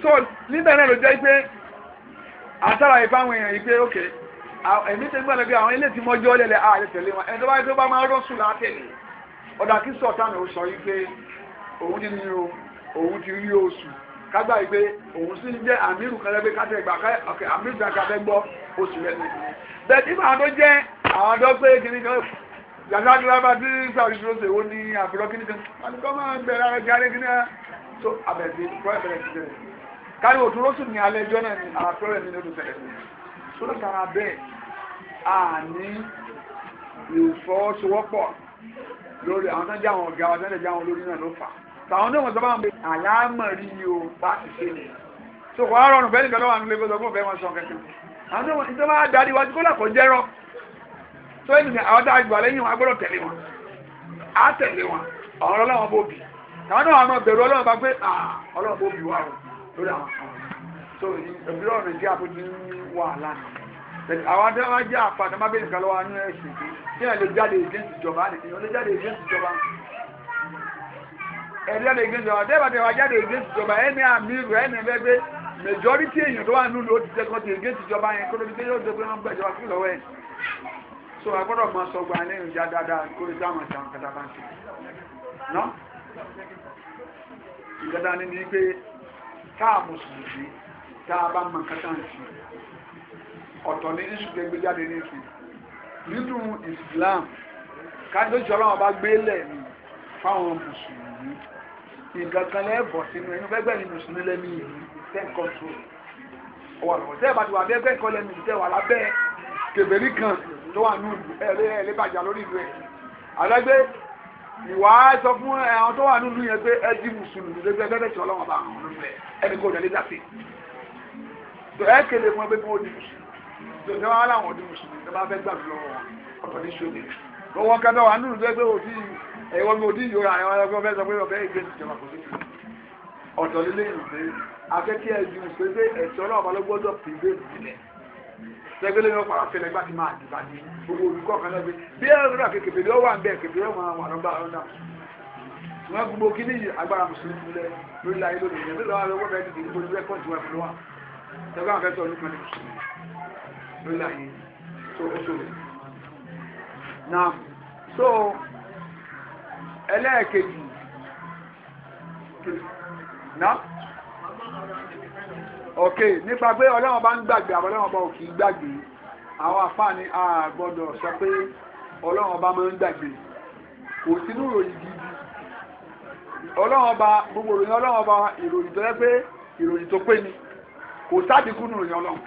so níbẹ̀ náà ló jẹ́ pé àtàrà ìfá àwọn èèyàn yìí pé ok èmi ti gbọ́dọ̀ pé àwọn ilé tí mọ́jọ́ lẹ́lẹ̀ á lè tẹ̀lé wọn ẹni tó bá yẹ pé ó bá máa rọ́ṣù látẹ̀lé ọ̀dà kí sọ̀tàn ò sọ yìí pé òun ti ní o òun ti rí kágbà yìí pé òun sì jẹ́ àmírù kan lẹ́gbẹ́ káṣẹ́ ìgbà ọ̀kẹ́ àmírù kan káfẹ́ gbọ́ oṣù lẹ́nu. bẹ́ẹ̀ tí màá tó jẹ́ àwọn àdọ́gbé kìnnì kan yàtọ̀ àdúrà tí sàrí dúró ṣe ó ní àbúrò kìnnì kan àdúgbò máa bẹ̀rẹ̀ ara jáde kìnnì kan tó àbẹ̀dẹ̀ kúrò ẹ̀bẹ̀rẹ̀ ti bẹ̀rẹ̀. kárí òdúró sùn ní alẹ́ ẹjọ́ náà ni àtọ́rẹ̀ mi lódò tẹ̀lé sódò tara bẹ́ẹ̀ àní ìfọwọ́sowọ́pọ̀ lórí àwọn tó ń jẹ́ àwọn ọ̀gá wa tó ń jẹ́ àwọn olórí náà ló fà á tàwọn náà wọ́n sọ báwọn bẹ́ẹ̀ àlámọ̀rí o bá ti ṣe ni so kò á rọrùn bẹ́ẹ̀ nìkan lọ́wọ́ àwọn ilé ìgbésọ̀ bẹ́ẹ̀ wọ́n sọ kankan àwọn náà ìjọba adarí wájú kó làkọ̀ jẹ́rọ so èmi ni wọn a gbọ́dọ̀ tẹ̀lé wọn á tẹ̀lé wọn àwọn ọlọ́wọ́n bó bì àwọn náà àwọn bẹ̀rù ọlọ́wọ́n bá pé ọlọ́wọ́n bó bì wá o lórí àwọn so ìbílẹ̀ ọ̀nà ìdí àpótí wàhálà nìyẹn àwọn adé wa jẹ́ àpàdé má bẹ́ẹ̀ nìkan lọ́wọ́ anú ẹ̀sìn tí ẹ̀ lè jáde ìgbésì ìjọba nìkan ìjọba ẹ̀rí ọ̀dẹ̀ ìgbésẹ̀ ọ̀dẹ̀ tẹ́bàtẹ̀ wà jáde ìgbésẹ̀ ìjọba ẹni àmì ẹni ẹgbẹ́ majority èèyàn tó wà nílùú ó ti tẹ́kọ̀ọ́ ti ìgbésẹ̀ ìjọba yẹn kó ló ti gbé yóò dégbé wọn gbẹ̀jọba fún lọ́wọ́ ẹ̀ so a gbọ́dọ̀ mọ sọ gba lẹ́yìn ìjà dáadáa kó lè dáhùn àti àwọn kàtàkà ń ṣe ná ìgbàdá ni ni pé tá a mùsùlùmí tá bá mọ kàtà ń ṣe ọ̀tọ̀ ní iṣu fáwọn mùsùlùmí nǹkan kan lẹ́ẹ̀bọ̀ sínú ẹni fẹ́gbẹ́ ni mùsùlùmí lẹ́mí ìlú ten control ọwọ́ àwọn bá ti wà bẹ́ẹ̀ bẹ́ẹ̀ kọ́ lẹ́mí ìtẹ́ wà lábẹ́ kèbèrí kan tó wà ní ìlú ẹ̀rẹ́ ẹ̀rẹ́ lórí ìlú ẹ̀ àdágbé ìwà sọ fún àwọn tó wà nínú yẹn pé ẹ di mùsùlùmí lẹ́gbẹ́ bẹ́ẹ̀ tí ọlọ́wọ́n bá àwọn ọ̀rẹ́ ẹni kò ẹ̀wọ́n mi ò dín ìyóra àwọn ọlọ́gbọ́n fẹ́ sọ pé ọ̀bẹ ìgbé ìjọba kò sí ìlú ọ̀tọ̀ lílé ìgbé afẹ́kẹ́ ẹ̀jú pépé ẹ̀tọ́ náà ọba ló gbọ́dọ̀ pèlè ìbílẹ̀ sẹ́gbẹ́lẹ́ ní ọ̀pá àfẹ́lẹ́ gbá ti máa dìbà ní gbogbo olùkọ́ kan náà gbé bí ẹ̀rọ náà kékeré ló wà ń bẹ̀ kékeré wọn wà lọ́gbà ọ̀nà wọn gbogbo kí ní agbára mùsùlùmí lẹ lórí ayé lónìí yẹn lórí àwọn ọgbọ́n bẹ́ẹ̀ dìde lórí rẹ́kọ̀tì wọn fún wa sẹ́gbẹ́ àwọn fẹ́ẹ́ sọ ọdún kan ní mùsùlùmí lórí ayé tó ó ṣòro. náà so ẹlẹ́ẹ̀kejì náà ok nípa pé ọlọ́run bá ń gbàgbé àwọn ọlọ́run bá ò kì gbàgbé àwọn àfáàní a gbọ́dọ̀ sọ pé ọlọ́run bá máa ń gbàgbé kò sínú ìròyìn gidi ọlọ́run ọba gbogbo ìròyìn ọlọ́run ọba ìròyìn tó yẹ ìròyìn tó pé ni kò sádìkú nù ìròyìn ọlọ́run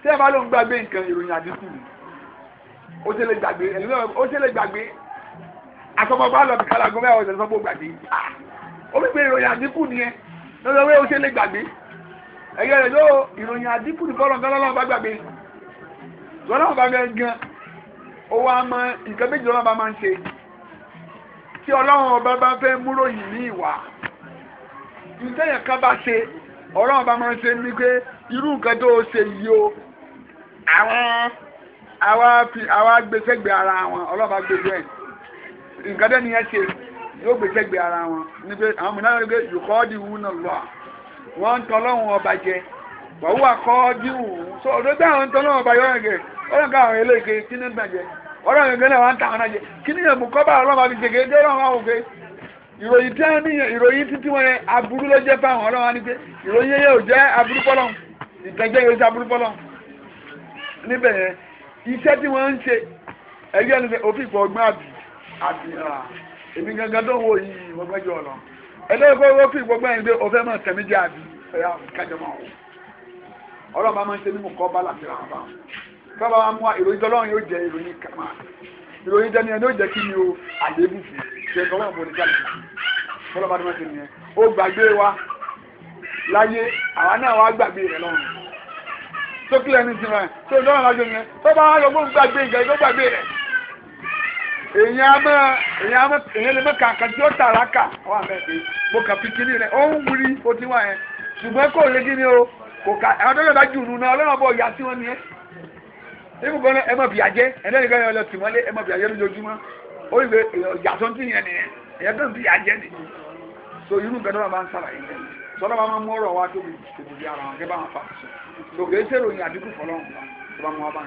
tí ẹ bá ló ń gbàgbé nǹkan ìròyìn àdínkù ó ṣe gbàgbé àtọmọgbà lọ́bì kálágún mẹ́wàá ìṣẹ̀lẹ̀ sọ́gbó gbàgbé omi pé ìròyìn àdínkù nìyẹn lọ́dọ̀ wé o ṣe lè gbàgbé ẹ̀yẹ rẹ̀ yóò ìròyìn àdínkù ní kọ́lọ̀ ńlọ́lọ́ bá gbàgbé lọ́lọ́wọ́ bá gan owó àmọ́ nǹkan méjì lọ́lọ́ bá máa ń ṣe tí ọlọ́run ọba bá fẹ́ múròyìn ní ìwà ìtẹ́yìn kan bá ṣe ọlọ́run bá máa ń ṣe ní pé irú nǹkan tó ṣe yìí o àwọn àwọn agbésẹ́gbẹ̀ ara wọn ọlọ́run bá gbé nǹkan tẹ́ni yẹn ṣe yóò gbé sẹ́gbẹ̀ ara wọn ní pé àwọn mìíràn rí pé yòókọ́ di wú náà lọ wọ́n ń tọ́lọ́hún ọba jẹ wàhùn àkọ́ di wù so ọ̀dọ́ táwọn ń tọ́lọ́hún ọba yọ̀ọ́ gẹ̀ ọ̀rọ̀ nǹkan àwọn eléyìí kí ní gbàjẹ́ ọ̀rọ̀ nǹkan náà wọ́n ń tàwọn náà jẹ kí ní ẹ̀bùn kọ́bà ọlọ́mọ fi jẹ̀gẹ́ dé ọlọ́mọ àwọn òkè ìròyìn tí wọ́n ní ìròyìn títí wọn yẹn aburú ló jẹ́ fáwọn ọlọ́mọ ní pé ìròyìn yẹn ò jẹ́ aburú pọ́lọ́ ìtẹ́jẹ́ yóò jẹ́ aburú pọ́lọ́ níbẹ̀ yẹn iṣẹ́ tí wọ́n ń ṣe ẹgbẹ́ ni òfin ìfọ̀gbọ́n àbí èmi gangan tó wo yìí mo gbẹ́jọ́ ọ̀nà ẹlẹ́yìn pé wọ́n fi gbogbo ẹ̀yin pé ọ̀fẹ́ máa tẹ̀mí jẹ́ àbí ẹ̀yà kájọ máa wò ọlọ́ọ̀bá máa ń ṣe mímú kọ́ bá láti ra bá bàbá wa mú ìròyìn tọ́lọ́run yóò jẹ ìròyìn kàmá ìròyìn tẹ́ni ẹni yóò jẹ́ kí ni o àléébù fún ṣe tọ́lọ́ ọ̀bọ ní sálẹ̀ tọ́lọ́ba tó máa ṣe nìyẹn ó gbàgbé wa láyé àwa náà wá gbàgbé rẹ̀ lọ́run tó kílẹ̀ ní sinmi rẹ̀ tó ìjọba àjọ yẹn tó bá wà lọ gbàgbé ìgbà ìgbàgbé rẹ̀ èyàn á mọ èyàn ka mọ kàkà tí ó tààrà kà wà bẹ́ẹ̀ mo pikiri wuli o wà yẹn ṣùgbọ́n kò lè kí ni o kò ká àwọn tó bá jùlù náà ọlọ́run bọ̀ yà sí wọn nìyẹn ibi kan ẹ mọ̀ lọ tì ẹ mọ̀ lójoojúmọ́ ó yẹn ni so ń sọ́dọ̀ mú ọ̀rọ̀ wa tóbi tóbi bí ara wọn bá wọn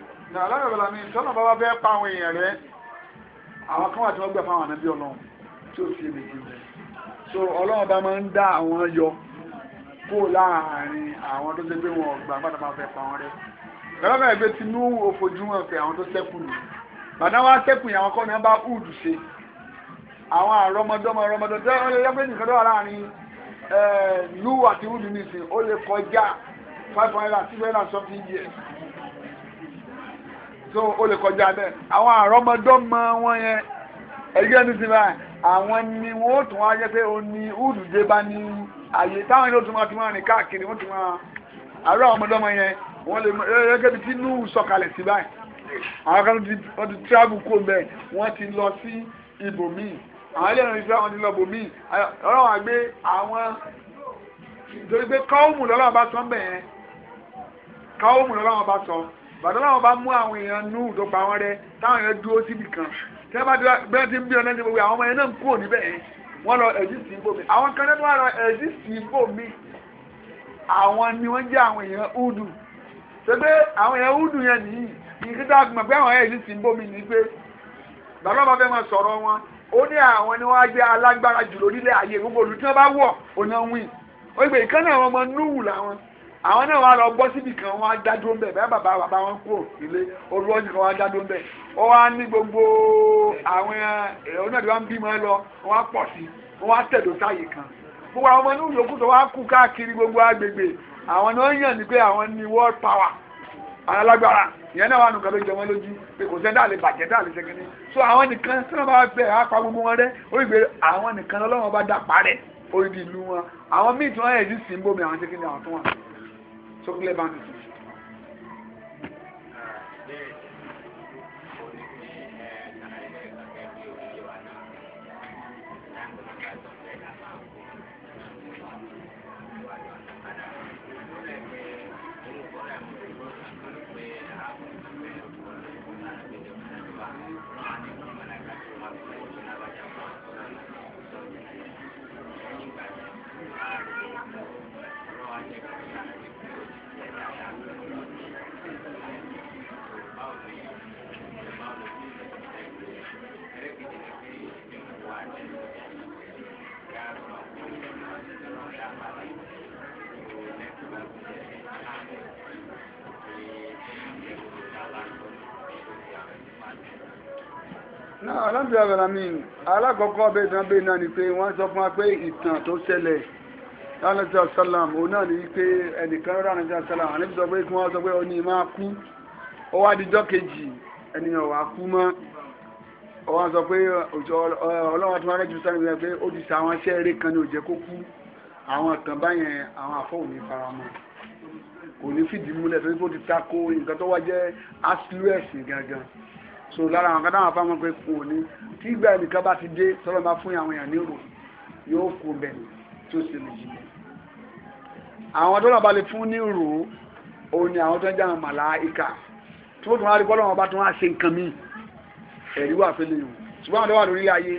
nàlá ìrọ̀lá mi tọ́nà bàbá bẹ́ẹ̀ pa àwọn èèyàn rẹ̀ àwọn kan wà tí wọ́n gbà fáwọn ànábì ọlọ́run tí ó fi èmi jù so ọlọ́run bá máa ń dá àwọn yọ kó láàárín àwọn tó ṣe pé wọn ọgbà gbàdá máa fẹ́ pa wọn rẹ̀ lọ́wọ́ ẹgbẹ́ ti nú òfojúmọ̀ pé àwọn tó ṣẹ́kù nù bàdá wa ṣẹ́kù yẹn àwọn kọ́ ni wọ́n bá hùd ṣe àwọn àrọmọdọ́mọ rọmọdọ́ tẹ́ ọ lè lọ́pẹ́ nìkan tó wà láàárín lúù eh, àti hùd nìsín ó lè kọjá five hundred and six hundred and something years tó o lè kọjá bẹ́ẹ̀ àwọn àrọ́mọdọ́mọ wọn yẹn ẹgbẹ́ ní ti báyìí àwọn ni wọn ó tún wá jẹ́ pé o ní údù dé bá ní àyè táwọn yóò tún máa tún máa rìn káàkiri wọ́n tún máa àrọ́ ọmọdọ́mọ yẹn wọ́n lè mọ ẹgbẹ́ bí tí nùú sọ̀kalẹ̀ sí báyìí àwọn kan wọ́n ti travel kó bẹ́ẹ̀ wọ́n ti lọ sí ibòmíì àwọn ilé ìrìn ìfẹ́ wọn ti lọ bòmíì ọlọ́wọ́n àgbé àwọn torí pé káwọ́mù lọ́lọ́wọ́ bá sọ ń káwọ́mù lọ́lọ́wọ́ bá sọ bàtà làwọn bá mú àwọn èèyàn nú tó pa wọn rẹ táwọn èèyàn dúró síbì kan tí wọn bá dúró bí wọn ti ń bí ọ̀nà ti gbogbo àwọn ọmọ yẹn náà ń kúrò níbẹ̀ yẹn wọn lọ ẹ̀jí sí ibò mi àwọn kan tó wà lọ ẹ̀jí sí ibò mi àwọn ni wọ́n jẹ́ àwọn èèyàn udu ṣé pé àwọn èèyàn udu yẹn nìyí ìdí tá a fi mọ̀ pé àwọn ẹ̀jí sí ibò mi ni pé bàbá bá fẹ́ máa sọ̀rọ̀ wọn ó ní àwọn ni wọ́n á jẹ́ alágbára jùlọ nílẹ̀ ayé gbogbo olùtí wọn bá wọ̀ ònà wìn ó gbé ìkànnì àwọn ọmọ núwù làwọn àwọn náà wàá lọ gbọ́ síbi kan wọ́n á dádúró mbẹ́ bẹ́ẹ̀ bàbá bàbá wọn kúrò ilé olú ọjọ́ kan wọ́n á dádúró mbẹ́ ó wá ní gbogbo àwọn eh, onídàájọ́ wọn bímọ ẹ lọ wọ́n á pọ̀ sí wọ́n á tẹ̀dọ̀ sáàyè kan gbogbo àwọn ọmọ inú yòókù tó wá kú káàkiri gbogbo agbègbè àwọn náà yàn ní pé àwọn ní world power alágbára ìyẹn náà wà nù kan ló jẹ wọn lójú pé kò sẹ́ńdà lè bàjẹ́ dà lè ṣẹ́kẹ́ni so àwọn nìkan tí wọ́n bá bẹ̀ á pa gbogbo wọn rẹ́ orí ìgbé àwọn nìkan lọ́wọ́ bá dà parẹ́ orí ìlú wọn àwọn míì tí wọ́n yẹ̀ sí sìn bómi àwọn ṣẹ́kẹ́ni àwọn tó wà. Só levar levanta. náà alábìyà bẹ̀rẹ̀ mi alákọ̀ọ́kọ́ bẹ́ẹ̀ tán bẹ́ẹ̀ náà ni pé wọ́n sọ fún wa pé ìtàn tó ṣẹlẹ̀ lálẹ́sẹ̀ sálàm òun náà ni pé ẹnìkan rárá lálẹ́sẹ̀ sálàm àníbi sọ pé kí wọ́n sọ pé ó ní máa kú ó wá dijọ́ kejì ènìyàn wà kú mọ́ ó wá sọ pé ọlọ́wọ́ tí wọ́n rẹ́ jù sáré wíwá pé ó ti sa iṣẹ́ eré kan ní ó kó kú àwọn kan báyẹn àwọn àfọ́ òní faramọ́ kò ní fìdí múlẹ̀ tó ní kó ti tako nǹkan tó wá jẹ́ asilúẹ̀sì gangan so lára àwọn kan dáhùn fáwọn pé kò ní tí ìgbà ẹnìkan bá ti dé sọ́dọ̀ bá fún àwọn èèyàn ní ìrò yóò kó bẹ̀ tí ó sì lè jì bẹ̀. àwọn tó náà bá lè fún ní ìrò òun ni àwọn tó ń jáwọn màláìka tí ó tún wá rí bọ́lá wọn bá tún wá ṣe nǹkan míì ẹ̀rí wà fẹ́lẹ̀ yìí ṣùgbọ́n àwọn tó wà lórí ayé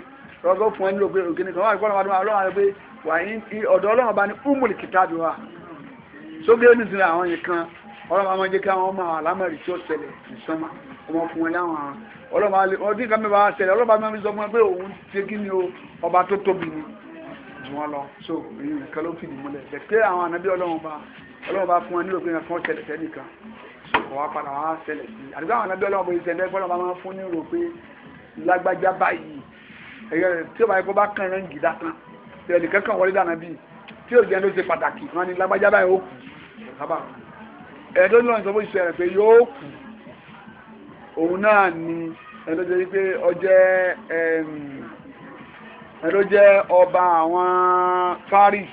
lọ́gọ́ fún ẹni lóògbé òkè nìkan wà bọ́lá wọn bá lọ́wọ́ àwọn pé wà ní ọ̀dọ̀ ọlọ́run bá ní ọlọ́run máa jẹ́ kí àwọn ọmọ àlámọ̀rí tí ó ṣẹlẹ̀ ìsọmọ ọmọkùnrin láwọn ọlọ́run ọdún ìkàmẹ́ bá ṣẹlẹ̀ ọlọ́run máa ń sọ fún ẹ pé òun ṣe kí ni o ọba tó tóbi ni jù wọn lọ so èyí nìkan ló fìdí múlẹ̀ bẹ̀ pé àwọn ànábí ọlọ́run bá ọlọ́run bá fún wọn nílò pé wọn kàn ṣẹlẹ̀ sẹ́ nìkan so kò wá padà wá ṣẹlẹ̀ sí i àdúgbò àwọn ànábí ọlọ́run bó ṣẹlẹ̀ pé ọlọ́run máa fún nílò pé lágbájá báyìí ẹ̀yẹ tí ó bá yẹ kó bá kàn rán gìdá kan tẹ̀lé kankan wọlé dànù bíi tí ó jẹ́ ló ṣe pàtàkì wọn ni lágbájá báyìí ó kù kábàámọ̀ ẹ̀dọ́ lọ́nà ìsọ́bọ̀ ìṣẹ́ rẹ̀ pé yóò kù òun náà ni ẹ̀dọ́ jẹ́ pé ọba àwọn Paris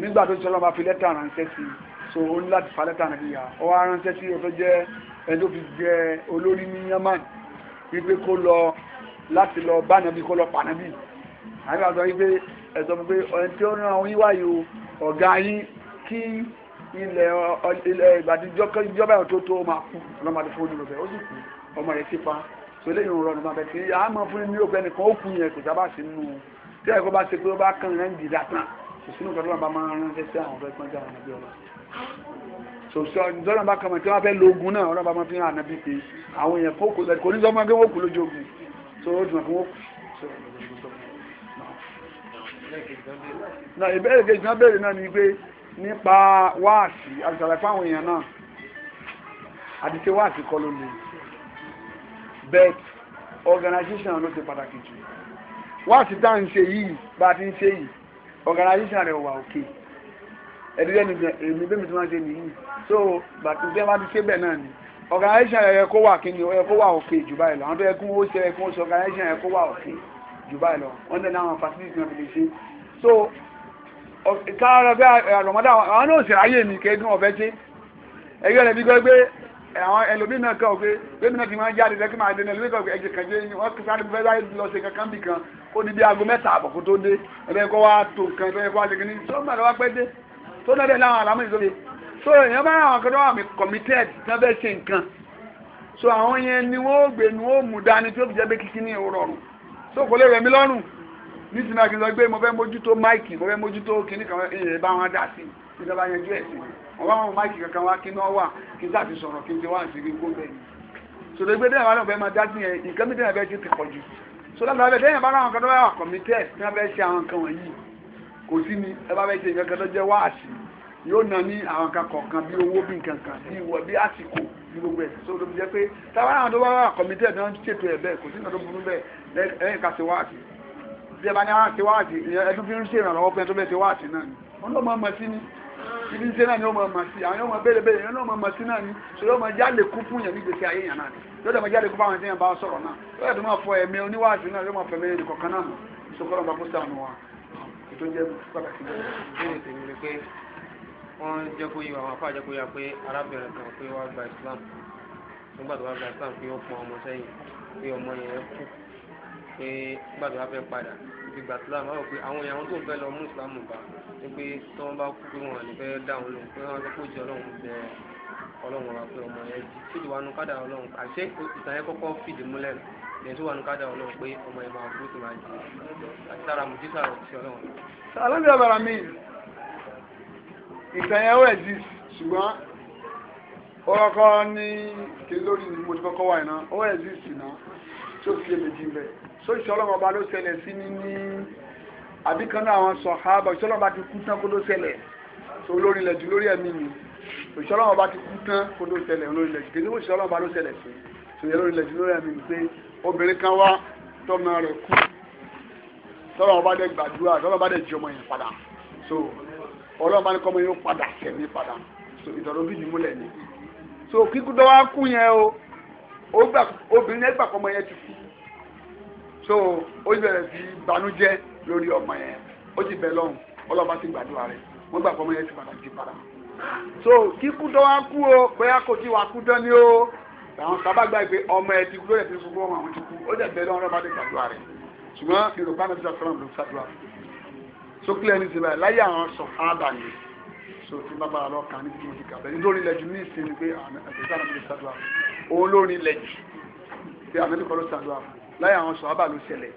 nígbà tó sọ́lọ́ bá fi lẹ́tà ránṣẹ́ sí so ó ní láti fa lẹ́tà nàìjíríà ó wá ránṣẹ́ sí ọ̀fẹ́ jẹ́ ẹni tó fi jẹ olórí ní Yaman wípé kó lọ láti lọ bá nàbí kó lọ pa nàbí àbí àtọ́ wípé ẹ̀sọ́ pé ọ̀rẹ́ tí ó rán ilẹ̀ ilẹ̀ ìgbàdíjọba ẹ̀ tó tó o máa kú ọlọ́mọdé fún onílù bẹ́ẹ̀ ó sì kú ọmọ yẹn ti pa tó lè yòrò ọ̀nà bàbẹ̀ tí a máa fún ní òpẹ́ nìkan ó kú yẹn kò sábà sí nù tí ẹ̀kọ́ bá ṣe pé ó bá kàn rẹ̀ ń dì dàtàn kò sínú ìgbà tó wọn bá máa ránṣẹ́ sí àwọn ọ̀fẹ́ pọ́njá àwọn ọ̀nàbí ọ̀la sòsò ìjọba bá kàn mọ̀ tí wọ́n fẹ́ lo ogun náà ọlọ́ba máa fi hàn ànábì pé àwọn èèyàn kò kò ní sọ pé wọ́n kú lójú ogun tó ó dùn fún wọn náà ìbéèrè kejì náà béèrè náà ni pé nípa wáàsí àbísàlẹ̀ fáwọn èèyàn náà àdìsẹ́ wáàsí kọ́ ló lè bet organization ló ṣe pàtàkì jù wáàsí tá à ń ṣe yìí bá a ti ń ṣe yìí organization rẹ̀ wà òkè ẹ̀dídẹ́ ni èmi bẹ́ẹ̀ mi ti máa ṣe nìyí so bàtí bẹ́ẹ̀ máa ti ṣe bẹ́ẹ̀ náà ni organization yẹ kó wà kíni yẹ kó wà òkè jù báyìí lọ àwọn tó yẹ kó ṣe yẹ kó ṣe organization yẹ kó wà òkè jù báyìí lọ wọ́n tẹ̀lé àwọn facilities náà fi lè ṣe so káàrọ̀ bí àrọ̀mọ́dá àwọn náà sì ráyè mi kéékùn ọ̀fẹ́ tí ẹgbẹ́ rẹ̀ bí gbẹ́gbẹ́ àwọn ẹlòmíì náà kàn pé gbẹ́mí náà ti máa ń jáde lẹ́kí máa dẹ́nu ẹlòmíì kan pé ẹ̀jẹ̀ kan jẹ́ wọ́n kí sáré fẹ́ láì lọ sí kankan bì kan ó di bí aago mẹ́ta àbọ̀ kó tó dé ẹgbẹ́ kó wá tó nǹkan tó yẹ kó wá ṣe kí ni tó máa lọ wá pẹ́ dé tó náà dẹ̀ láwọn àlámọ́ ìsọ́bi so èèyàn bá àwọn akẹ́kọ̀ọ́ àwọn committed náà fẹ́ ṣe nǹkan so àwọn yẹn ni wọ́n gbé ni wọ́n mú dání tó fi jẹ́ pé kíkí ní ìrọ̀rùn so nísìnyí àti sọ pé mo fẹ́ mójútó máìkì mo fẹ́ mójútó kíní kan ìyẹn bá wọn dá sí ìjọba yanjú ẹ̀ sí wọn bá wọn máìkì kankan wá kí náà wà kí sáà ti sọ̀rọ̀ kí n ti wá sí kí n kó bẹ́ẹ̀ ni sọ̀rọ̀ ìgbé dẹ́yìn àwọn ọ̀fẹ́ máa dá sí yẹn nǹkan mìíràn bẹ́ẹ̀ ti tẹ̀kọ̀ jù sọ̀rọ̀ àbẹ̀ dẹ́yìn bá láwọn kan tó wà kọ̀mítẹ́ tí wọ́n fẹ́ ṣe àwọn nǹkan wọ̀nyí kò sí ni ẹ bá fẹ́ ṣe nǹkan kan tó jẹ́ wáàsì yóò na ní àwọn kan kọ̀ọ̀kan bí owó bí nǹkan kan bí ìwọ bí àsìkò bí gbogbo ẹ̀ sọ ló fi jẹ́ pé táwọn àwọn tó wà kọ̀mítẹ́ tí wọ́n ṣètò ẹ̀ bẹ́ẹ̀ kò sí nǹkan tó burú bẹ́ẹ̀ lẹ́yìn ká ṣe wáàsì tí ẹ bá ní àwọn àti wáàtì ẹdún fi ń ṣe ìrànlọ́wọ́ fún ẹ tó bẹ́ẹ̀ ti wáàtì náà ni wọ́n ló máa mọ̀ sí ni ibi ń ṣe náà ni ó máa mọ̀ sí àwọn yóò máa béèrè béèrè yóò máa mọ̀ sí náà ni ṣòro máa jáde kú fún yẹn nígbèsè ayé yẹn náà ni yóò dẹ̀ máa jáde kú fáwọn ènìyàn bá sọ̀rọ̀ náà yóò dẹ̀ máa fọ ẹ̀mí oníwáàtì náà yóò máa fẹ̀mí ẹnì kọ̀ọ̀kan náà ìṣòkòrò bá kó sànù wa ètò jẹ́ pàtàkì bẹ́ẹ̀ tèmi ni pé wọ́n jẹ́ kó yí àwọn wá gba Islam pé ó ọmọ sẹ́yìn pé ọmọ yẹn kú pé nígbà tó bá fẹ́ padà ti gbà sílámù àwọn pé àwọn èèyàn tó ń fẹ́ lọ mú ìsìlámù bá ní pé tí wọ́n bá kú pé wọ́n ní fẹ́ dá wọn lóhùn pé wọ́n sọ pé ó jẹ́ ọlọ́run bẹ ọlọ́run wa pé ọmọ yẹn jí tí ìwà nukádà ọlọ́run àṣé ìtàn yẹn kọ́kọ́ fìdí múlẹ̀ ní tí ìwà nukádà ọlọ́run pé ọmọ yẹn máa kú tó máa jí àti sára mu jí sára òṣìṣẹ́ ọlọ́run. alábẹ́ ọ̀bàrà mi ìtàn yẹn wẹ̀ jí ṣùgbọ́n ó kọ́kọ́ kí lórí mo ti kọ́kọ́ wà iná ó wẹ̀ jí sí iná tó fi èmi bẹ́ẹ̀. So ọlọ́run ọba ló ṣẹlẹ̀ sí ní ní àbíkanná àwọn sọ̀hábà òṣìṣẹ́ ọlọ́run ọba ti kú tán kó ló ṣẹlẹ̀ so olórin ilẹ̀ jù lórí ẹ̀mí mi òṣìṣẹ́ ọlọ́run ọba ti kú tán kó ló ṣẹlẹ̀ olórin ilẹ̀ jù kí ni òṣìṣẹ́ ọlọ́run ọba ló ṣẹlẹ̀ sí so yẹ lórí ilẹ̀ jù lórí ẹ̀mí mi pé obìnrin kan wá tọ́mọ rẹ̀ kú tọ́lọ́run ọba dẹ̀ gbàdúrà tọ́lọ́run ọba dẹ̀ jí ọmọ yẹn padà so ọlọ́run ọba ní kọ́mọ yẹn ó padà sẹ̀mí padà so ìtọ́rọ̀ so kíkú tó wá kú so ó bẹ̀rẹ̀ sí banújẹ́ lórí ọmọ yẹn ó ti bẹ̀ lọ́hùn ọlọ́ba ti gbàdúrà rẹ̀ wọ́n gbà fọmọ yẹn ti padà ti padà so kíkú tó wá kú o bóyá kò tí wá kú dán ni o àwọn sábà gbà pé ọmọ ẹ ti kú lórí ẹ̀sìn gbogbo ọmọ àwọn ti kú ó dẹ̀ bẹ̀ lọ́hùn ọlọ́ba ti gbàdúrà rẹ̀ ṣùgbọ́n yorùbá náà ti sọ fẹ́ràn ló ṣàdúrà sókè ẹni ti báyìí láyé àwọn sọ ábà ni so tí bá bára lọ kàn ní tí mo ti kà bẹ́ẹ̀ nítorí ilẹ̀ jù ní ìsinmi pé àmì àti sáà náà ti ṣàdúrà òun lórí ilẹ̀ jù pé àmì ti ló ṣàdúrà fún láyé àwọn sọ̀rọ̀ àbàlù ṣẹlẹ̀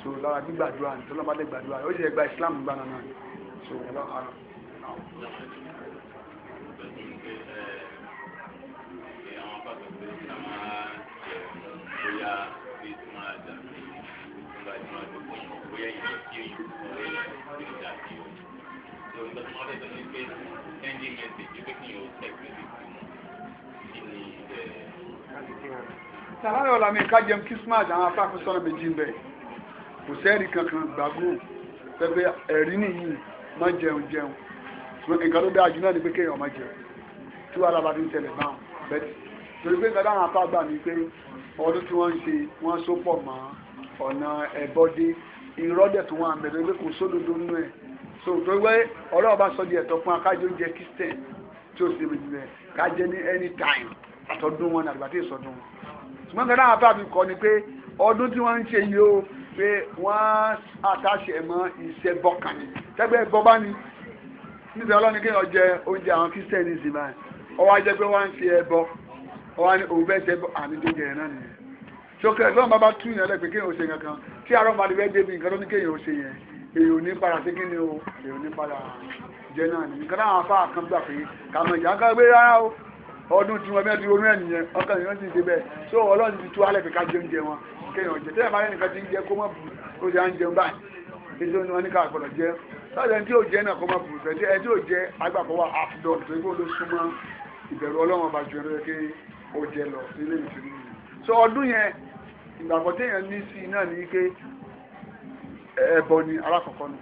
so lára gbígbàdúrà ní tọ́lọ́mọ́ dé gbàdúrà ó sì gba Islam gbàna náà so ọlọ́ ara. Thank you sàlárẹ̀ ọ̀la mi kájẹm Christmas àwọn afáfin sọ́nà méjì ń bẹ̀ kò sẹ́ẹ̀rì kankan gbàgbọ́ pẹ́pẹ́ ẹ̀rí nìyí má jẹun jẹun nǹkan tó dáa jù náà ni pé kéèyàn má jẹun tí wàhálà bá ti ń tẹ̀lẹ̀ báwọn bẹ́ẹ̀ torí pé nǹkan táwọn afá gbà ní pé ọdún tí wọ́n ń ṣe wọ́n so pọ̀ mọ́ ọ̀nà ẹ̀bọ́dé ìrọ́dẹ̀ tó wọ́n àmẹ́lẹ́ pé kò sódodo nínú ẹ̀ so tó wẹ́ ọ̀rọ̀ ọba sọ di ẹ̀tọ́ fún akájọ oúnjẹ Christian tí ó sì rìn rẹ̀ kájẹ ní anytime àtọ́dún wọn àgbàtí ìsọdún wọn ṣùgbọ́n tẹ́lá àwọn àbábí kọ ni pé ọdún tí wọ́n ń ṣe yìí o pé wọ́n àtàṣe mọ́ iṣẹ́ bọ́kàn ni tẹ́gbẹ́ bọ́bá ni níbi ọlọ́ni kéèyàn jẹ oúnjẹ àwọn kírísítẹ́nì sì máa ọwọ́ ajẹ́ pé wọ́n ń fi ẹbọ ọwọ́ ni òun bẹ́ẹ̀ tẹ́bọ̀ àmì jẹjẹ náà nìyẹn sókè ẹ̀fọ́n bá bá tú yẹn lẹ́pẹ̀ kéèyàn ò ṣe kankan tí àárọ̀ bá débẹ̀ débi nǹkan tó ní kéèyàn ṣe yẹn èyí ò ní padà sí kí ni o èyí ò ní padà jẹ náà nìyẹn nǹkan náà àwọn afá kan gbà pé kàmọ̀ ọdún tí wọn bẹ́ẹ̀ ti ronú ẹ̀ nìyẹn ọkàn yìí ti ṣe bẹ́ẹ̀ so ọlọ́run ti tú alẹ́ fi ká jẹun jẹ wọn kéèyàn jẹ tẹ́lẹ̀ bá lẹ́nu ti ń jẹ kó mọ̀ bù kó ṣe ń jẹun báyìí èso ni wọ́n ní ká gbọ́dọ̀ jẹ sáàtì ẹni tí yóò jẹ náà kó mọ̀ bù fẹ́ tí ẹni tí yóò jẹ agbàpọ̀ wà àfdọ̀ tó ikú ló súnmọ́ ìbẹ̀rù ọlọ́run so ọdún yẹn ìgbàgbọ́ téèyàn ní sí náà ní ké ẹbọ ni alákọ̀ọ́kọ́ ni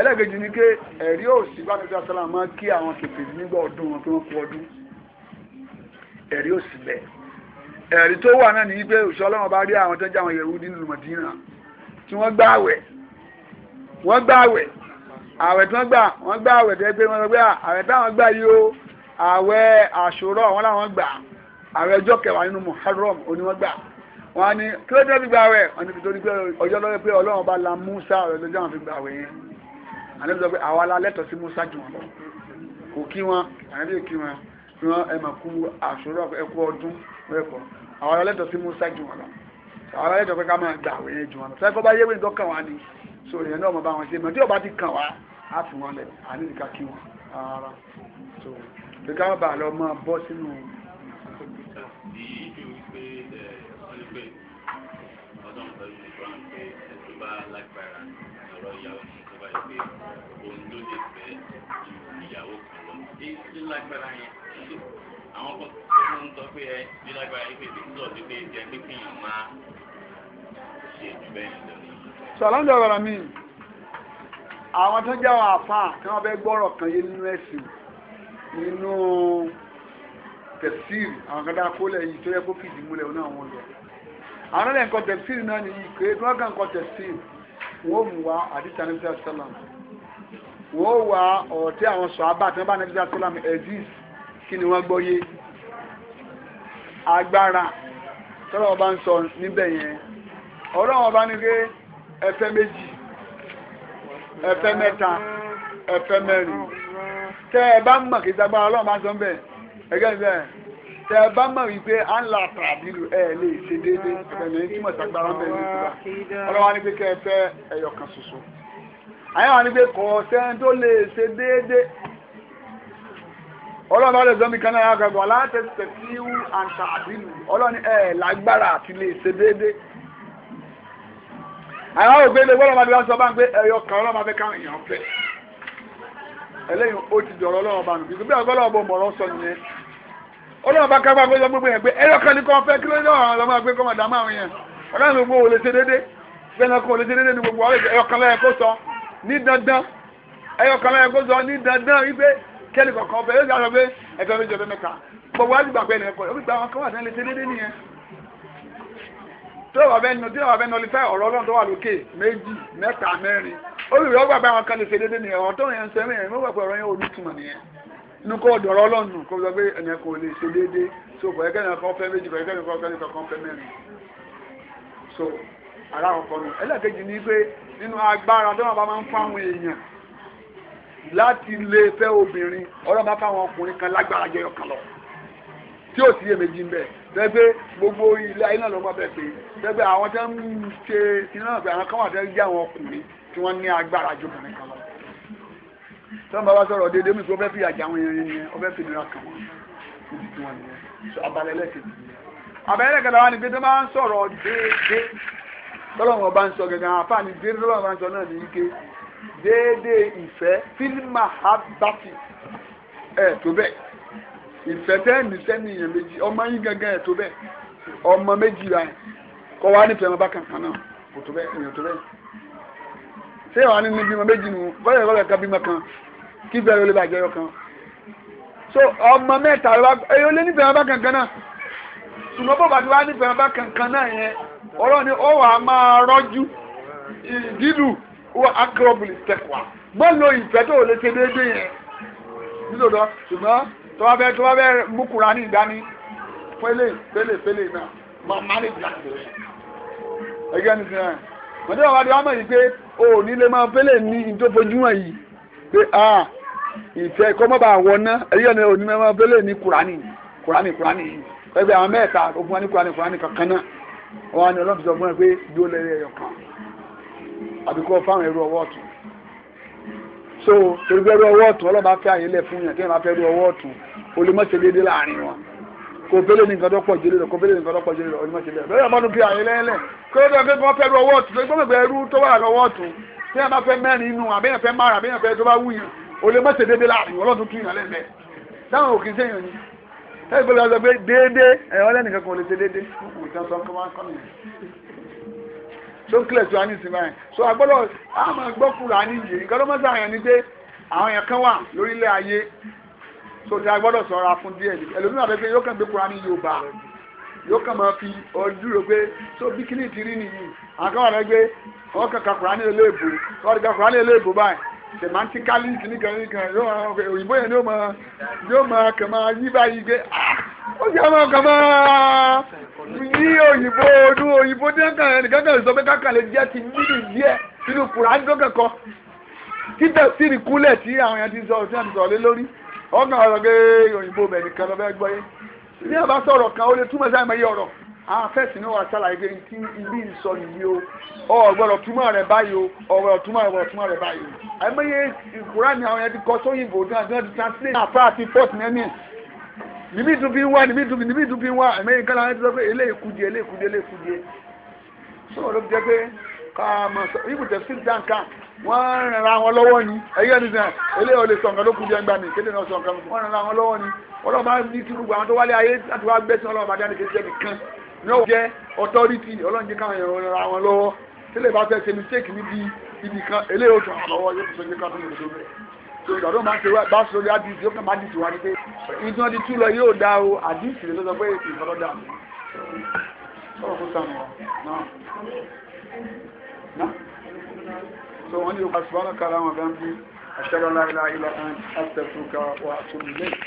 ẹlẹ́gẹ̀ẹ́jì ni ké ẹ̀rí òsì bá kẹsàn-án máa kí àwọn kèfèrí nígbà ọdún wọn kí wọ́n kú ọdún ẹ̀rí òsì lẹ̀ ẹ̀rí tó wà náà ní pé ọlọ́run bá rí àwọn tó ń jẹ́ àwọn Yẹhudi nínú Mọ̀dínà tí wọ́n gbá àwẹ̀ wọ́n gbá àwẹ̀ àwẹ̀ tí wọ́n gbà wọ́n gbá àwẹ̀ tó yẹ pé wọ́n sọ pé àwẹ̀ táwọn gbà yìí o àwẹ̀ àṣùrọ̀ àwọn làwọn gbà àwẹ̀ ọjọ́ kẹwàá nínú Muharram òní wọ́n gbà wọ́n á ní kí ló dé fi gbà àwẹ̀ wọ́n ní fi torí pé ọjọ́ lọ́wọ́ pé ọlọ́run bá la Musa ọ̀rẹ́ lọ́jọ́ àwọn fi gbà àwẹ̀ yẹn àlejò pé àwa sí Musa jù wọn lọ kò kí wọn àlejò kí wọn fi wọn ẹmọ kú àṣọrọ ẹkú ọdún ẹkọ àwọn ọlẹ́tọ̀ sí musa jù wọn lọ àwọn ọlẹ́tọ̀ pé ká máa gbà àwọn yẹn jù wọn lọ sẹ́kọ́ bá yéwé nǹkan kàn wá ni so ìyẹn náà mo bá wọn ṣe mọ̀ tí ọba ti kàn wá á fi wọn lẹ̀ àní nìkan kí wọn rárá so pé ká bàa lọ máa bọ́ sínú. ìyàwó kan èyí tí lágbára yẹn àwọn kan tó ń sọ pé ẹ bí lágbára yìí pé bí ń sọ̀rọ̀ pé jẹ́ pé kí èèyàn máa ṣe jù bẹ́ẹ̀ lọ. sàlámù ọ̀rọ̀ mi àwọn tó ń jẹ́ àwọn àfa tí wọ́n fẹ́ gbọ́rọ̀ kan yé nínú ẹ̀sìn nínú tẹ̀síìrì àwọn kan dáa kólẹ̀ yìí tó yẹ kó fìdí múlẹ̀ ọ̀nà àwọn lọ. àwọn ọ̀rẹ́ nǹkan tẹ̀síìrì náà nìyí kéé tí wọ́n kàn nǹkan tẹ̀síìrì wọ́n mú wa àdìsánilẹ́sẹ̀ sálàmù wọ́n wà ọ̀tí àwọn sọ̀ábà tí wọ́n bá nẹ́bí sàtọ́làm ẹ̀dís kí ni wọ́n gbọ́yé agbára tọ́lọ̀ ọba ń sọ níbẹ̀ yẹn ọ̀rọ̀ wọn bá ní pé ẹfẹ́ méjì ẹfẹ́ mẹ́ta ẹfẹ́ mẹ́rin tẹ́ ẹ bá mọ̀ kí sagbára ọlọ́run bá sọ bẹ́ẹ̀ ẹgẹ́ bẹ́ẹ̀ tẹ́ ẹ bá mọ̀ wípé à ń la tàbílù ẹ lè ṣe déédéé ẹ̀mí tí mo sagbára bẹ́ẹ̀ ní ìtura ọlọ́run wá ní pé kẹ́ ẹ fẹ́ ẹyọkan ṣoṣo àyẹ̀wò àwọn nígbè kọ́ sẹ́ni tó lè ṣe déédéé ọlọ́run bá lè zọ́mí kan náà yàgò àgbọ̀n láti tẹ̀síwú àǹtà àdínú ọlọ́run ẹ̀ lágbára àti lè ṣe déédéé àwọn ògbé ilé gbọ́dọ̀ máa bí bá ń gbé ẹ̀yọ kan ọlọ́run máa fẹ́ káwọn èèyàn fẹ́ ẹlẹ́yìn ó ti dọ̀rọ̀ ọlọ́run bá nù bí bí ọgọ́lọ́ ọ̀bọ mọ̀rọ̀ sọ nìyẹn ọlọ́run bá ká bá gbọ́dọ̀ gbogbo yẹn gbé ẹ̀yọ kan ní kọ́ fẹ́ kí ló dé ọ̀rọ̀ ọlọ́run máa gbé kọ́ máa dààmú àwọn yẹn ní dandan ẹyọ kan láyọ kó sọ ní dandan wípé kẹ́lì kọ̀ọ̀kan ọbẹ̀ yóò sọ pé ẹ̀fẹ́ méjì ọbẹ̀ mẹ́ta gbogbo wa gbàgbé ẹnìyẹn kọ́ ọbẹ̀ gbàgbé wọn kan wà sí déédéé nìyẹn tó wà bẹ́ẹ̀ nù tí wà bẹ́ẹ̀ nù ọlífẹ́ ọ̀rọ̀ ọlọ́run tó wà lókè méjì mẹ́ta mẹ́rin olùyọ́ gbàgbé àwọn kan lè ṣe déédéé nìyẹn ọ̀rọ̀ tó yẹn ń sẹ́mi yẹn mo gbàgbé ọ̀rọ̀ yẹn ò ní túmọ̀ nìyẹn inú kó dọ̀rọ̀ ọlọ́run kó sọ pé ẹnìyẹn kò lè ṣe déédéé so kò yẹ kẹ́nìyàn kan fẹ́ méjì kò yẹ kẹ́nìyàn kan fẹ́ mẹ́rin so aláwọ̀ kọ́nu ẹlẹ́kejì ni pé nínú agbára tó bá máa ń fáwọn èèyàn láti lè fẹ́ obìnrin ọlọ́run bá fáwọn ọkùnrin kan lágbára jọyọ̀ kan lọ tí ò sí èméjì ń bẹ tẹ́gbẹ́ gbogbo ilé ayé náà ló máa bẹ̀ pé tẹ́gbẹ́ àwọn tẹ́ ń ṣe iná náà pé àwọn kan wà tẹ́ ń jẹ́ àwọn ọkùnrin tí wọ́n ní agbára ju obìnrin kan lọ. sọ́n bàbá sọ̀rọ̀ déédéé mi pé ọbẹ̀ fi àjà àwọn irin yẹn ọbẹ̀ fi nira kàn wọ́n níbi tí wọ́n ní abalẹ̀ lẹ́sẹ̀ tì í. àbẹ̀yẹ̀lẹ̀ kẹta wa ni pé tó máa ń sọ̀rọ̀ déédéé tọ́lọ́wọ́n bá ń sọ gẹ́gẹ́ àwọn afáàní déédéé tọ́lọ́wọ́n bá ń sọ náà ní ike déédéé ìfẹ́ fílmà habati ẹ̀ tó bẹ́ẹ̀ ìfẹ́ tẹ́ẹ̀mì sẹ́ni èèyàn méjì ọmọ yín gẹ́gẹ́ ẹ̀ tó bẹ́ẹ̀ ọmọ méjì ra ẹ̀ kọ́ wa nífẹ̀ẹ́ wọn bá kankan náà kò tó bẹ́ẹ̀ èèyàn tó bẹ́ẹ̀ ṣé wàá nínú bímọ méjì nù bọ́lá ìrọ̀lẹ́ kan bímọ kan kí bẹ́ẹ̀ ló bá jẹyọ kan so ọmọ mẹ́ta ẹ̀yọ́ lé nífẹ̀ẹ́ wọn bá kankan náà ṣùgbọ́n bọ́ọ̀ bá ti wá nífẹ̀ẹ́ ọlọ́run ni ó wà máa rọ́jú ìdídù akrobuli tẹ̀kwà gbọ́nà ìfẹ́ tó lè ṣe déédéé yẹn nílòdọ́ ṣùgbọ́n tó bá fẹ́ tó bá fẹ́ mú Kùránì ìdání pélé pélé pélé náà máa má lè dàgbé ẹgbẹ́ ní sinmi mọ̀tẹ́ bàbá tí wọ́n mọ̀ yìí pé o ò ní lè máa pélé ní ìtòfojúmọ̀ yìí pé a ìfẹ́ kọ́ mọ́ bá wọ ná ẹgbẹ́ ní o ní máa pélé ní Kùránì Kùránì Kùránì yìí ẹgbẹ́ àwọn mẹ́ta ó fún wa ní Kùránì Kùránì kankan náà wọn á ní ọlọ́run ti sọ fún ẹ pé yóò lẹ́rẹ́ ẹ̀yọ̀ kan àbí fáwọn ẹrú ọwọ́ ọ̀tún so torí pé ẹrú ọwọ́ ọ̀tún ọlọ́run bá fẹ́ àyè lẹ̀ fún yàn kí ẹ̀ máa fẹ́ ẹrú ọwọ́ ọ̀tún o lè má ṣe déédéé láàrin wọn kò bẹ́lẹ̀ ní nǹkan tó pọ̀ jẹ́lẹ̀ kò bẹ́lẹ̀ ní nǹkan tó pọ̀ jẹ́lẹ̀ o lè má ṣe déédéé lọ́yà mọ́nu kí àyè lẹ́lẹ̀ kí ó dẹ́ wọ́n fẹ́ ẹrú ọwọ́ ọ̀tún ẹ gbọ́dọ̀ sọ pé déédéé ẹ wọ́n lẹ́nu kankan ò lè ṣe déédéé kò tán sọ kọ́ máa ń kọ́ nìyẹn. tó ń kílẹ̀ tó a ní ìsinmi ẹ̀ so àgbọ́dọ̀ a máa gbọ́ kúrò á ní yìí nǹkan ló máa ń sàyàn ni pé àwọn èèyàn kan wà lórílẹ̀ ayé so ti a gbọ́dọ̀ sọ̀rọ̀ fún díẹ̀ ẹlòmíràn bẹ́ẹ̀ pé yóò kàn gbé kúrò á ní Yorùbá yóò kàn máa fi ọdúró pé so bíkínì ti rí nìyí àwọn kan wà lẹ́gbẹ́ wọ́n kàn kàkùrà ní eléèbó wọ́n ti kàkùrà ní eléèbó báyìí semantically nìkan nìkan yóò máa òyìnbó yẹn yóò máa yóò máa kàn máa yí báyìí gbé ah, ó sì àwọn kan máa yí òyìnbó ọdún òyìnbó nìkan nìkan kan sọ pé kákan lè jẹ́ ti mílì díẹ̀ nínú kùránì tó kẹ́kọ̀ọ́ títẹ̀ sí ìkúlẹ̀ tí àwọn yẹn ti sọ tí wọ́n ti sọ lé lórí ọkàn ọ̀rọ̀ gé òyìnbó bẹ̀ nìkan lọ́fẹ́ gbọ́ yé ní àbá sọ̀rọ̀ kan ó lè túmọ̀ sáà mọ́ yé ọ̀rọ̀ àwọn afẹ́sìn náà wà sálàyé pé tí ibi ìsọ nìyí o ọ̀gbọ́dọ̀ túmọ̀ rẹ̀ báyìí o ọ̀gbọ́dọ̀ túmọ̀ rẹ̀ túmọ̀ rẹ̀ báyìí o. àìmọye ìkúrá ni àwọn yẹn ti kọ sóyìnbó náà tí wọ́n ti translate náà fáà ti port nẹ́mì níbi ìdún fi ń wá níbi ìdún níbi ìdún fi ń wá àìmọye kan láwọn ti sọ pé eléyìí kudie eléyìí kudie kudie. sọ́wọ́n ló fi jẹ́ pé kàmọ́ ibùdó sí dáńkà wọ́n rẹ̀ra wọn lọ́wọ́ ni ẹ̀yẹ́ ni sẹ́n eléyìí ò lè sọ̀nkan ló kú jẹ́ ńgbà kéde náà sọ̀nkan wọ́n rẹ̀ra wọn lọ́wọ́ ni ọlọ́run ní tí gbogbo àwọn tó wálé ayé láti wá gbẹ́sìn ọlọ́run dání kéde jẹ́ nìkan yóò jẹ́ authority ọlọ́run jẹ́ káwọn èèyàn ra wọn lọ́wọ́ tẹ́lẹ̀ bá fẹ́ ṣe mistake níbi ibi kan eléyìí ó tún àwọn yóò tún sọ jẹ́ ká tún tó so ìgbà tó máa ṣe wá bá sórí àdìsí ó kàn má dìsí wa ni pé ìdúná ti tú lọ yóò dá o àdìsí lè sọ pé ìkan lọ́dà mi so wọ́n ní òkú àṣùwọ́n kára wọn gan bí aṣẹ́rọ̀ láìláìlá àti